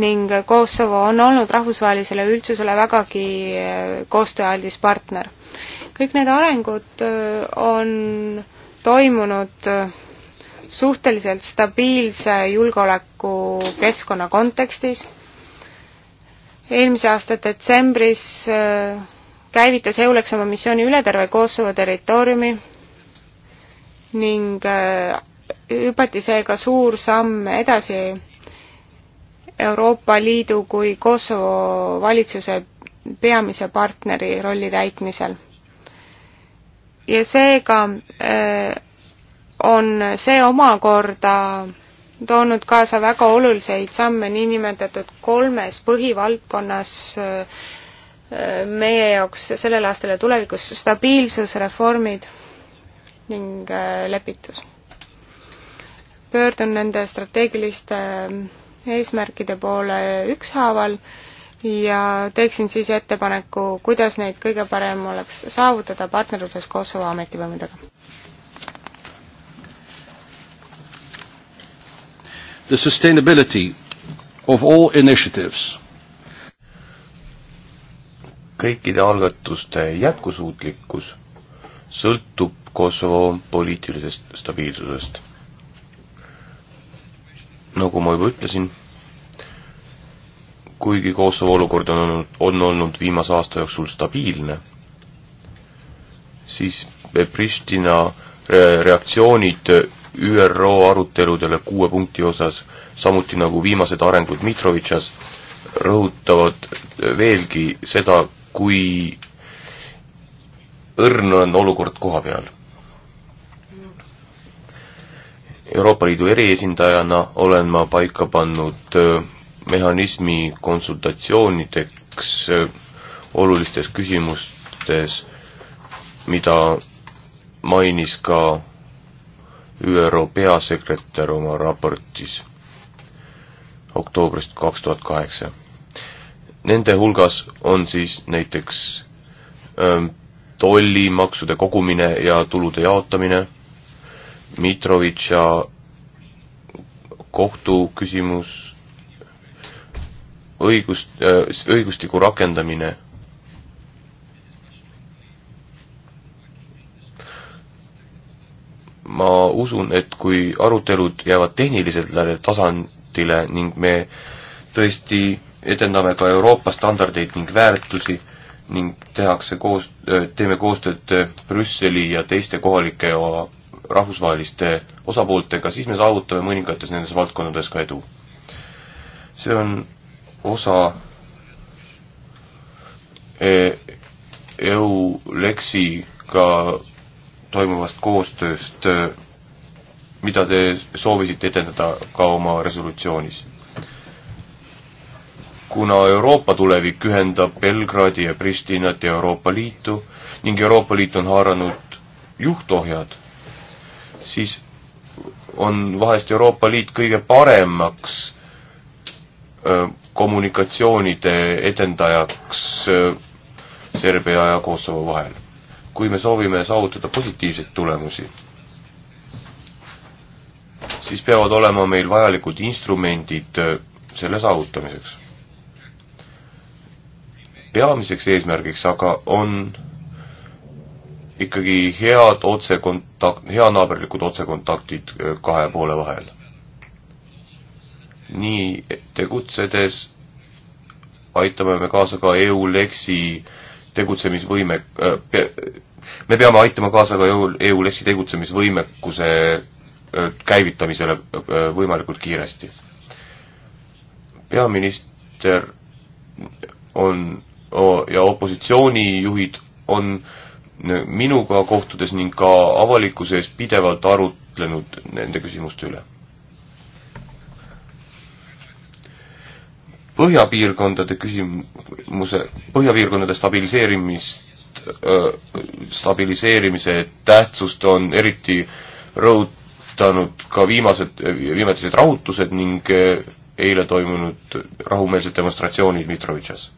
ning Kosovo on olnud rahvusvahelisele üldsusele vägagi äh, koostööaldis partner. kõik need arengud äh, on toimunud suhteliselt stabiilse julgeolekukeskkonna kontekstis. eelmise aasta detsembris äh, käivitas EULEX oma missiooni üle terve Kosovo territooriumi ning äh, hüpati seega suur samm edasi Euroopa Liidu kui Kosovo valitsuse peamise partneri rolli täitmisel. ja seega äh, on see omakorda toonud kaasa väga oluliseid samme niinimetatud kolmes põhivaldkonnas äh, meie jaoks sellel aastal ja tulevikus stabiilsus, reformid ning äh, lepitus. pöördun nende strateegiliste äh, eesmärkide poole ükshaaval ja teeksin siis ettepaneku, kuidas neid kõige parem oleks saavutada partnerluses Kosovo ametivõimudega the sustainability of all initiatives. kõikide algatuste jätkusuutlikkus sõltub Kosovo poliitilisest stabiilsusest. nagu ma juba ütlesin, kuigi Kosovo olukord on olnud, on olnud viimase aasta jooksul stabiilne, siis Pristina reaktsioonid ÜRO aruteludele kuue punkti osas, samuti nagu viimased arengud Mitrovitšas, rõhutavad veelgi seda, kui õrn on olukord koha peal. Euroopa Liidu eriesindajana olen ma paika pannud äh, mehhanismi konsultatsioonideks äh, olulistes küsimustes, mida mainis ka ÜRO peasekretär oma raportis oktoobrist kaks tuhat kaheksa. Nende hulgas on siis näiteks ähm, tollimaksude kogumine ja tulude jaotamine, Mitrovitša kohtu küsimus, õigust, äh, õigustiku rakendamine ma usun, et kui arutelud jäävad tehnilisele tasandile ning me tõesti edendame ka Euroopa standardeid ning väärtusi ning tehakse koos, teeme koostööd Brüsseli ja teiste kohalike ja rahvusvaheliste osapooltega, siis me saavutame mõningates nendes valdkondades ka edu. see on osa eh, EULEX-iga toimuvast koostööst, mida te soovisite etendada ka oma resolutsioonis. kuna Euroopa tulevik ühendab Belgradi ja Pristinat ja Euroopa Liitu ning Euroopa Liit on haaranud juhtohjad, siis on vahest Euroopa Liit kõige paremaks kommunikatsioonide edendajaks Serbia ja Kosovo vahel kui me soovime saavutada positiivseid tulemusi, siis peavad olema meil vajalikud instrumendid äh, selle saavutamiseks. peamiseks eesmärgiks aga on ikkagi head otsekontakt, heanaaberlikud otsekontaktid äh, kahe poole vahel. nii tegutsedes aitame me kaasa ka EU-Lexi tegutsemisvõime äh,, me peame aitama kaasa ka EULEX-i tegutsemisvõimekuse käivitamisele võimalikult kiiresti. peaminister on ja opositsioonijuhid on minuga kohtudes ning ka avalikkuse ees pidevalt arutlenud nende küsimuste üle. põhjapiirkondade küsimuse, põhjapiirkondade stabiliseerimist stabiliseerimise tähtsust on eriti rõhutanud ka viimased, viimatised rahutused ning eile toimunud rahumeelsed demonstratsioonid Mitrovitšas.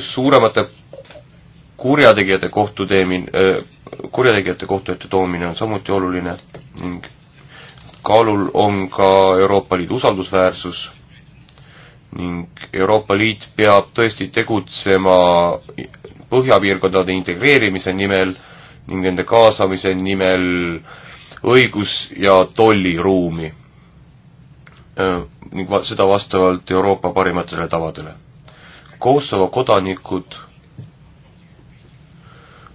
suuremate kurjategijate kohtuteemin-, kurjategijate kohtu ette toomine on samuti oluline ning kaalul on ka Euroopa Liidu usaldusväärsus ning Euroopa Liit peab tõesti tegutsema põhjapiirkondade integreerimise nimel ning nende kaasamise nimel õigus- ja tolliruumi äh, ning seda vastavalt Euroopa parimatele tavadele. Kosovo kodanikud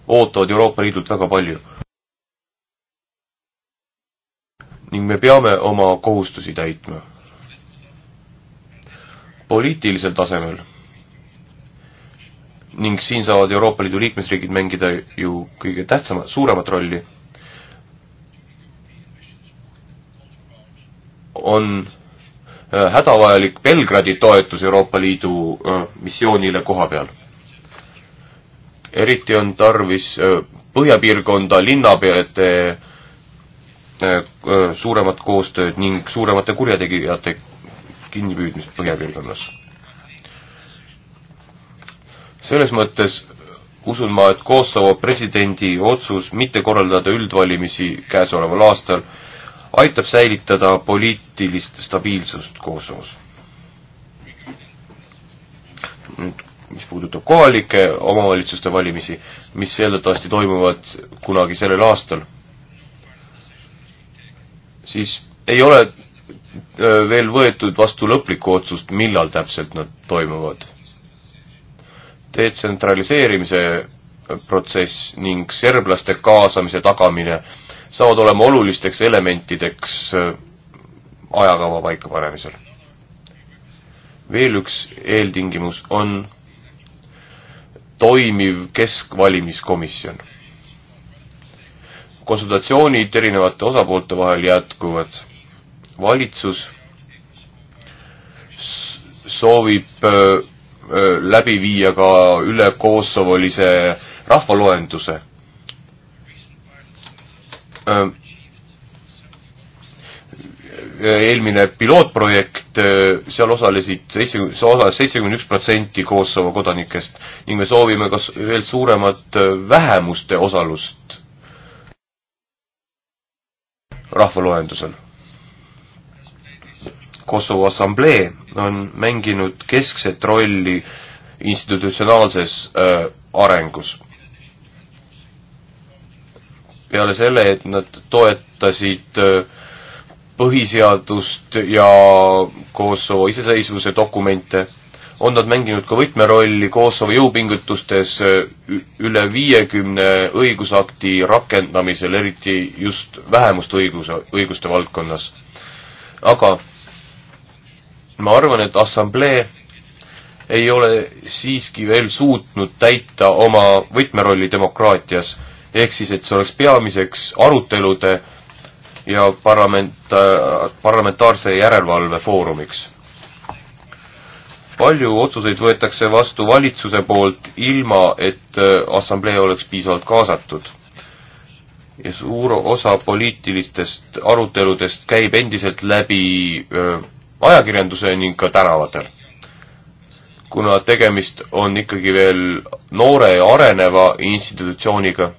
ootavad Euroopa Liidult väga palju. ning me peame oma kohustusi täitma poliitilisel tasemel ning siin saavad Euroopa Liidu liikmesriigid mängida ju kõige tähtsamat, suuremat rolli, on äh, hädavajalik Belgradi toetus Euroopa Liidu äh, missioonile koha peal. eriti on tarvis äh, põhjapiirkonda linnapeade suuremat koostööd ning suuremate kurjategijate kinnipüüdmist põhjapiirkonnas. selles mõttes usun ma, et Kosovo presidendi otsus mitte korraldada üldvalimisi käesoleval aastal aitab säilitada poliitilist stabiilsust Kosovos. nüüd, mis puudutab kohalike omavalitsuste valimisi, mis eeldatavasti toimuvad kunagi sellel aastal, siis ei ole Äh, veel võetud vastu lõplikku otsust, millal täpselt nad toimuvad. detsentraliseerimise protsess ning serblaste kaasamise tagamine saavad olema olulisteks elementideks äh, ajakava paikapanemisel. veel üks eeltingimus on toimiv keskvalimiskomisjon. konsultatsioonid erinevate osapoolte vahel jätkuvad valitsus soovib äh, äh, läbi viia ka üle Kosovolise rahvaloenduse. Äh, eelmine pilootprojekt, seal osalesid seitsekümmend, osales seitsekümmend üks protsenti Kosovo kodanikest ning me soovime ka veel suuremat vähemuste osalust rahvaloendusel Kosovo Assamblee on mänginud keskset rolli institutsionaalses äh, arengus. peale selle, et nad toetasid äh, põhiseadust ja Kosovo iseseisvuse dokumente, on nad mänginud ka võtmerolli Kosovo jõupingutustes äh, üle viiekümne õigusakti rakendamisel, eriti just vähemuste õiguse, õiguste valdkonnas. aga ma arvan, et assamblee ei ole siiski veel suutnud täita oma võtmerolli demokraatias, ehk siis, et see oleks peamiseks arutelude ja parlament, parlamentaarse järelevalve foorumiks. palju otsuseid võetakse vastu valitsuse poolt, ilma et äh, assamblee oleks piisavalt kaasatud? ja suur osa poliitilistest aruteludest käib endiselt läbi öö, äh, ajakirjanduse ning ka tänavatel. kuna tegemist on ikkagi veel noore ja areneva institutsiooniga,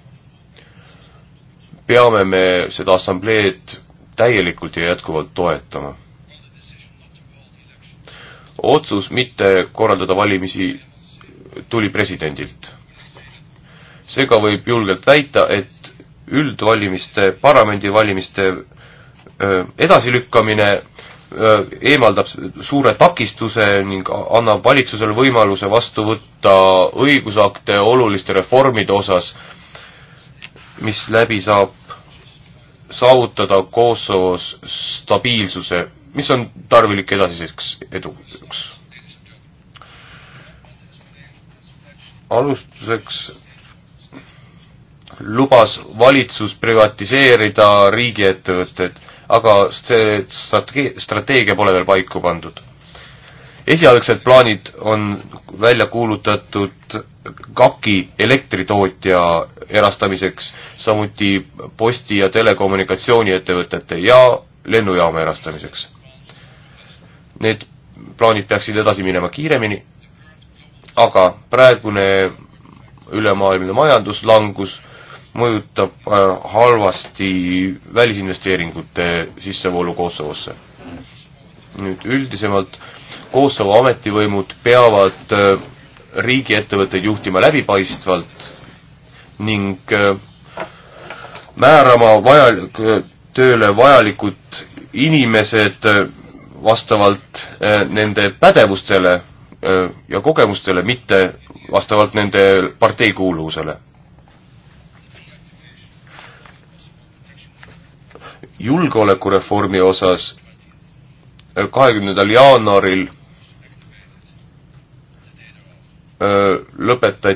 peame me seda assambleed täielikult ja jätkuvalt toetama. otsus mitte korraldada valimisi tuli presidendilt. seega võib julgelt väita, et üldvalimiste, parlamendivalimiste edasilükkamine Äh, eemaldab suure takistuse ning annab valitsusele võimaluse vastu võtta õigusakte oluliste reformide osas, mis läbi saab saavutada Kosovos stabiilsuse, mis on tarvilik edasiseks eduks. alustuseks lubas valitsus privatiseerida riigiettevõtted et aga see strate-, strateegia pole veel paiku pandud. esialgsed plaanid on välja kuulutatud KAK-i elektritootja erastamiseks, samuti posti- ja telekommunikatsiooniettevõtete ja lennujaama erastamiseks. Need plaanid peaksid edasi minema kiiremini, aga praegune ülemaailmne majanduslangus mõjutab äh, halvasti välisinvesteeringute sissevoolu Kosovosse. nüüd üldisemalt Kosovo ametivõimud peavad äh, riigiettevõtteid juhtima läbipaistvalt ning äh, määrama vajalik, tööle vajalikud inimesed vastavalt nende pädevustele ja kogemustele, mitte vastavalt nende parteikuuluvusele julgeolekureformi osas äh, kahekümnendal jaanuaril äh, lõpetati,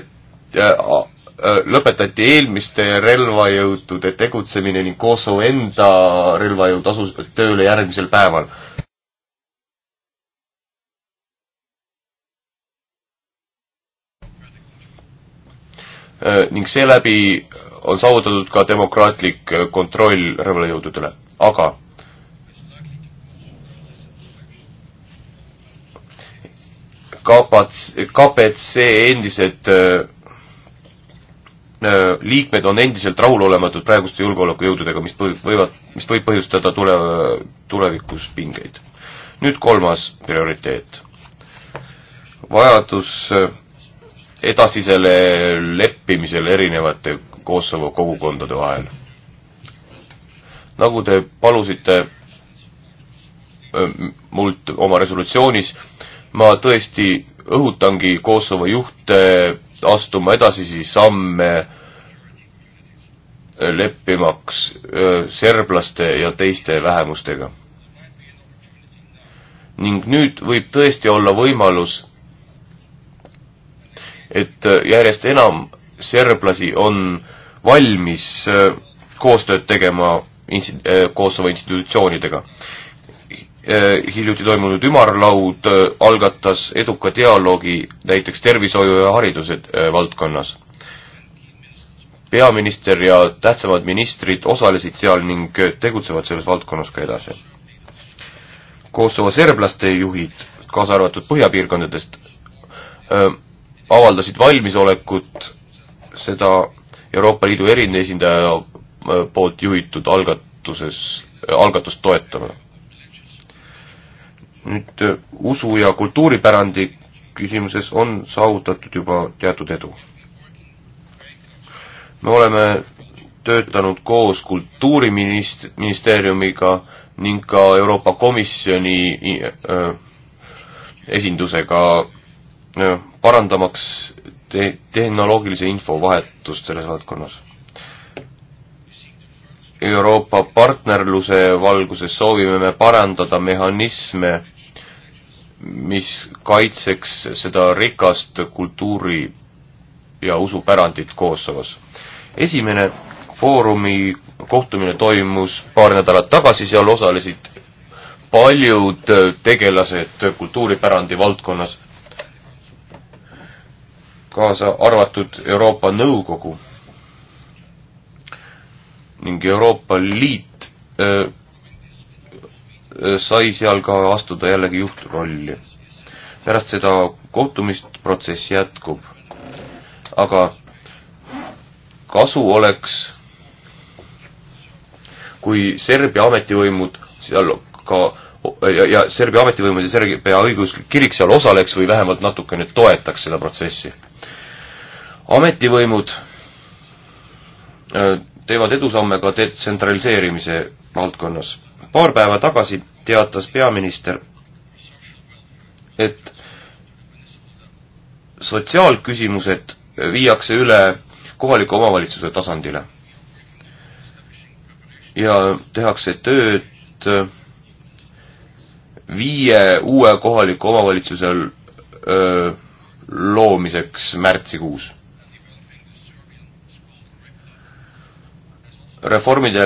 äh, lõpetati eelmiste relvajõudude tegutsemine ning Kosovo enda relvajõud asus tööle järgmisel päeval. ning seeläbi on saavutatud ka demokraatlik eh, kontroll relvajõudude üle, aga kapats-, KPC endised eh, eh, liikmed on endiselt rahulolematud praeguste julgeolekujõududega, mis põh-, võivad, mis võib põhjustada tule-, tulevikus pingeid. nüüd kolmas prioriteet. vajadus edasisele leppimisele erinevate Kosovo kogukondade vahel. nagu te palusite mult oma resolutsioonis, ma tõesti õhutangi Kosovo juhte astuma edasisi samme leppimaks serblaste ja teiste vähemustega. ning nüüd võib tõesti olla võimalus, et järjest enam serblasi on valmis äh, koostööd tegema insi-, äh, Kosovo institutsioonidega. Äh, hiljuti toimunud ümarlaud algatas eduka dialoogi näiteks tervishoiu ja hariduse valdkonnas. peaminister ja tähtsamad ministrid osalesid seal ning tegutsevad selles valdkonnas ka edasi. Kosovo serblaste juhid, kaasa arvatud põhjapiirkondadest, avaldasid valmisolekut seda Euroopa Liidu eriline esindaja äh, poolt juhitud algatuses, äh, algatust toetama. nüüd äh, usu- ja kultuuripärandi küsimuses on saavutatud juba teatud edu. me oleme töötanud koos kultuuriminist-, ministeeriumiga ning ka Euroopa Komisjoni äh, esindusega äh, parandamaks te-, tehnoloogilise infovahetust selles valdkonnas. Euroopa partnerluse valguses soovime me parandada mehhanisme, mis kaitseks seda rikast kultuuri ja usupärandit Kosovos. esimene foorumi kohtumine toimus paar nädalat tagasi, seal osalesid paljud tegelased kultuuripärandi valdkonnas kaasa arvatud Euroopa Nõukogu ning Euroopa Liit öö, sai seal ka astuda jällegi juhtrolli. pärast seda kohtumist protsess jätkub, aga kasu oleks, kui Serbia ametivõimud seal ka ja, ja Serbia ametivõimud ja Serbia õigeusklik kirik seal osaleks või vähemalt natukene toetaks seda protsessi. ametivõimud äh, teevad edusamme ka detsentraliseerimise valdkonnas. paar päeva tagasi teatas peaminister, et sotsiaalküsimused viiakse üle kohaliku omavalitsuse tasandile. ja tehakse tööd äh, viie uue kohaliku omavalitsuse loomiseks märtsikuus. reformide,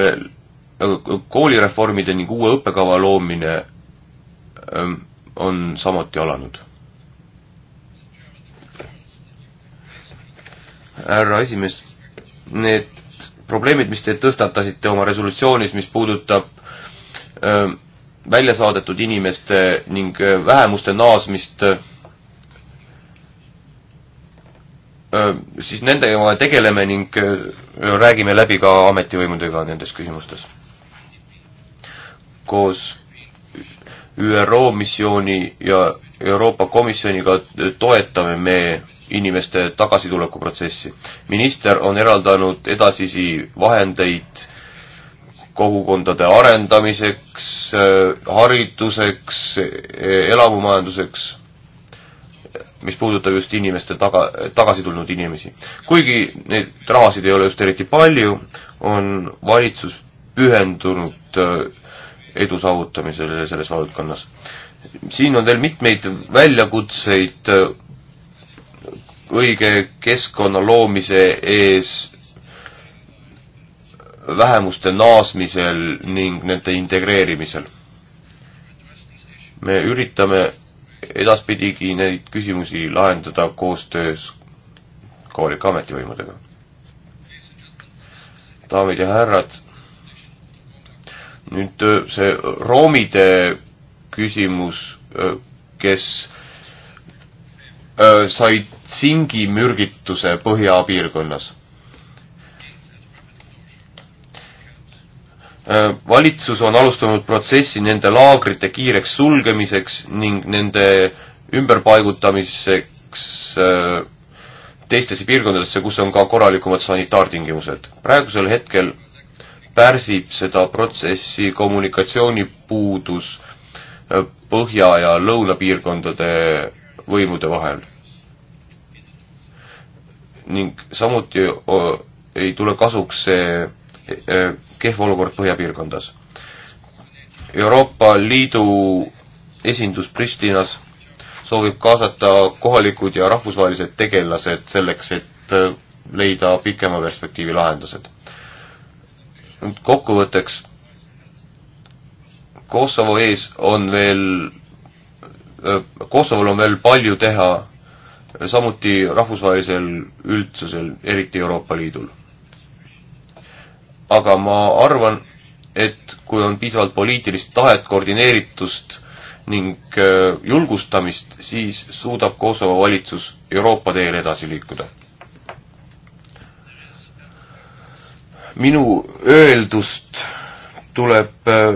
koolireformide ning uue õppekava loomine on samuti alanud. härra esimees, need probleemid, mis te tõstatasite oma resolutsioonis, mis puudutab öö, välja saadetud inimeste ning äh, vähemuste naasmist, äh, äh, siis nendega tegeleme ning räägime läbi ka ametivõimudega nendes küsimustes. koos ÜRO missiooni ja Euroopa Komisjoniga toetame me inimeste tagasitulekuprotsessi. minister on eraldanud edasisi vahendeid kogukondade arendamiseks, äh, hariduseks, e, elamumajanduseks, mis puudutab just inimeste taga, tagasi tulnud inimesi. kuigi neid rahasid ei ole just eriti palju, on valitsus pühendunud äh, edu saavutamisele selles valdkonnas. siin on veel mitmeid väljakutseid äh, õige keskkonna loomise ees vähemuste naasmisel ning nende integreerimisel. me üritame edaspidigi neid küsimusi lahendada koostöös kohalike ametivõimudega. daamid ja härrad, nüüd äh, see roomide küsimus, äh, kes äh, said tsingi mürgituse põhjapiirkonnas Äh, valitsus on alustanud protsessi nende laagrite kiireks sulgemiseks ning nende ümberpaigutamiseks äh, teistesse piirkondadesse, kus on ka korralikumad sanitaartingimused. praegusel hetkel pärsib seda protsessi kommunikatsioonipuudus äh, põhja- ja lõunapiirkondade võimude vahel. ning samuti ei tule kasuks see kehv olukord põhjapiirkondas. Euroopa Liidu esindus Pristinas soovib kaasata kohalikud ja rahvusvahelised tegelased selleks, et äh, leida pikema perspektiivi lahendused. nüüd kokkuvõtteks, Kosovo ees on veel, äh, Kosovol on veel palju teha, samuti rahvusvahelisel üldsusel, eriti Euroopa Liidul aga ma arvan, et kui on piisavalt poliitilist tahet, koordineeritust ning äh, julgustamist, siis suudab Kosovo valitsus Euroopa teel edasi liikuda. minu öeldust tuleb äh,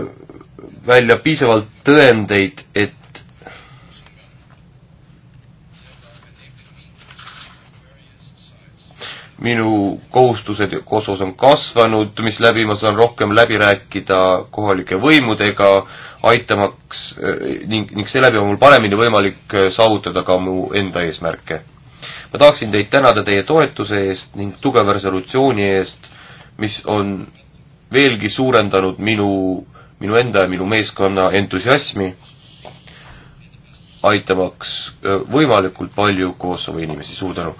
välja piisavalt tõendeid, et minu kohustused Kosovos on kasvanud, misläbi ma saan rohkem läbi rääkida kohalike võimudega, aitamaks eh, ning, ning seeläbi on mul paremini võimalik eh, saavutada ka mu enda eesmärke. ma tahaksin teid tänada teie toetuse eest ning tugeva resolutsiooni eest, mis on veelgi suurendanud minu, minu enda ja minu meeskonna entusiasmi, aitamaks eh, võimalikult palju Kosovo inimesi, suur tänu!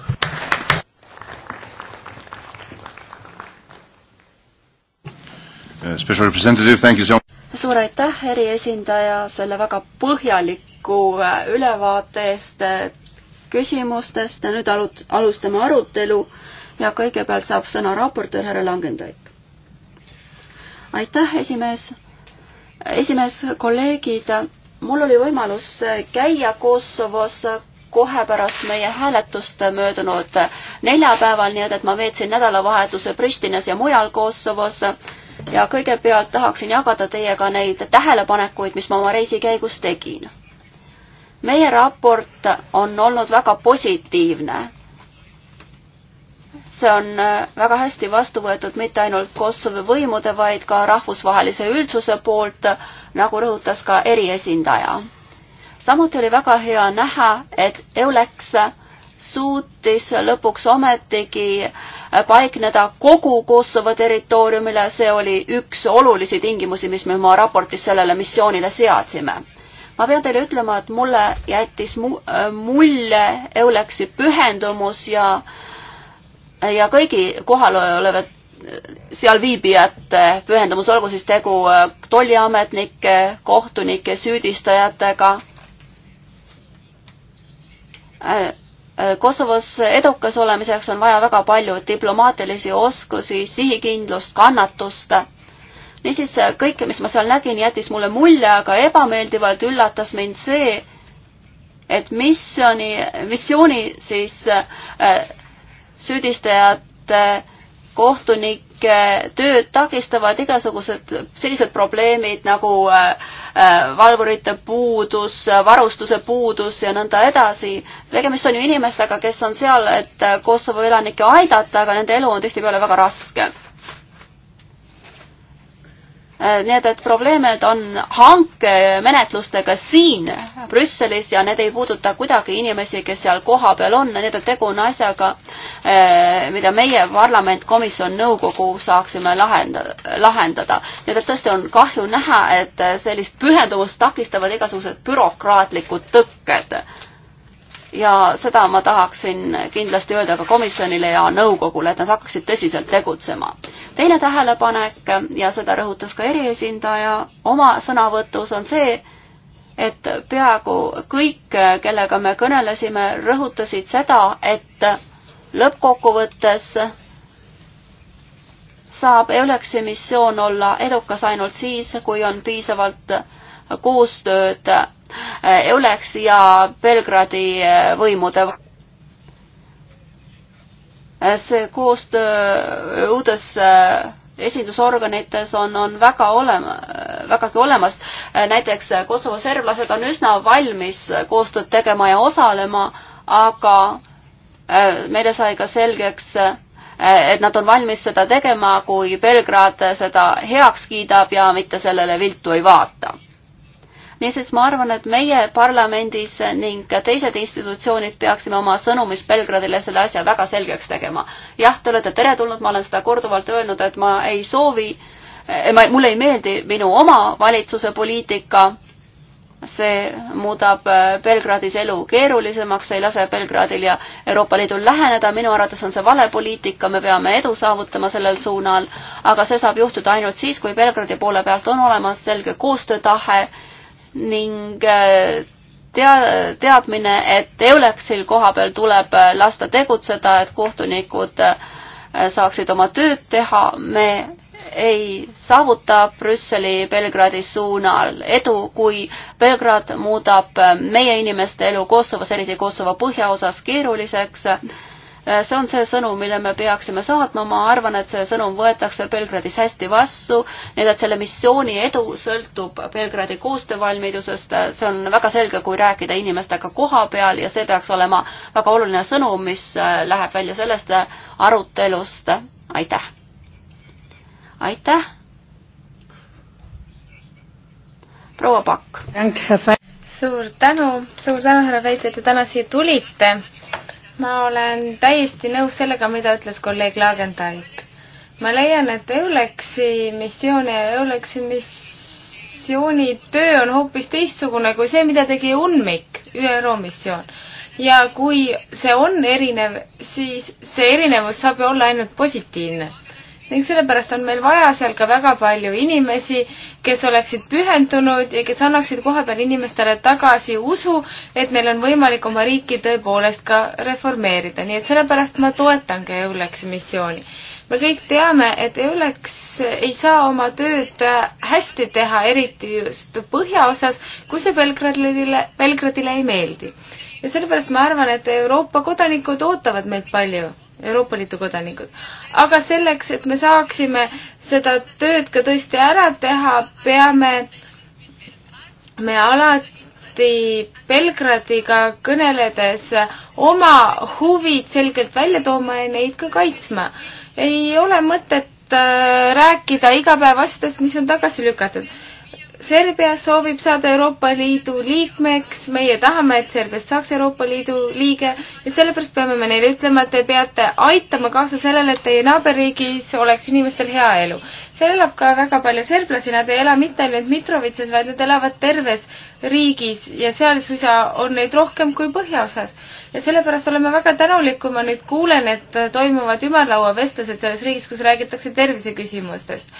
Uh, special representative, thank you so much. suur aitäh, eriesindaja, selle väga põhjaliku uh, ülevaate eest uh, küsimustest ja nüüd alut-, alustame arutelu ja kõigepealt saab sõna raportöör härra Langendaik. aitäh, esimees. esimees, kolleegid, mul oli võimalus käia Kosovos kohe pärast meie hääletust möödunud neljapäeval, nii et, et ma veetsin nädalavahetuse Pristinas ja mujal Kosovos ja kõigepealt tahaksin jagada teiega neid tähelepanekuid, mis ma oma reisi käigus tegin. meie raport on olnud väga positiivne. see on äh, väga hästi vastu võetud mitte ainult Kosovo võimude, vaid ka rahvusvahelise üldsuse poolt, nagu rõhutas ka eriesindaja. samuti oli väga hea näha, et EULEX suutis lõpuks ometigi paikneda kogu Kosovo territooriumile, see oli üks olulisi tingimusi, mis me oma raportis sellele missioonile seadsime. ma pean teile ütlema, et mulle jättis mu-, mulje Euleksi pühendumus ja ja kõigi kohal olevad sealviibijate pühendumus, olgu siis tegu äh, tolliametnike, kohtunike, süüdistajatega äh,, Äh, Kosovos edukas olemiseks on vaja väga palju diplomaatilisi oskusi, sihikindlust, kannatust. niisiis äh, kõik, mis ma seal nägin, jättis mulle mulje, aga ebameeldivalt üllatas mind see, et missiooni, missiooni siis äh, äh süüdistajate äh, kohtunike tööd takistavad igasugused sellised probleemid nagu äh, äh, valvurite puudus, varustuse puudus ja nõnda edasi. tegemist on ju inimestega, kes on seal, et Kosovo elanikke aidata, aga nende elu on tihtipeale väga raske Äh, nii et, et probleemid on hankemenetlustega siin Brüsselis ja need ei puuduta kuidagi inimesi, kes seal kohapeal on, nii et, et tegu on asjaga, äh, mida meie parlament, komisjon, nõukogu saaksime lahendada, lahendada. nii et, et tõesti on kahju näha, et äh, sellist pühendumust takistavad igasugused bürokraatlikud tõkked. ja seda ma tahaksin kindlasti öelda ka komisjonile ja nõukogule, et nad hakkaksid tõsiselt tegutsema teine tähelepanek ja seda rõhutas ka eriesindaja oma sõnavõtus, on see, et peaaegu kõik, kellega me kõnelesime, rõhutasid seda, et lõppkokkuvõttes saab EULEX-i missioon olla edukas ainult siis, kui on piisavalt koostööd EULEX-i ja Belgradi võimude vahel see koostöö äh, uudes äh, esindusorganites on, on väga olema, äh, vägagi olemas. näiteks Kosovo serblased on üsna valmis koostööd tegema ja osalema, aga meile sai ka selgeks, et nad on valmis seda tegema, kui Belgrad seda heaks kiidab ja mitte sellele viltu ei vaata niisiis ma arvan, et meie parlamendis ning ka teised institutsioonid peaksime oma sõnumis Belgradile selle asja väga selgeks tegema. jah, te olete teretulnud, ma olen seda korduvalt öelnud, et ma ei soovi, eh, ma, mulle ei meeldi minu oma valitsuse poliitika, see muudab eh, Belgradis elu keerulisemaks, ei lase Belgradil ja Euroopa Liidul läheneda, minu arvates on see vale poliitika, me peame edu saavutama sellel suunal, aga see saab juhtuda ainult siis, kui Belgradi poole pealt on olemas selge koostöötahe ning äh, tea-, teadmine, et EULEX-il kohapeal tuleb äh, lasta tegutseda, et kohtunikud äh, saaksid oma tööd teha, me ei saavuta Brüsseli Belgradi suunal edu, kui Belgrad muudab meie inimeste elu Kosovos, eriti Kosovo põhjaosas, keeruliseks Äh, see on see sõnum, mille me peaksime saatma, ma arvan, et see sõnum võetakse Belgradis hästi vastu, nii et selle missiooni edu sõltub Belgradi koostöövalmidusest, see on väga selge, kui rääkida inimestega koha peal ja see peaks olema väga oluline sõnum, mis äh, läheb välja sellest äh, arutelust, aitäh! aitäh! proua Pakk! suur tänu, suur tänu, härra Veit, et te täna siia tulite ma olen täiesti nõus sellega, mida ütles kolleeg Laagentaik. ma leian, et Euleksi missioon ja Euleksi missiooni töö on hoopis teistsugune kui see, mida tegi UNMIK, ÜRO missioon. ja kui see on erinev, siis see erinevus saab ju olla ainult positiivne ning sellepärast on meil vaja seal ka väga palju inimesi, kes oleksid pühendunud ja kes annaksid kohapeal inimestele tagasi usu, et neil on võimalik oma riiki tõepoolest ka reformeerida, nii et sellepärast ma toetan ka EULEX-i missiooni. me kõik teame, et EULEX ei saa oma tööd hästi teha, eriti just põhjaosas, kui see Belgradile, Belgradile ei meeldi. ja sellepärast ma arvan, et Euroopa kodanikud ootavad meilt palju Euroopa Liidu kodanikud. aga selleks, et me saaksime seda tööd ka tõesti ära teha, peame me alati Belgradiga kõneledes oma huvid selgelt välja tooma ja neid ka kaitsma. ei ole mõtet äh, rääkida igapäevaasjadest, mis on tagasi lükatud Serbia soovib saada Euroopa Liidu liikmeks, meie tahame, et Serbiast saaks Euroopa Liidu liige ja sellepärast peame me neile ütlema, et te peate aitama kaasa sellele, et teie naaberriigis oleks inimestel hea elu. seal elab ka väga palju serblasi, nad ei ela mitte ainult Mitrovitses, vaid nad elavad terves riigis ja seal suisa on neid rohkem kui põhjaosas. ja sellepärast oleme väga tänulik, kui ma nüüd kuulen, et toimuvad ümarlauavestlused selles riigis, kus räägitakse terviseküsimustest,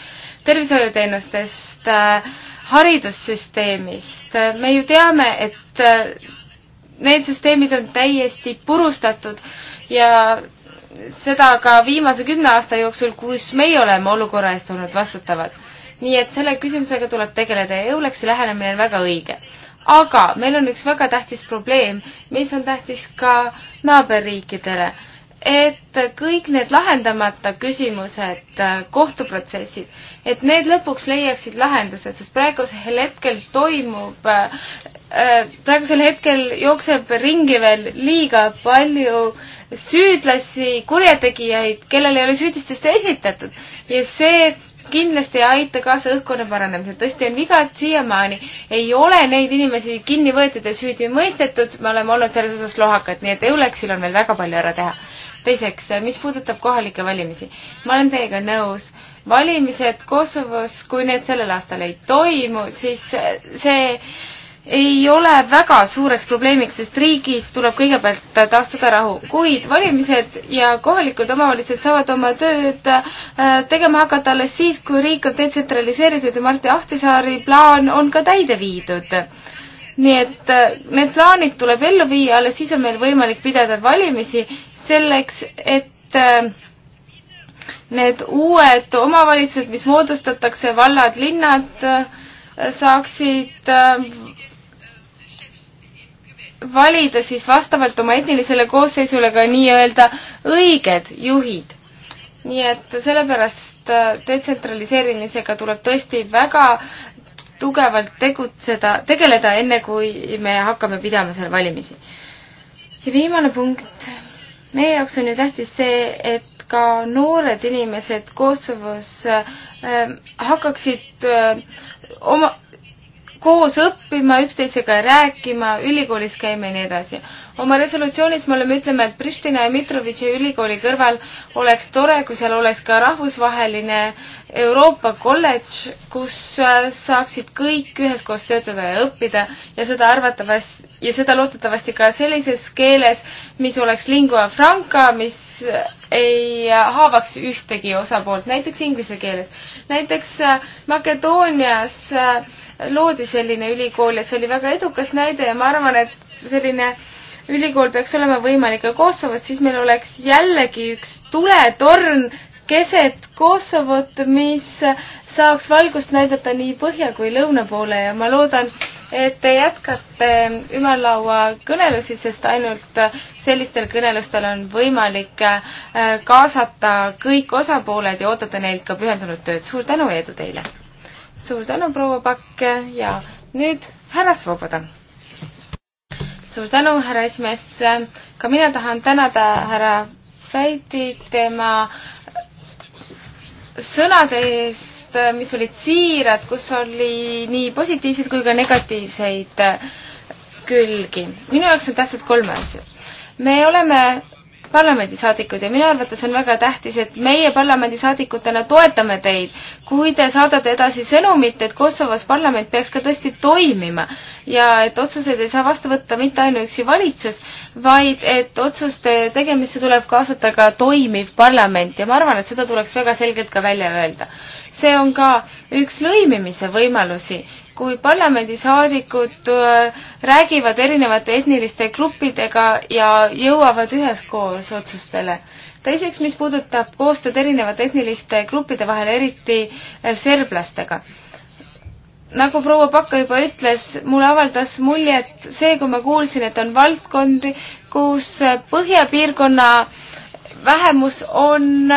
tervishoiuteenustest äh,, haridussüsteemist. me ju teame, et äh, need süsteemid on täiesti purustatud ja seda ka viimase kümne aasta jooksul, kus meie oleme olukorra eest olnud vastutavad. nii et selle küsimusega tuleb tegeleda ja Euleksi lähenemine on väga õige. aga meil on üks väga tähtis probleem, mis on tähtis ka naaberriikidele et kõik need lahendamata küsimused, äh, kohtuprotsessid, et need lõpuks leiaksid lahendused, sest praegusel hetkel toimub, äh, äh, praegusel hetkel jookseb ringi veel liiga palju süüdlasi, kurjategijaid, kellel ei ole süüdistust esitatud ja see kindlasti ei aita kaasa õhkkonna paranemisele. tõesti on viga, et siiamaani ei ole neid inimesi kinni võetud ja süüdi mõistetud, me oleme olnud selles osas lohakad, nii et EULEX-il on veel väga palju ära teha teiseks, mis puudutab kohalikke valimisi, ma olen teiega nõus, valimised Kosovos, kui need sellel aastal ei toimu, siis see ei ole väga suureks probleemiks, sest riigis tuleb kõigepealt taastada rahu, kuid valimised ja kohalikud omavalitsused saavad oma tööd äh, tegema hakata alles siis, kui riik on detsentraliseeritud ja Martti Ahtisaari plaan on ka täide viidud. nii et äh, need plaanid tuleb ellu viia, alles siis on meil võimalik pidada valimisi selleks, et äh, need uued omavalitsused, mis moodustatakse, vallad, linnad, äh, saaksid äh, valida siis vastavalt oma etnilisele koosseisule ka nii-öelda õiged juhid. nii et sellepärast detsentraliseerimisega tuleb tõesti väga tugevalt tegutseda, tegeleda, enne kui me hakkame pidama seal valimisi. ja viimane punkt, meie jaoks on ju tähtis see, et ka noored inimesed Kosovos äh, hakkaksid äh, oma koos õppima, üksteisega rääkima, ülikoolis käima ja nii edasi. oma resolutsioonis me oleme, ütleme, et Pristina ja Mitrovitši ülikooli kõrval oleks tore, kui seal oleks ka rahvusvaheline Euroopa kolledž, kus äh, saaksid kõik üheskoos töötada ja õppida ja seda arvatavasti ja seda loodetavasti ka sellises keeles, mis oleks lingua franca, mis äh, ei äh, haavaks ühtegi osapoolt, näiteks inglise keeles. näiteks Makedoonias äh, loodi selline ülikool, et see oli väga edukas näide ja ma arvan, et selline ülikool peaks olema võimalik ka Kosovos, siis meil oleks jällegi üks tuletorn keset Kosovot, mis saaks valgust näidata nii põhja kui lõuna poole ja ma loodan, et te jätkate ümarlaua kõnelusi, sest ainult sellistel kõnelustel on võimalik äh, kaasata kõik osapooled ja oodata neilt ka pühendunud tööd. suur tänu ja edu teile! suur tänu, proua Pakke ja nüüd härra Svoboda. suur tänu, härra esimees. ka mina tahan tänada härra Feitit tema sõnade eest, mis olid siirad, kus oli nii positiivseid kui ka negatiivseid külgi. minu jaoks on tähtsad kolm asja. me oleme parlamendisaadikud ja minu arvates on väga tähtis, et meie parlamendisaadikutena toetame teid, kui te saadate edasi sõnumit, et Kosovos parlament peaks ka tõesti toimima ja et otsuseid ei saa vastu võtta mitte ainuüksi valitsus, vaid et otsuste tegemisse tuleb kaasata ka toimiv parlament ja ma arvan, et seda tuleks väga selgelt ka välja öelda see on ka üks lõimimise võimalusi, kui parlamendisaadikud äh, räägivad erinevate etniliste gruppidega ja jõuavad üheskoos otsustele. teiseks, mis puudutab koostööd erinevate etniliste gruppide vahel, eriti äh, serblastega nagu proua Pakka juba ütles, mulle avaldas muljet see, kui ma kuulsin, et on valdkondi, kus äh, põhjapiirkonna vähemus on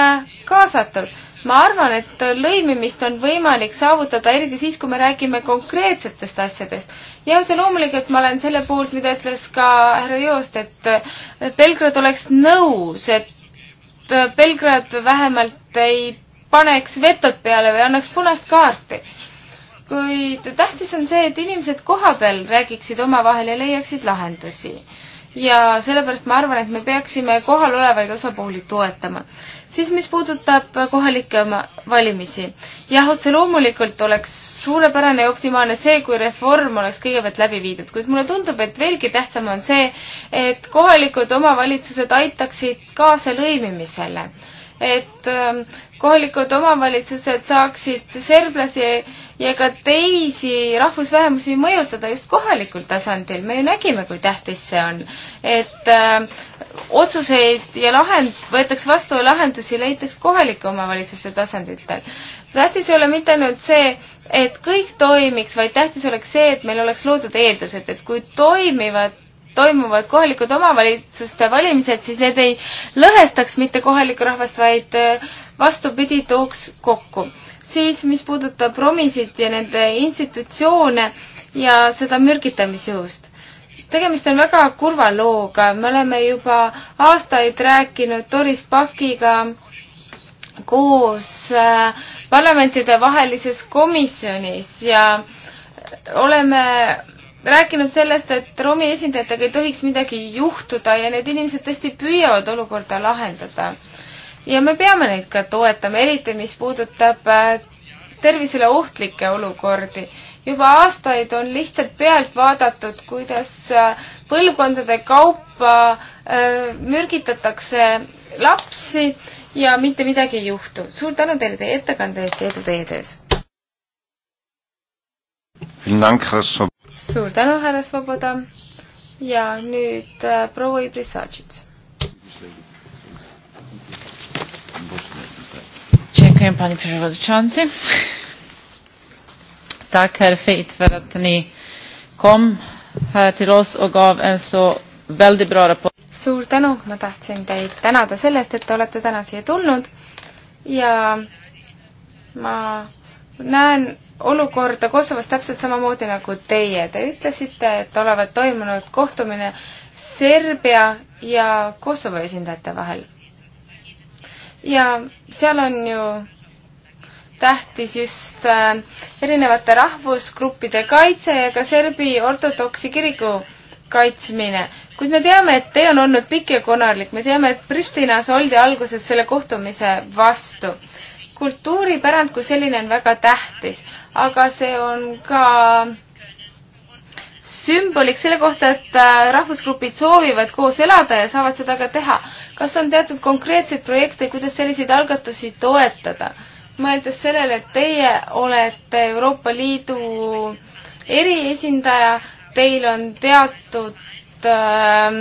kaasatud ma arvan, et lõimimist on võimalik saavutada, eriti siis, kui me räägime konkreetsetest asjadest. ja otse loomulikult ma olen selle poolt, mida ütles ka härra Joost, et Belgrad oleks nõus, et Belgrad vähemalt ei paneks vetot peale või annaks punast kaarti. kuid tähtis on see, et inimesed kohapeal räägiksid omavahel ja leiaksid lahendusi ja sellepärast ma arvan, et me peaksime kohalolevaid osapooli toetama. siis, mis puudutab kohalikke valimisi. jah, otse loomulikult oleks suurepärane ja optimaalne see, kui reform oleks kõigepealt läbi viidud, kuid mulle tundub, et veelgi tähtsam on see, et kohalikud omavalitsused aitaksid kaasa lõimimisele. et ähm, kohalikud omavalitsused saaksid serblasi ja ka teisi rahvusvähemusi mõjutada just kohalikul tasandil. me ju nägime, kui tähtis see on, et äh, otsuseid ja lahend-, võetakse vastu ja lahendusi leitakse kohalike omavalitsuste tasanditel. tähtis ei ole mitte ainult see, et kõik toimiks, vaid tähtis oleks see, et meil oleks loodud eeldused, et kui toimivad toimuvad kohalikud omavalitsuste valimised, siis need ei lõhestaks mitte kohalikku rahvast, vaid äh, vastupidi, tooks kokku siis mis puudutab romisid ja nende institutsioone ja seda mürgitamisjuhust tegemist on väga kurva looga, me oleme juba aastaid rääkinud Doris Pakiga koos äh, parlamentidevahelises komisjonis ja oleme rääkinud sellest, et Romi esindajatega ei tohiks midagi juhtuda ja need inimesed tõesti püüavad olukorda lahendada ja me peame neid ka toetama, eriti mis puudutab äh, tervisele ohtlikke olukordi. juba aastaid on lihtsalt pealt vaadatud, kuidas äh, põlvkondade kaupa äh, mürgitatakse lapsi ja mitte midagi ei juhtu. suur tänu teile teie ettekande eest ja edu teie töös! suur tänu, härra Svoboda! ja nüüd proua Ibris Saatšits. Dziękuję Panie Przewodniczący. Tack Herr Feit för att ni kom här till oss och gav en så väldigt bra rapport. suur tänu, ma tahtsin teid tänada selle eest, et te olete täna siia tulnud ja ma näen olukorda Kosovos täpselt samamoodi nagu teie. Te ütlesite, et olevat toimunud kohtumine Serbia ja Kosovo esindajate vahel ja seal on ju tähtis just äh, erinevate rahvusgruppide kaitse ja ka Serbi ortodoksi kiriku kaitsmine. kuid me teame, et tee on olnud pikk ja konarlik, me teame, et Pristinas oldi alguses selle kohtumise vastu. kultuuripärand kui selline on väga tähtis, aga see on ka sümboliks selle kohta, et äh, rahvusgrupid soovivad koos elada ja saavad seda ka teha. kas on teatud konkreetseid projekte, kuidas selliseid algatusi toetada? mõeldes sellele, et teie olete Euroopa Liidu eriesindaja, teil on teatud äh,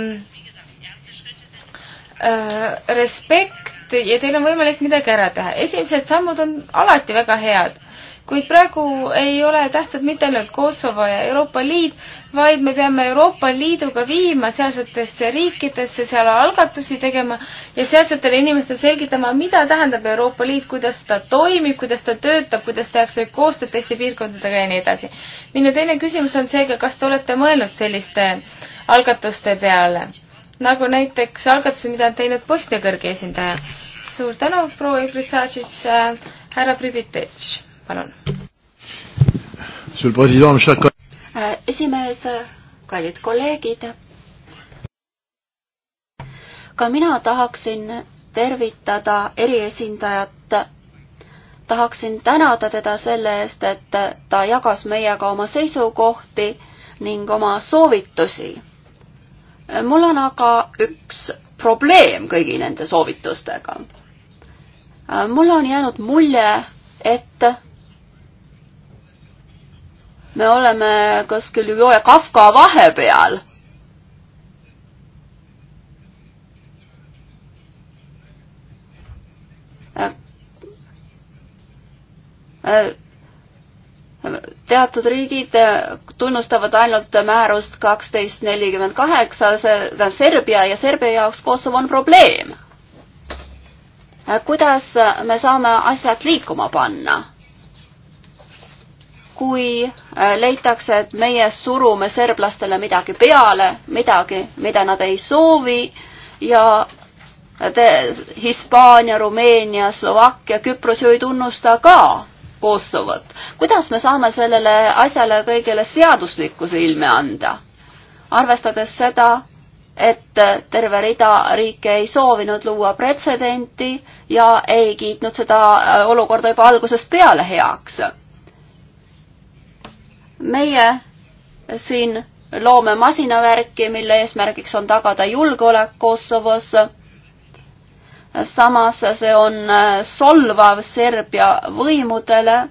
äh, respekt ja teil on võimalik midagi ära teha. esimesed sammud on alati väga head kuid praegu ei ole tähtsad mitte ainult Kosovo ja Euroopa Liit, vaid me peame Euroopa Liiduga viima sealsetesse riikidesse, seal algatusi tegema ja sealsetele inimestele selgitama, mida tähendab Euroopa Liit, kuidas ta toimib, kuidas ta töötab, kuidas tehakse koostööd teiste piirkondadega ja nii edasi. minu teine küsimus on seega, kas te olete mõelnud selliste algatuste peale? nagu näiteks algatuse, mida on teinud Bosnia kõrge esindaja. suur tänu, proua Igor Sajic, äh, härra Pribitš palun. Äh, esimees, kallid kolleegid. ka mina tahaksin tervitada eriesindajat tahaksin tänada teda selle eest, et ta jagas meiega oma seisukohti ning oma soovitusi. mul on aga üks probleem kõigi nende soovitustega. Äh, mulle on jäänud mulje, et me oleme kuskil Hugo ja Kafka vahepeal. teatud riigid tunnustavad ainult määrust kaksteist nelikümmend kaheksa, see tähendab Serbia ja Serbia jaoks Kosovo on probleem. kuidas me saame asjad liikuma panna? kui äh, leitakse, et meie surume serblastele midagi peale, midagi, mida nad ei soovi ja te, Hispaania, Rumeenia, Slovakkia, Küpros ju ei tunnusta ka Kosovot. kuidas me saame sellele asjale kõigele seaduslikkuse ilme anda? arvestades seda, et äh, terve rida riike ei soovinud luua pretsedenti ja ei kiitnud seda äh, olukorda juba algusest peale heaks meie siin loome masinavärki, mille eesmärgiks on tagada julgeolek Kosovos. samas see on äh, solvav Serbia võimudele.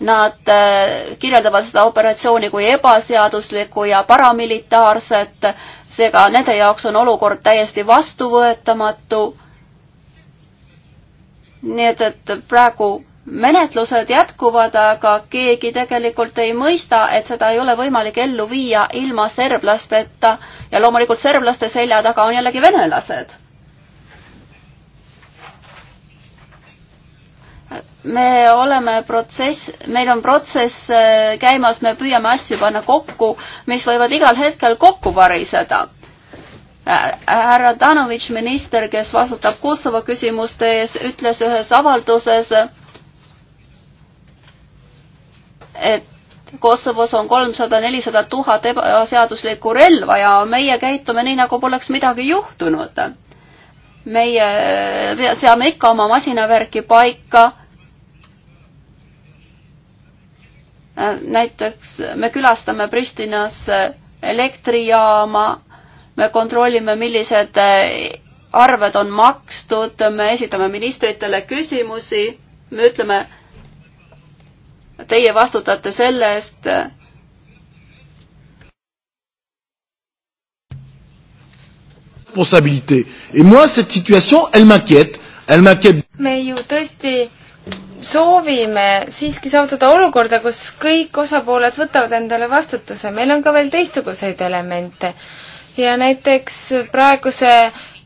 Nad äh, kirjeldavad seda operatsiooni kui ebaseaduslikku ja paramilitaarset, seega nende jaoks on olukord täiesti vastuvõetamatu. nii et, et praegu menetlused jätkuvad, aga keegi tegelikult ei mõista, et seda ei ole võimalik ellu viia ilma serblasteta ja loomulikult serblaste selja taga on jällegi venelased. me oleme protsess, meil on protsess äh, käimas, me püüame asju panna kokku, mis võivad igal hetkel kokku variseda äh, härra Danovitš, minister, kes vastutab Kosovo küsimuste ees, ütles ühes avalduses, et Kosovos on kolmsada, nelisada tuhat ebaseaduslikku relva ja meie käitume nii, nagu poleks midagi juhtunud. meie seame ikka oma masinavärki paika. näiteks me külastame Pristinas elektrijaama, me kontrollime, millised arved on makstud, me esitame ministritele küsimusi, me ütleme, Teie vastutate selle eest, responsabilité. Et moi, cette situation, elle m'inquiète. Elle m'inquiète. me ju tõesti soovime siiski saavutada olukorda, kus kõik osapooled võtavad endale vastutuse. meil on ka veel teistsuguseid elemente. ja näiteks praeguse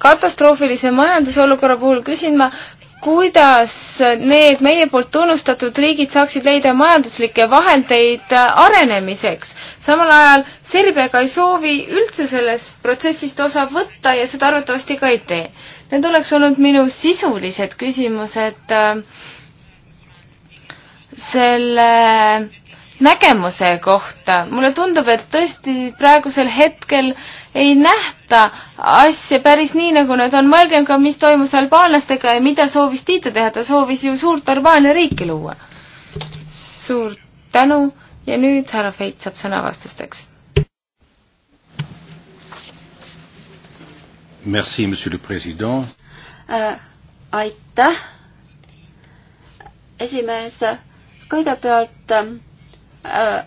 katastroofilise majandusolukorra puhul küsin ma, kuidas need meie poolt tunnustatud riigid saaksid leida majanduslikke vahendeid äh, arenemiseks. samal ajal Serbiaga ei soovi üldse sellest protsessist osa võtta ja seda arvatavasti ka ei tee. Need oleks olnud minu sisulised küsimused äh, selle nägemuse kohta. mulle tundub, et tõesti praegusel hetkel ei nähta asja päris nii, nagu nad on. mõelgem ka, mis toimus albaanlastega ja mida soovis Tiita teha. ta soovis ju suurt Albaania riiki luua. suur tänu ja nüüd härra Feit saab sõna vastusteks. Merci, monsieur le president äh,. aitäh, esimees. kõigepealt äh, Äh,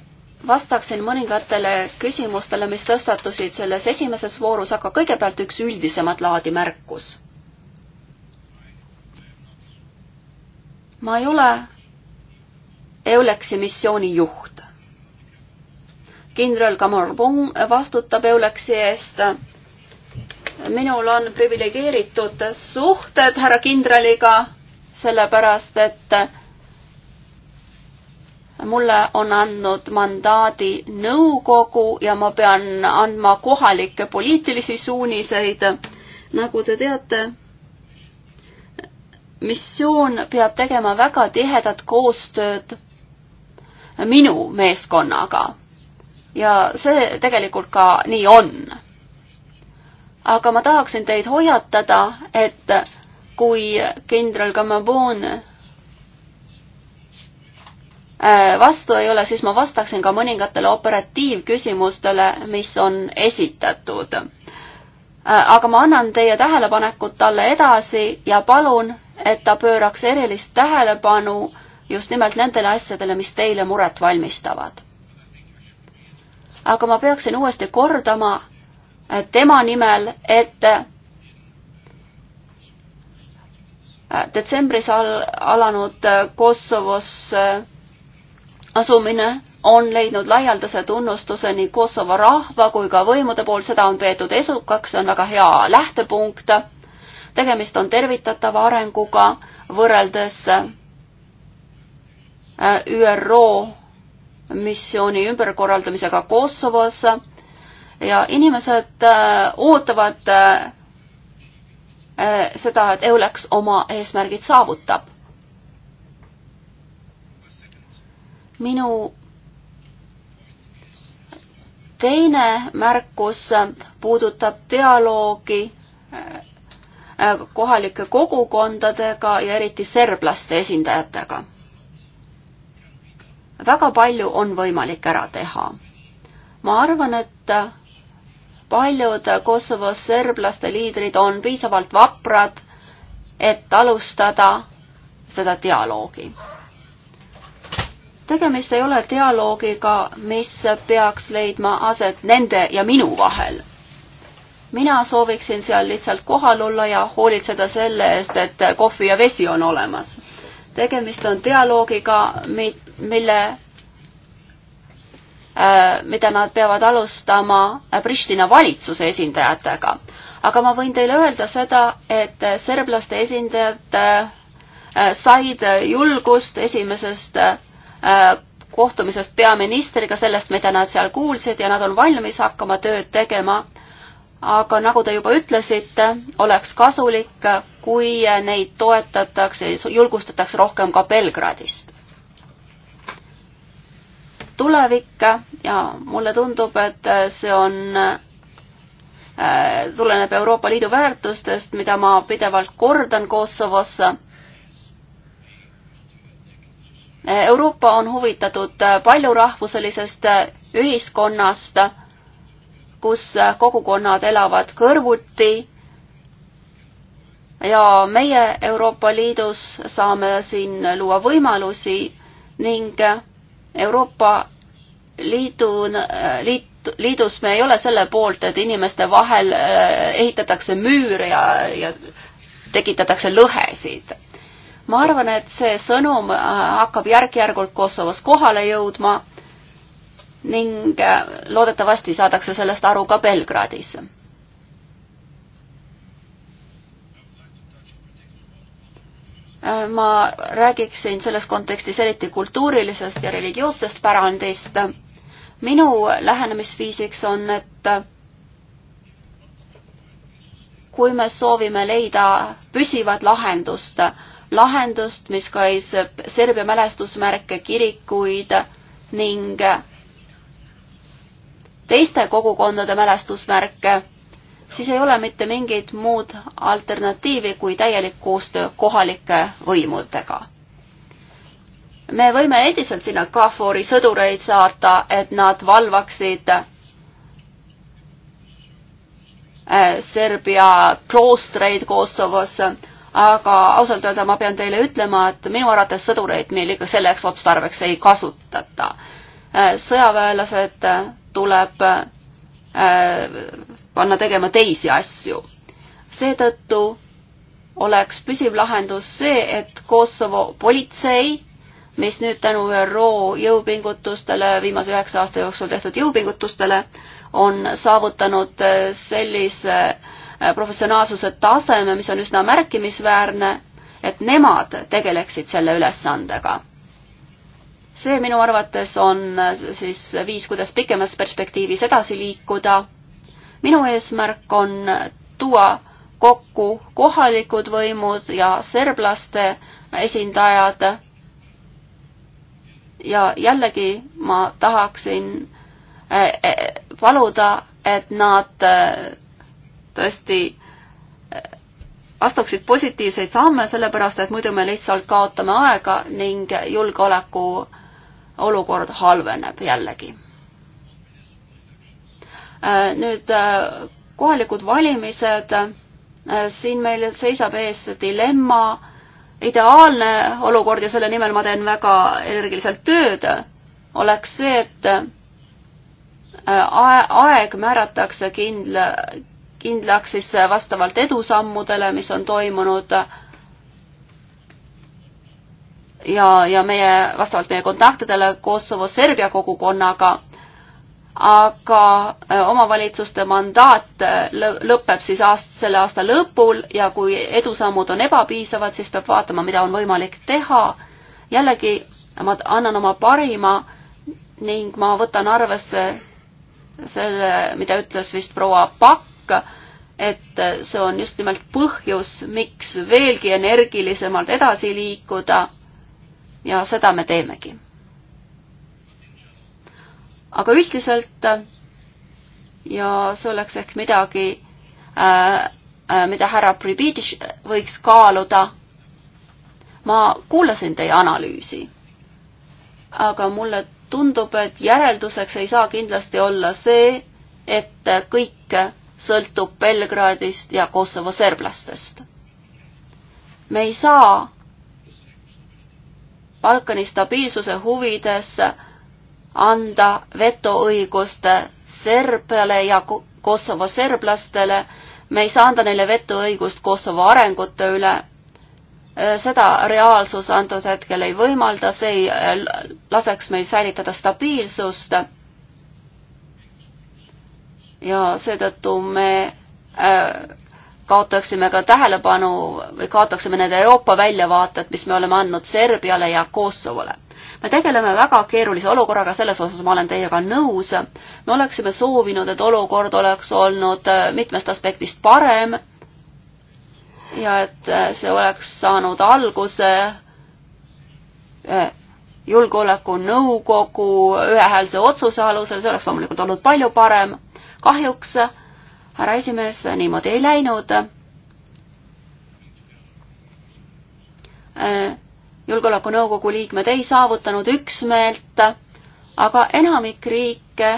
vastaksin mõningatele küsimustele, mis tõstatusid selles esimeses voorus, aga kõigepealt üks üldisemat laadi märkus. ma ei ole EULEX-i missiooni juht. kindral Kamarbon vastutab EULEX-i eest. minul on priviligeeritud suhted härra kindraliga, sellepärast et mulle on andnud mandaadi nõukogu ja ma pean andma kohalikke poliitilisi suuniseid. nagu te teate, missioon peab tegema väga tihedat koostööd minu meeskonnaga. ja see tegelikult ka nii on. aga ma tahaksin teid hoiatada, et kui kindral Gamabon Äh, vastu ei ole, siis ma vastaksin ka mõningatele operatiivküsimustele, mis on esitatud. Äh, aga ma annan teie tähelepanekud talle edasi ja palun, et ta pööraks erilist tähelepanu just nimelt nendele asjadele, mis teile muret valmistavad. aga ma peaksin uuesti kordama äh, tema nimel, et detsembris al alanud Kosovos äh, asumine on leidnud laialdase tunnustuse nii Kosovo rahva kui ka võimude poolt, seda on peetud esukaks, see on väga hea lähtepunkt. tegemist on tervitatava arenguga võrreldes äh, ÜRO missiooni ümberkorraldamisega Kosovos ja inimesed äh, ootavad äh, seda, et EULEX oma eesmärgid saavutab minu teine märkus puudutab dialoogi äh, äh, kohalike kogukondadega ja eriti serblaste esindajatega. väga palju on võimalik ära teha. ma arvan, et paljud Kosovo serblaste liidrid on piisavalt vaprad, et alustada seda dialoogi tegemist ei ole dialoogiga, mis peaks leidma aset nende ja minu vahel. mina sooviksin seal lihtsalt kohal olla ja hoolitseda selle eest, et kohvi ja vesi on olemas. tegemist on dialoogiga, mille äh, mida nad peavad alustama äh, Pristina valitsuse esindajatega. aga ma võin teile öelda seda, et äh, serblaste esindajad said julgust esimesest Äh, kohtumisest peaministriga, sellest, mida nad seal kuulsid ja nad on valmis hakkama tööd tegema. aga nagu te juba ütlesite, oleks kasulik, kui neid toetatakse, julgustatakse rohkem ka Belgradist. tulevik ja mulle tundub, et see on äh, tuleneb Euroopa Liidu väärtustest, mida ma pidevalt kordan Kosovosse Euroopa on huvitatud äh, paljurahvuselisest äh, ühiskonnast, kus äh, kogukonnad elavad kõrvuti ja meie Euroopa Liidus saame siin luua võimalusi ning Euroopa Liidu, liit, liidus me ei ole selle poolt, et inimeste vahel ehitatakse müüre ja, ja tekitatakse lõhesid ma arvan, et see sõnum äh, hakkab järk-järgult Kosovos kohale jõudma ning äh, loodetavasti saadakse sellest aru ka Belgradis. Äh, ma räägiksin selles kontekstis eriti kultuurilisest ja religioossest pärandist. minu lähenemisviisiks on, et kui me soovime leida püsivat lahendust, lahendust, mis kaitseb Serbia mälestusmärke, kirikuid ning teiste kogukondade mälestusmärke, siis ei ole mitte mingit muud alternatiivi kui täielik koostöö kohalike võimudega. me võime endiselt sinna KFOR-i sõdureid saata, et nad valvaksid äh, Serbia kloostreid Kosovos aga ausalt öelda ma pean teile ütlema, et minu arvates sõdureid meil ikka selleks otstarbeks ei kasutata. Äh, sõjaväelased tuleb äh, panna tegema teisi asju. seetõttu oleks püsiv lahendus see, et Kosovo politsei, mis nüüd tänu ÜRO jõupingutustele, viimase üheksa aasta jooksul tehtud jõupingutustele, on saavutanud äh, sellise äh, Äh, professionaalsuse taseme, mis on üsna märkimisväärne, et nemad tegeleksid selle ülesandega. see minu arvates on äh, siis viis, kuidas pikemas perspektiivis edasi liikuda. minu eesmärk on tuua kokku kohalikud võimud ja serblaste esindajad. ja jällegi ma tahaksin äh, paluda, et nad tõesti äh, astuksid positiivseid samme, sellepärast et muidu me lihtsalt kaotame aega ning julgeoleku olukord halveneb jällegi. Äh, nüüd äh, kohalikud valimised, siin meil seisab ees dilemma, ideaalne olukord ja selle nimel ma teen väga energiliselt tööd, oleks see, et aeg määratakse kindla, kindlaks siis vastavalt edusammudele, mis on toimunud ja, ja meie, vastavalt meie kontaktidele Kosovo Serbia kogukonnaga, aga äh, omavalitsuste mandaat äh, lõpeb siis aast-, selle aasta lõpul ja kui edusammud on ebapiisavad, siis peab vaatama, mida on võimalik teha. jällegi, ma annan oma parima ning ma võtan arvesse selle, mida ütles vist proua Pakk, pakk, et see on just nimelt põhjus, miks veelgi energilisemalt edasi liikuda. ja seda me teemegi. aga üldiselt ja see oleks ehk midagi äh,, äh mida härra Pribidž võiks kaaluda. ma kuulasin teie analüüsi, aga mulle tundub, et järelduseks ei saa kindlasti olla see, et kõik sõltub Belgradist ja Kosovo serblastest. me ei saa Balkani stabiilsuse huvides anda vetoõigust Serbiale ja Kosovo serblastele, me ei saa anda neile vetoõigust Kosovo arengute üle, seda reaalsus antud hetkel ei võimalda, see ei laseks meil säilitada stabiilsust ja seetõttu me äh, kaotaksime ka tähelepanu või kaotaksime need Euroopa väljavaated, mis me oleme andnud Serbiale ja Kosovole. me tegeleme väga keerulise olukorraga, selles osas ma olen teiega nõus. me oleksime soovinud, et olukord oleks olnud äh, mitmest aspektist parem ja et äh, see oleks saanud alguse julgeolekunõukogu ühehäälse otsuse alusel, see oleks loomulikult olnud palju parem kahjuks, härra esimees, niimoodi ei läinud. Äh, julgeolekunõukogu liikmed ei saavutanud üksmeelt, aga enamik riike,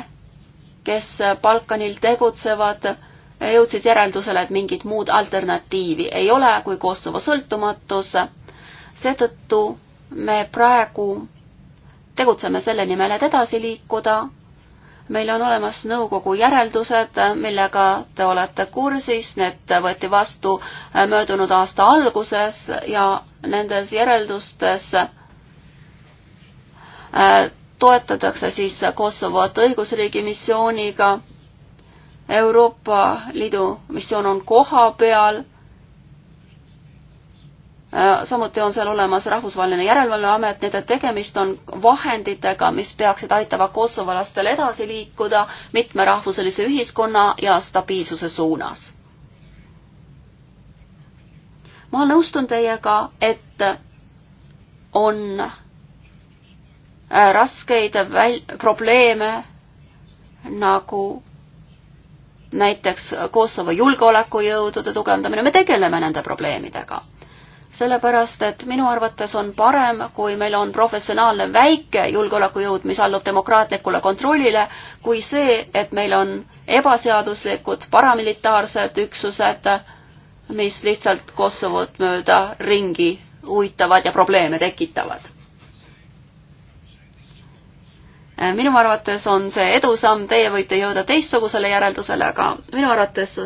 kes Balkanil tegutsevad, jõudsid järeldusele, et mingit muud alternatiivi ei ole kui Kosovo sõltumatus. seetõttu me praegu tegutseme selle nimel, et edasi liikuda meil on olemas nõukogu järeldused, millega te olete kursis, need võeti vastu äh, möödunud aasta alguses ja nendes järeldustes äh, toetatakse siis Kosovot õigusriigi missiooniga. Euroopa Liidu missioon on koha peal Äh, samuti on seal olemas Rahvusvaheline Järelevalveamet, nii et tegemist on vahenditega, mis peaksid aitama kosovolastel edasi liikuda mitmerahvuselise ühiskonna ja stabiilsuse suunas. ma nõustun teiega, et on äh, raskeid väl-, probleeme nagu näiteks Kosovo julgeolekujõudude tugevdamine, me tegeleme nende probleemidega sellepärast et minu arvates on parem, kui meil on professionaalne väike julgeolekujõud, mis allub demokraatlikule kontrollile, kui see, et meil on ebaseaduslikud paramilitaarsed üksused, mis lihtsalt Kosovot mööda ringi uitavad ja probleeme tekitavad. minu arvates on see edusamm, teie võite jõuda teistsugusele järeldusele, aga minu arvates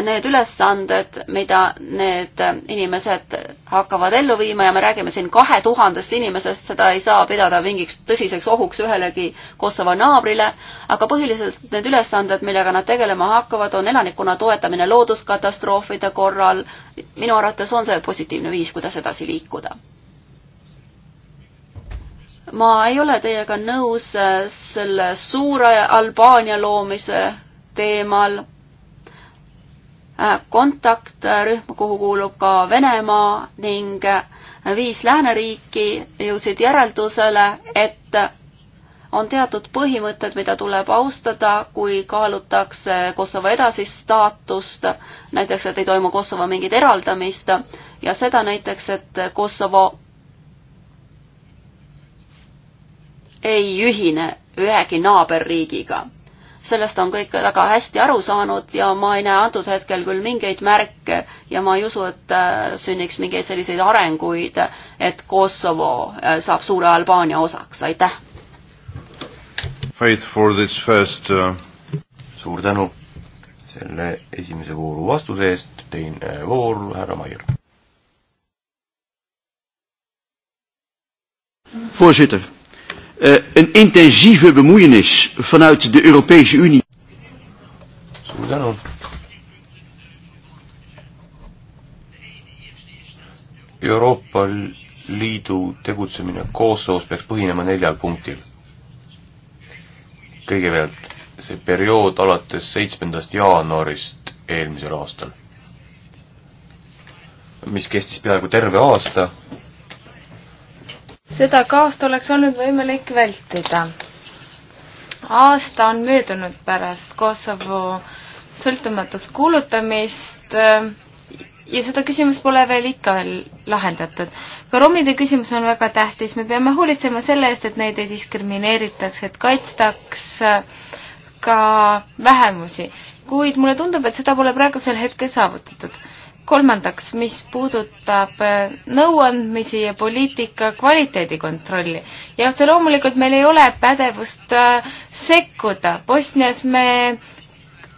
need ülesanded, mida need inimesed hakkavad ellu viima ja me räägime siin kahe tuhandest inimesest, seda ei saa pidada mingiks tõsiseks ohuks ühelegi Kosovo naabrile, aga põhiliselt need ülesanded, millega nad tegelema hakkavad, on elanikkonna toetamine looduskatastroofide korral. minu arvates on see positiivne viis, kuidas edasi liikuda. ma ei ole teiega nõus äh, selle suure Albaania loomise teemal Äh, kontaktrühm, kuhu kuulub ka Venemaa ning äh, viis lääneriiki jõudsid järeldusele, et on teatud põhimõtted, mida tuleb austada, kui kaalutakse Kosovo edasist staatust, näiteks et ei toimu Kosovo mingit eraldamist ja seda näiteks, et Kosovo ei ühine ühegi naaberriigiga sellest on kõik väga hästi aru saanud ja ma ei näe antud hetkel küll mingeid märke ja ma ei usu, et äh, sünniks mingeid selliseid arenguid, et Kosovo äh, saab suure Albaania osaks, aitäh. First, uh... suur tänu selle esimese vooru vastuse eest, teine voor, härra Maier. voorzitter uh, een intensieve bemoeienis vanuit de Europese Unie. suur tänu. Euroopa Liidu tegutsemine Kosovos peaks põhinema neljal punktil. kõigepealt see periood alates seitsmendast jaanuarist eelmisel aastal, mis kestis peaaegu terve aasta seda kaost oleks olnud võimalik vältida. aasta on möödunud pärast Kosovo sõltumatuks kuulutamist ja seda küsimust pole veel ikka veel lahendatud. ka romide küsimus on väga tähtis, me peame hoolitsema selle eest, et neid ei diskrimineeritaks, et kaitstaks ka vähemusi. kuid mulle tundub, et seda pole praegusel hetkel saavutatud kolmandaks, mis puudutab äh, nõuandmisi ja poliitika kvaliteedikontrolli. ja otse loomulikult meil ei ole pädevust äh, sekkuda, Bosnias me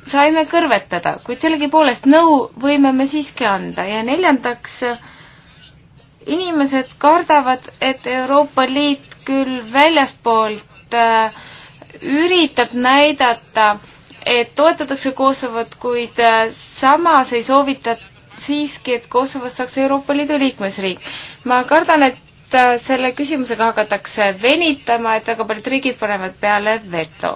saime kõrvetada, kuid sellegipoolest nõu võime me siiski anda ja neljandaks, inimesed kardavad, et Euroopa Liit küll väljaspoolt äh, üritab näidata, et toetatakse Kosovot, kuid samas ei soovitata siiski, et Kosovost saaks Euroopa Liidu liikmesriik. ma kardan, et äh, selle küsimusega hakatakse venitama, et väga paljud riigid panevad peale veto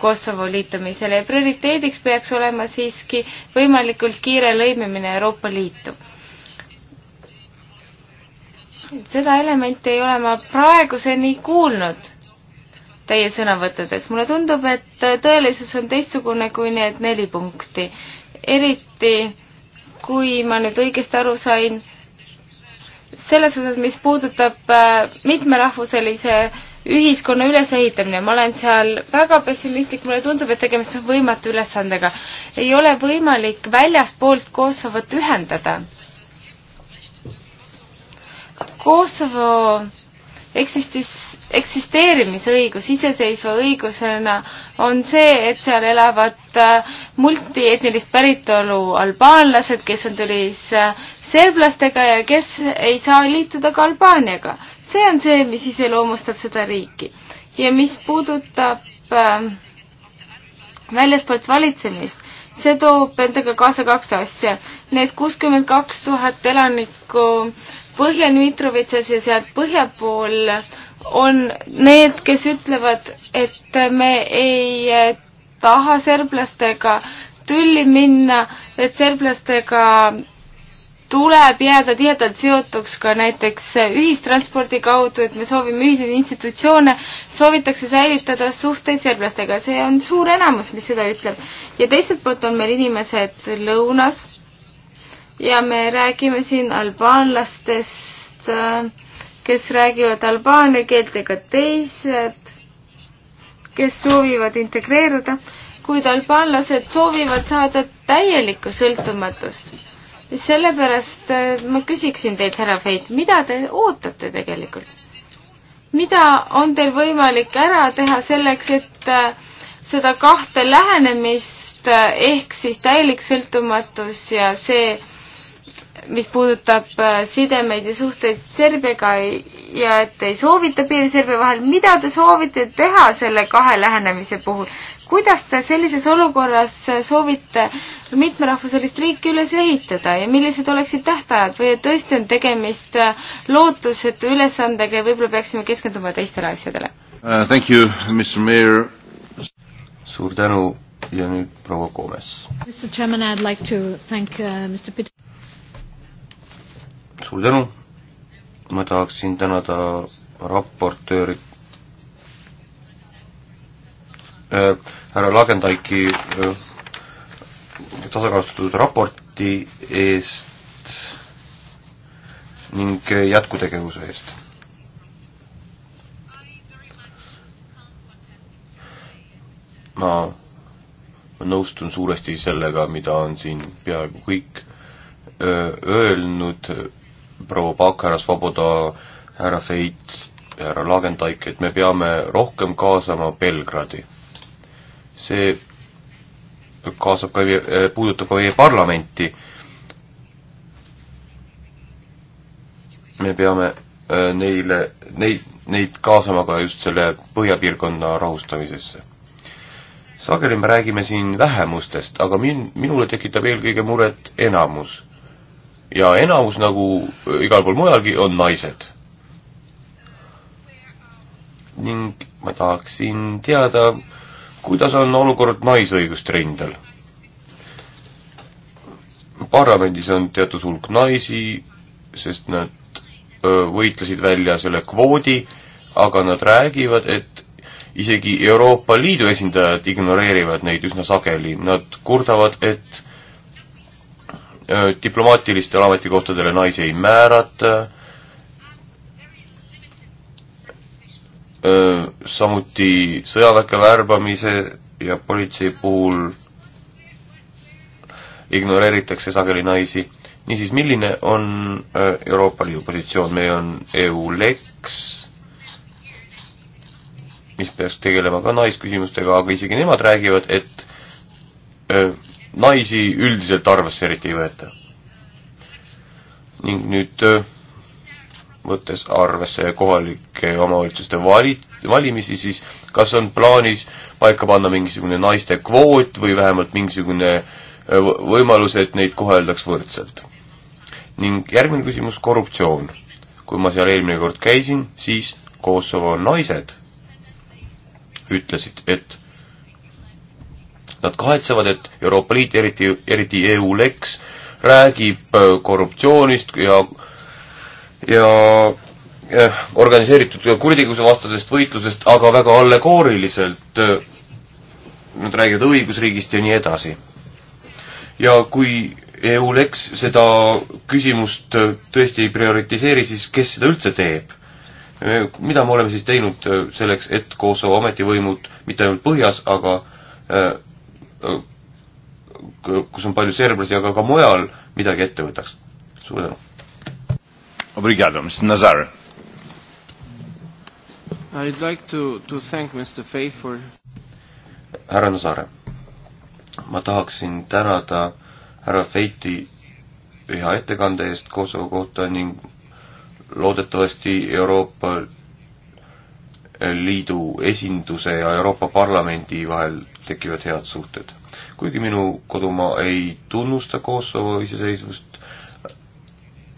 Kosovo liitumisele ja prioriteediks peaks olema siiski võimalikult kiire lõimimine Euroopa Liitu. seda elementi ei ole ma praeguseni kuulnud teie sõnavõttudes. mulle tundub, et tõelisus on teistsugune kui need neli punkti. eriti kui ma nüüd õigesti aru sain, selles osas, mis puudutab äh, mitmerahvuselise ühiskonna ülesehitamine, ma olen seal väga pessimistlik, mulle tundub, et tegemist on võimatu ülesandega. ei ole võimalik väljaspoolt Kosovot ühendada. Kosovo eksisteeris eksisteerimisõigus iseseisva õigusena on see, et seal elavad äh, multietnilist päritolu albaanlased, kes on tülis äh, serblastega ja kes ei saa liituda ka Albaaniaga. see on see, mis iseloomustab seda riiki. ja mis puudutab äh, väljaspoolt valitsemist, see toob endaga kaasa kaks asja. Need kuuskümmend kaks tuhat elanikku Põhja-Mitrovitsas ja sealt põhja pool äh, on need, kes ütlevad, et me ei taha serblastega tülli minna, et serblastega tuleb jääda tihedalt seotuks ka näiteks ühistranspordi kaudu, et me soovime ühiseid institutsioone, soovitakse säilitada suhteid serblastega, see on suur enamus, mis seda ütleb. ja teiselt poolt on meil inimesed lõunas ja me räägime siin albaanlastest äh,, kes räägivad albaania keelt ega teised, kes soovivad integreeruda, kuid albaanlased soovivad saada täielikku sõltumatust. sellepärast äh, ma küsiksin teilt, härra Feit, mida te ootate tegelikult? mida on teil võimalik ära teha selleks, et äh, seda kahte lähenemist äh, ehk siis täielik sõltumatus ja see, mis puudutab äh, sidemeid ja suhteid Serbiaga ja et ei soovita piiri Serbia vahel, mida te soovite teha selle kahe lähenemise puhul? kuidas te sellises olukorras äh, soovite mitmerahvuselist riiki üles ehitada ja millised oleksid tähtajad või et tõesti on tegemist äh, lootusetu ülesandega ja võib-olla peaksime keskenduma teistele asjadele uh,? Thank you, Mr Mayor. suur tänu ja nüüd proua Gomes. Mr Chairman, I would like to thank uh, Mr Peter suur tänu, ma tahaksin tänada raportööri äh, härra Lagendaiki äh, tasakaalustatud raporti eest ning äh, jätkutegevuse eest. ma nõustun suuresti sellega, mida on siin peaaegu kõik öö, äh, öelnud, proua Pakk, härra Svoboda, härra Feit, härra Laagentaik, et me peame rohkem kaasama Belgradi. see kaasab ka, eh, puudutab ka meie parlamenti. me peame eh, neile, neid, neid kaasama ka just selle põhjapiirkonna rahustamisesse. sageli me räägime siin vähemustest, aga min-, minule tekitab eelkõige muret enamus ja enamus, nagu äh, igal pool mujalgi, on naised. ning ma tahaksin teada, kuidas on olukord naisõiguste rindel? parlamendis on teatud hulk naisi, sest nad äh, võitlesid välja selle kvoodi, aga nad räägivad, et isegi Euroopa Liidu esindajad ignoreerivad neid üsna sageli, nad kurdavad, et Äh, diplomaatilistele ametikohtadele naisi ei määrata, äh, samuti sõjaväkke värbamise ja politsei puhul ignoreeritakse sageli naisi. niisiis, milline on äh, Euroopa Liidu positsioon, meil on EULEX, mis peaks tegelema ka naisküsimustega, aga isegi nemad räägivad, et naisi üldiselt arvesse eriti ei võeta. ning nüüd äh, võttes arvesse kohalike omavalitsuste vali-, valimisi, siis kas on plaanis paika panna mingisugune naiste kvoot või vähemalt mingisugune äh, võimalus, et neid koheldaks võrdselt? ning järgmine küsimus, korruptsioon. kui ma seal eelmine kord käisin, siis Kosovo naised ütlesid, et Nad kahetsevad, et Euroopa Liit, eriti, eriti EU-Lex, räägib äh, korruptsioonist ja, ja äh, organiseeritud kuritegevuse vastasest võitlusest, aga väga allegooriliselt. Äh, nad räägivad õigusriigist ja nii edasi. ja kui EULEX seda küsimust tõesti ei prioritiseeri, siis kes seda üldse teeb? mida me oleme siis teinud selleks, et Kosovo ametivõimud mitte ainult põhjas, aga kus on palju serblasi, aga ka mujal midagi ette võtaks. suur tänu. Obrigado, Mr Nazar. I'd like to, to thank Mr Fay for härra Nazar, ma tahaksin tänada härra Feiti hea ettekande eest Kosovo kohta ning loodetavasti Euroopa Liidu esinduse ja Euroopa Parlamendi vahel tekivad head suhted. kuigi minu kodumaa ei tunnusta Kosovo iseseisvust,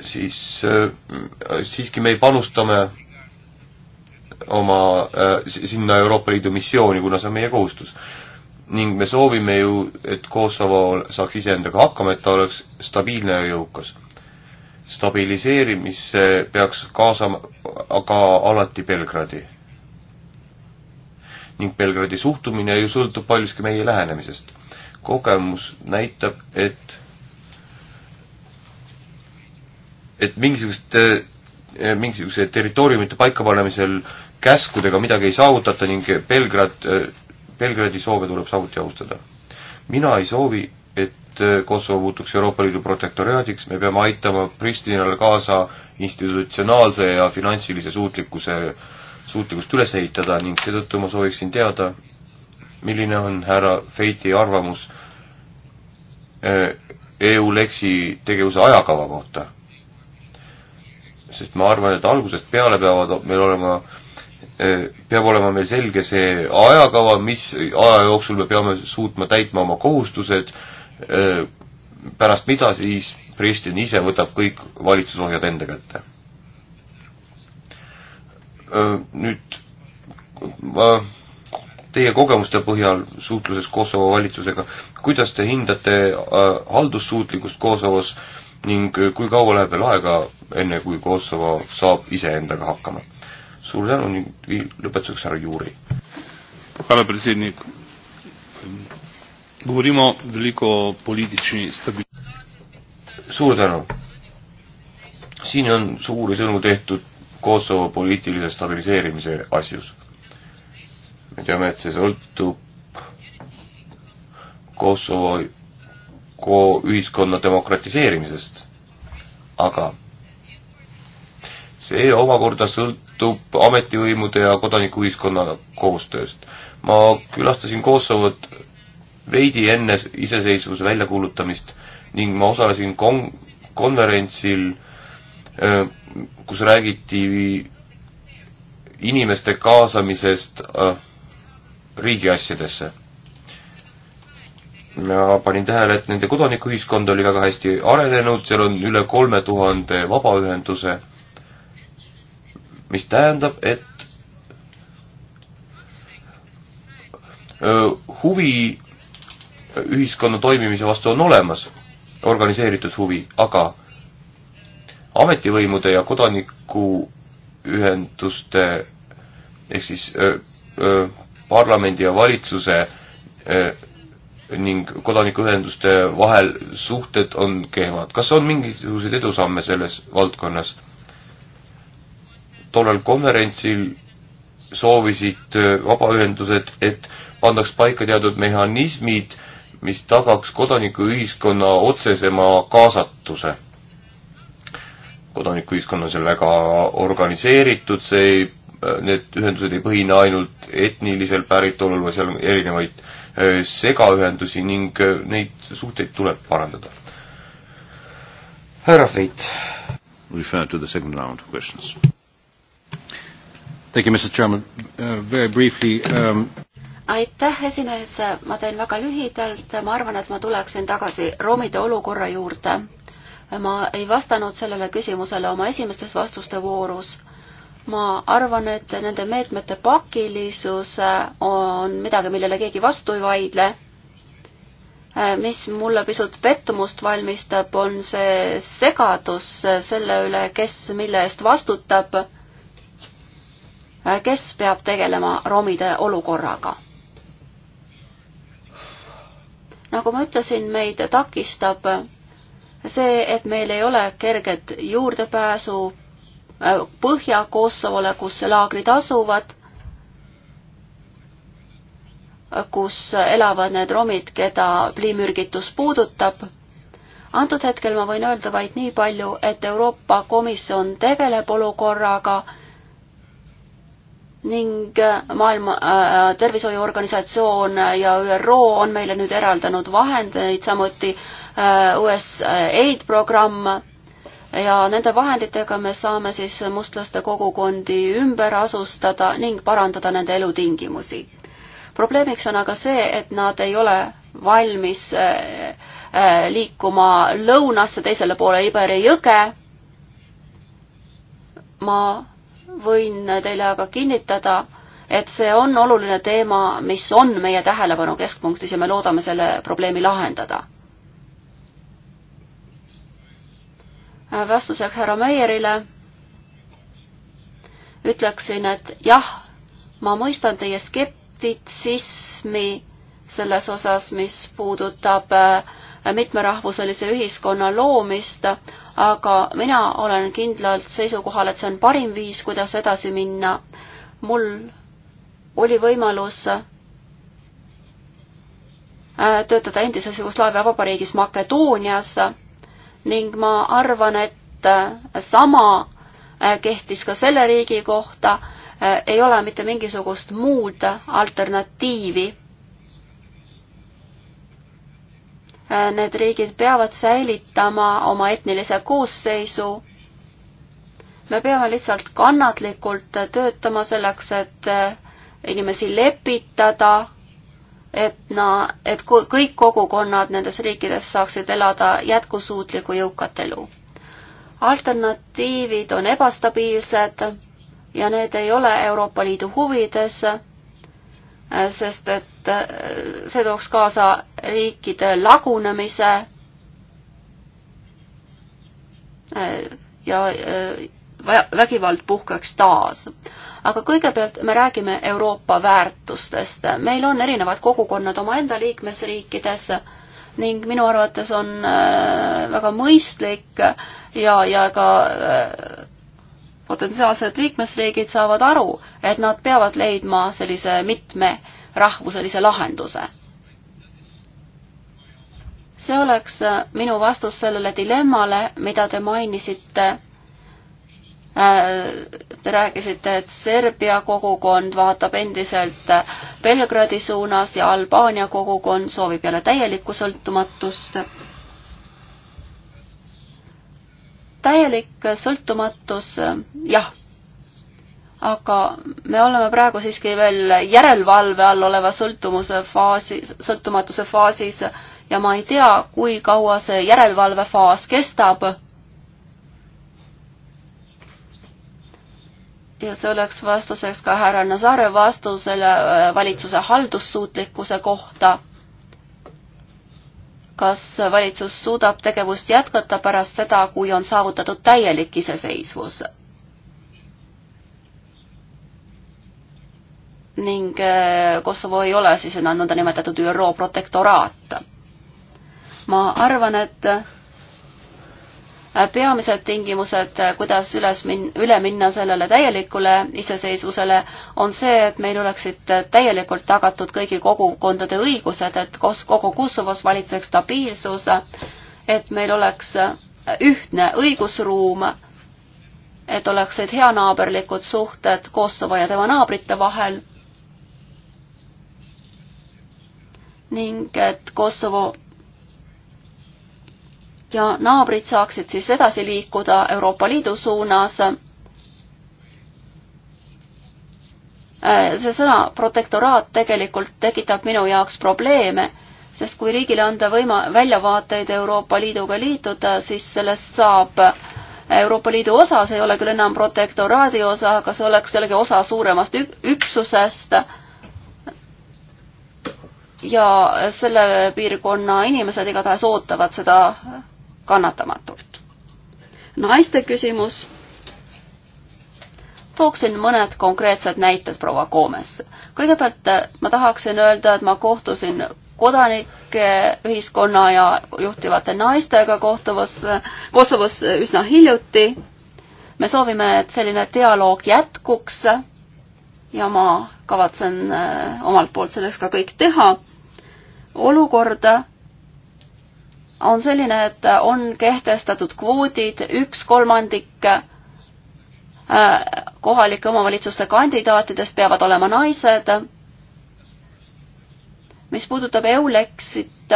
siis äh, siiski me panustame oma äh,, sinna Euroopa Liidu missiooni, kuna see on meie kohustus. ning me soovime ju, et Kosovo saaks iseendaga hakkama, et ta oleks stabiilne ja jõukas. stabiliseerimisse peaks kaasama aga alati Belgradi ning Belgradi suhtumine ju sõltub paljuski meie lähenemisest. kogemus näitab, et et mingisugust, mingisuguse territooriumite paikapanemisel käskudega midagi ei saavutata ning Belgrad, Belgradi soove tuleb samuti austada. mina ei soovi, et Kosovo muutuks Euroopa Liidu protektoraadiks, me peame aitama Pristinale kaasa institutsionaalse ja finantsilise suutlikkuse suutlikkust üles ehitada ning seetõttu ma sooviksin teada, milline on härra Feiti arvamus äh, EU-Lexi tegevuse ajakava kohta. sest ma arvan, et algusest peale peavad meil olema, äh, peab olema meil selge see ajakava, mis aja jooksul me peame suutma täitma oma kohustused, äh, pärast mida siis president ise võtab kõik valitsusohjad enda kätte nüüd ma teie kogemuste põhjal suhtluses Kosovo valitsusega, kuidas te hindate haldussuutlikkust Kosovos ning kui kaua läheb veel aega, enne kui Kosovo saab iseendaga hakkama? suur tänu ning lõpetuseks härra Juuri. härra president, govorimo veliko politični stabi-. suur tänu. siin on suuri sõnu tehtud Kosovo poliitilise stabiliseerimise asjus. me teame, et see sõltub Kosovo ko ühiskonna demokratiseerimisest, aga see omakorda sõltub ametivõimude ja kodanikuühiskonna koostööst. ma külastasin Kosovot veidi enne iseseisvuse väljakuulutamist ning ma osalesin kon-, konverentsil Äh, kus räägiti inimeste kaasamisest äh, riigiasjadesse. ma panin tähele, et nende kodanikuühiskond oli väga hästi arenenud, seal on üle kolme tuhande vabaühenduse, mis tähendab, et äh, huvi ühiskonna toimimise vastu on olemas, organiseeritud huvi, aga ametivõimude ja kodanikuühenduste ehk siis öö, öö, parlamendi ja valitsuse öö, ning kodanikuühenduste vahel suhted on kehvad. kas on mingisuguseid edusamme selles valdkonnas? tollel konverentsil soovisid vabaühendused, et pandaks paika teatud mehhanismid, mis tagaks kodanikuühiskonna otsesema kaasatuse kodanikuühiskond on seal väga organiseeritud, see ei, need ühendused ei põhine ainult etnilisel päritolul, vaid seal on erinevaid äh, segaühendusi ning äh, neid suhteid tuleb parandada. härra Feit. Refer to the second round of questions. Thank you, Mr Chairman uh,. Very briefly um.... aitäh, esimees, ma teen väga lühidalt, ma arvan, et ma tuleksin tagasi roomide olukorra juurde ma ei vastanud sellele küsimusele oma esimestes vastuste voorus. ma arvan, et nende meetmete pakilisus on midagi, millele keegi vastu ei vaidle. mis mulle pisut pettumust valmistab, on see segadus selle üle, kes mille eest vastutab, kes peab tegelema romide olukorraga nagu ma ütlesin, meid takistab see, et meil ei ole kerget juurdepääsu äh, Põhja-Kosovole, kus laagrid asuvad, kus elavad need romid, keda pliimürgitus puudutab. antud hetkel ma võin öelda vaid nii palju, et Euroopa Komisjon tegeleb olukorraga ning äh, Maailma äh, Tervishoiuorganisatsioon ja ÜRO on meile nüüd eraldanud vahendeid, samuti äh, Äh, USAID programm ja nende vahenditega me saame siis mustlaste kogukondi ümber asustada ning parandada nende elutingimusi. probleemiks on aga see, et nad ei ole valmis äh, äh, liikuma lõunasse, teisele poole Iberi jõge. ma võin teile aga kinnitada, et see on oluline teema, mis on meie tähelepanu keskpunktis ja me loodame selle probleemi lahendada vastuseks härra Meierile ütleksin, et jah, ma mõistan teie skeptitsismi selles osas, mis puudutab äh, mitmerahvuselise ühiskonna loomist, aga mina olen kindlalt seisukohal, et see on parim viis, kuidas edasi minna. mul oli võimalus äh, töötada endises Jugoslaavia vabariigis Makedoonias ning ma arvan, et äh, sama äh, kehtis ka selle riigi kohta, äh, ei ole mitte mingisugust muud alternatiivi. Need riigid peavad säilitama oma etnilise koosseisu. me peame lihtsalt kannatlikult töötama selleks, et inimesi lepitada et na-, et kõik kogukonnad nendes riikides saaksid elada jätkusuutlikku jõukat elu. alternatiivid on ebastabiilsed ja need ei ole Euroopa Liidu huvides, sest et eh, see tooks kaasa riikide lagunemise eh, ja eh, vägivald puhkeks taas aga kõigepealt me räägime Euroopa väärtustest. meil on erinevad kogukonnad omaenda liikmesriikides ning minu arvates on äh, väga mõistlik ja, ja ka äh, potentsiaalsed liikmesriigid saavad aru, et nad peavad leidma sellise mitmerahvuselise lahenduse. see oleks äh, minu vastus sellele dilemmale, mida te mainisite Äh, te rääkisite, et Serbia kogukond vaatab endiselt Belgradi suunas ja Albaania kogukond soovib jälle täielikku sõltumatust. täielik sõltumatus, jah, aga me oleme praegu siiski veel järelevalve all oleva sõltumuse faasi, sõltumatuse faasis ja ma ei tea, kui kaua see järelevalvefaas kestab ja see oleks vastuseks ka härra Nazare vastusele äh, valitsuse haldussuutlikkuse kohta. kas valitsus suudab tegevust jätkata pärast seda, kui on saavutatud täielik iseseisvus? ning äh, Kosovo ei ole siis enam nõndanimetatud ÜRO protektoraat. ma arvan, et peamised tingimused, kuidas üles min-, üle minna sellele täielikule iseseisvusele, on see, et meil oleksid täielikult tagatud kõigi kogukondade õigused, et kos-, kogu Kosovos valitseks stabiilsus, et meil oleks ühtne õigusruum, et oleksid heanaaberlikud suhted Kosovo ja tema naabrite vahel ning et Kosovo ja naabrid saaksid siis edasi liikuda Euroopa Liidu suunas. Äh, see sõna protektoraat tegelikult tekitab minu jaoks probleeme, sest kui riigile anda võima-, väljavaateid Euroopa Liiduga liituda, siis sellest saab äh, Euroopa Liidu osa, see ei ole küll enam protektoraadi osa, aga see oleks jällegi osa suuremast üksusest ja selle piirkonna inimesed igatahes ootavad seda kannatamatult. naiste küsimus. tooksin mõned konkreetsed näited proua Koomesse. kõigepealt eh, ma tahaksin öelda, et ma kohtusin kodanike ühiskonna ja juhtivate naistega kohtuvas, Kosovos üsna hiljuti. me soovime, et selline dialoog jätkuks ja ma kavatsen eh, omalt poolt selleks ka kõik teha. olukorda on selline, et on kehtestatud kvoodid, üks kolmandik äh, kohalike omavalitsuste kandidaatidest peavad olema naised. mis puudutab EULEX-it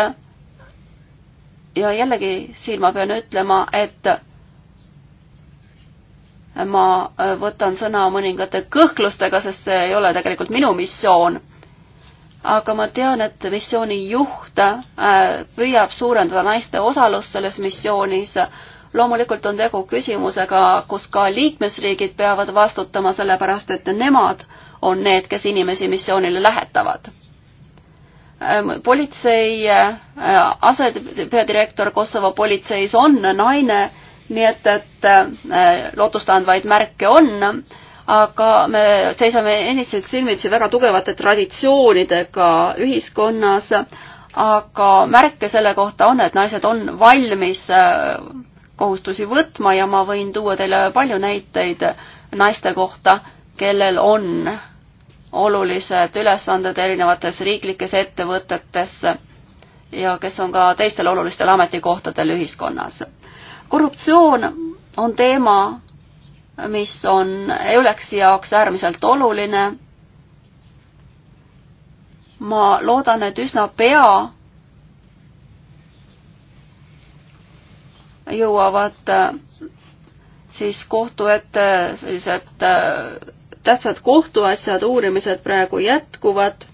ja jällegi siin ma pean ütlema, et ma võtan sõna mõningate kõhklustega, sest see ei ole tegelikult minu missioon aga ma tean, et missiooni juht äh, püüab suurendada naiste osalust selles missioonis. loomulikult on tegu küsimusega, kus ka liikmesriigid peavad vastutama, sellepärast et nemad on need, kes inimesi missioonile lähetavad. Ähm, politsei äh, asepeadirektor Kosovo politseis on naine, nii et, et äh, lootustandvaid märke on aga me seisame endiselt silmitsi väga tugevate traditsioonidega ühiskonnas, aga märke selle kohta on, et naised on valmis äh, kohustusi võtma ja ma võin tuua teile palju näiteid naiste kohta, kellel on olulised ülesanded erinevates riiklikes ettevõtetes ja kes on ka teistel olulistel ametikohtadel ühiskonnas. korruptsioon on teema, mis on Euleksi jaoks äärmiselt oluline. ma loodan, et üsna pea jõuavad äh, siis kohtu ette sellised äh, tähtsad kohtuasjad, uurimised praegu jätkuvad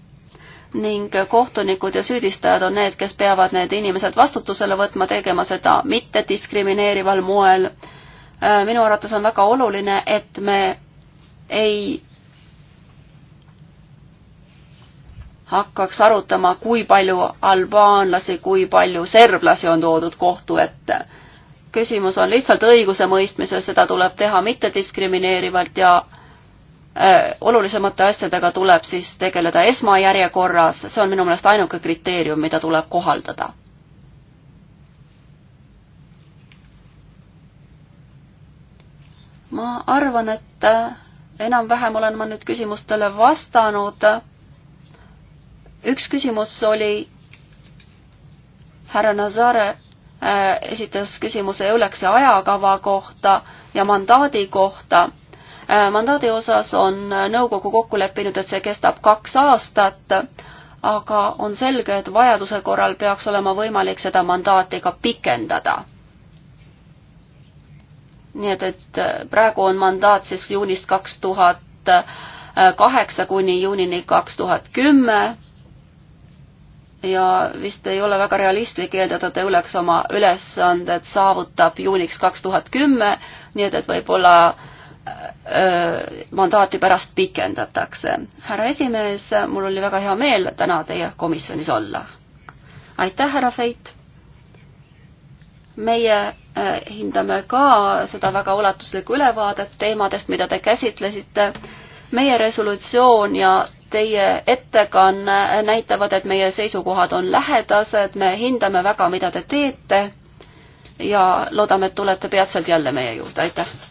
ning kohtunikud ja süüdistajad on need, kes peavad need inimesed vastutusele võtma, tegema seda mittediskrimineerival moel Äh, minu arvates on väga oluline, et me ei hakkaks arutama, kui palju albaanlasi, kui palju serblasi on toodud kohtu ette. küsimus on lihtsalt õigusemõistmises, seda tuleb teha mittediskrimineerivalt ja äh, olulisemate asjadega tuleb siis tegeleda esmajärjekorras, see on minu meelest ainuke kriteerium, mida tuleb kohaldada ma arvan, et äh, enam-vähem olen ma nüüd küsimustele vastanud. üks küsimus oli, härra Nazare äh, esitas küsimuse Euleksi ajakava kohta ja mandaadi kohta. Äh, mandaadi osas on nõukogu kokku leppinud, et see kestab kaks aastat, aga on selge, et vajaduse korral peaks olema võimalik seda mandaati ka pikendada nii et, et äh, praegu on mandaat siis juunist kaks tuhat kaheksa kuni juunini kaks tuhat kümme. ja vist ei ole väga realistlik eeldada, et Eulex oma ülesanded saavutab juuniks kaks tuhat kümme, nii et, et võib-olla äh, äh, mandaati pärast pikendatakse. härra esimees, mul oli väga hea meel täna teie komisjonis olla. aitäh, härra Feit meie äh, hindame ka seda väga ulatuslikku ülevaadet teemadest, mida te käsitlesite. meie resolutsioon ja teie ettekanne näitavad, et meie seisukohad on lähedased, me hindame väga, mida te teete ja loodame, et tulete peatselt jälle meie juurde, aitäh!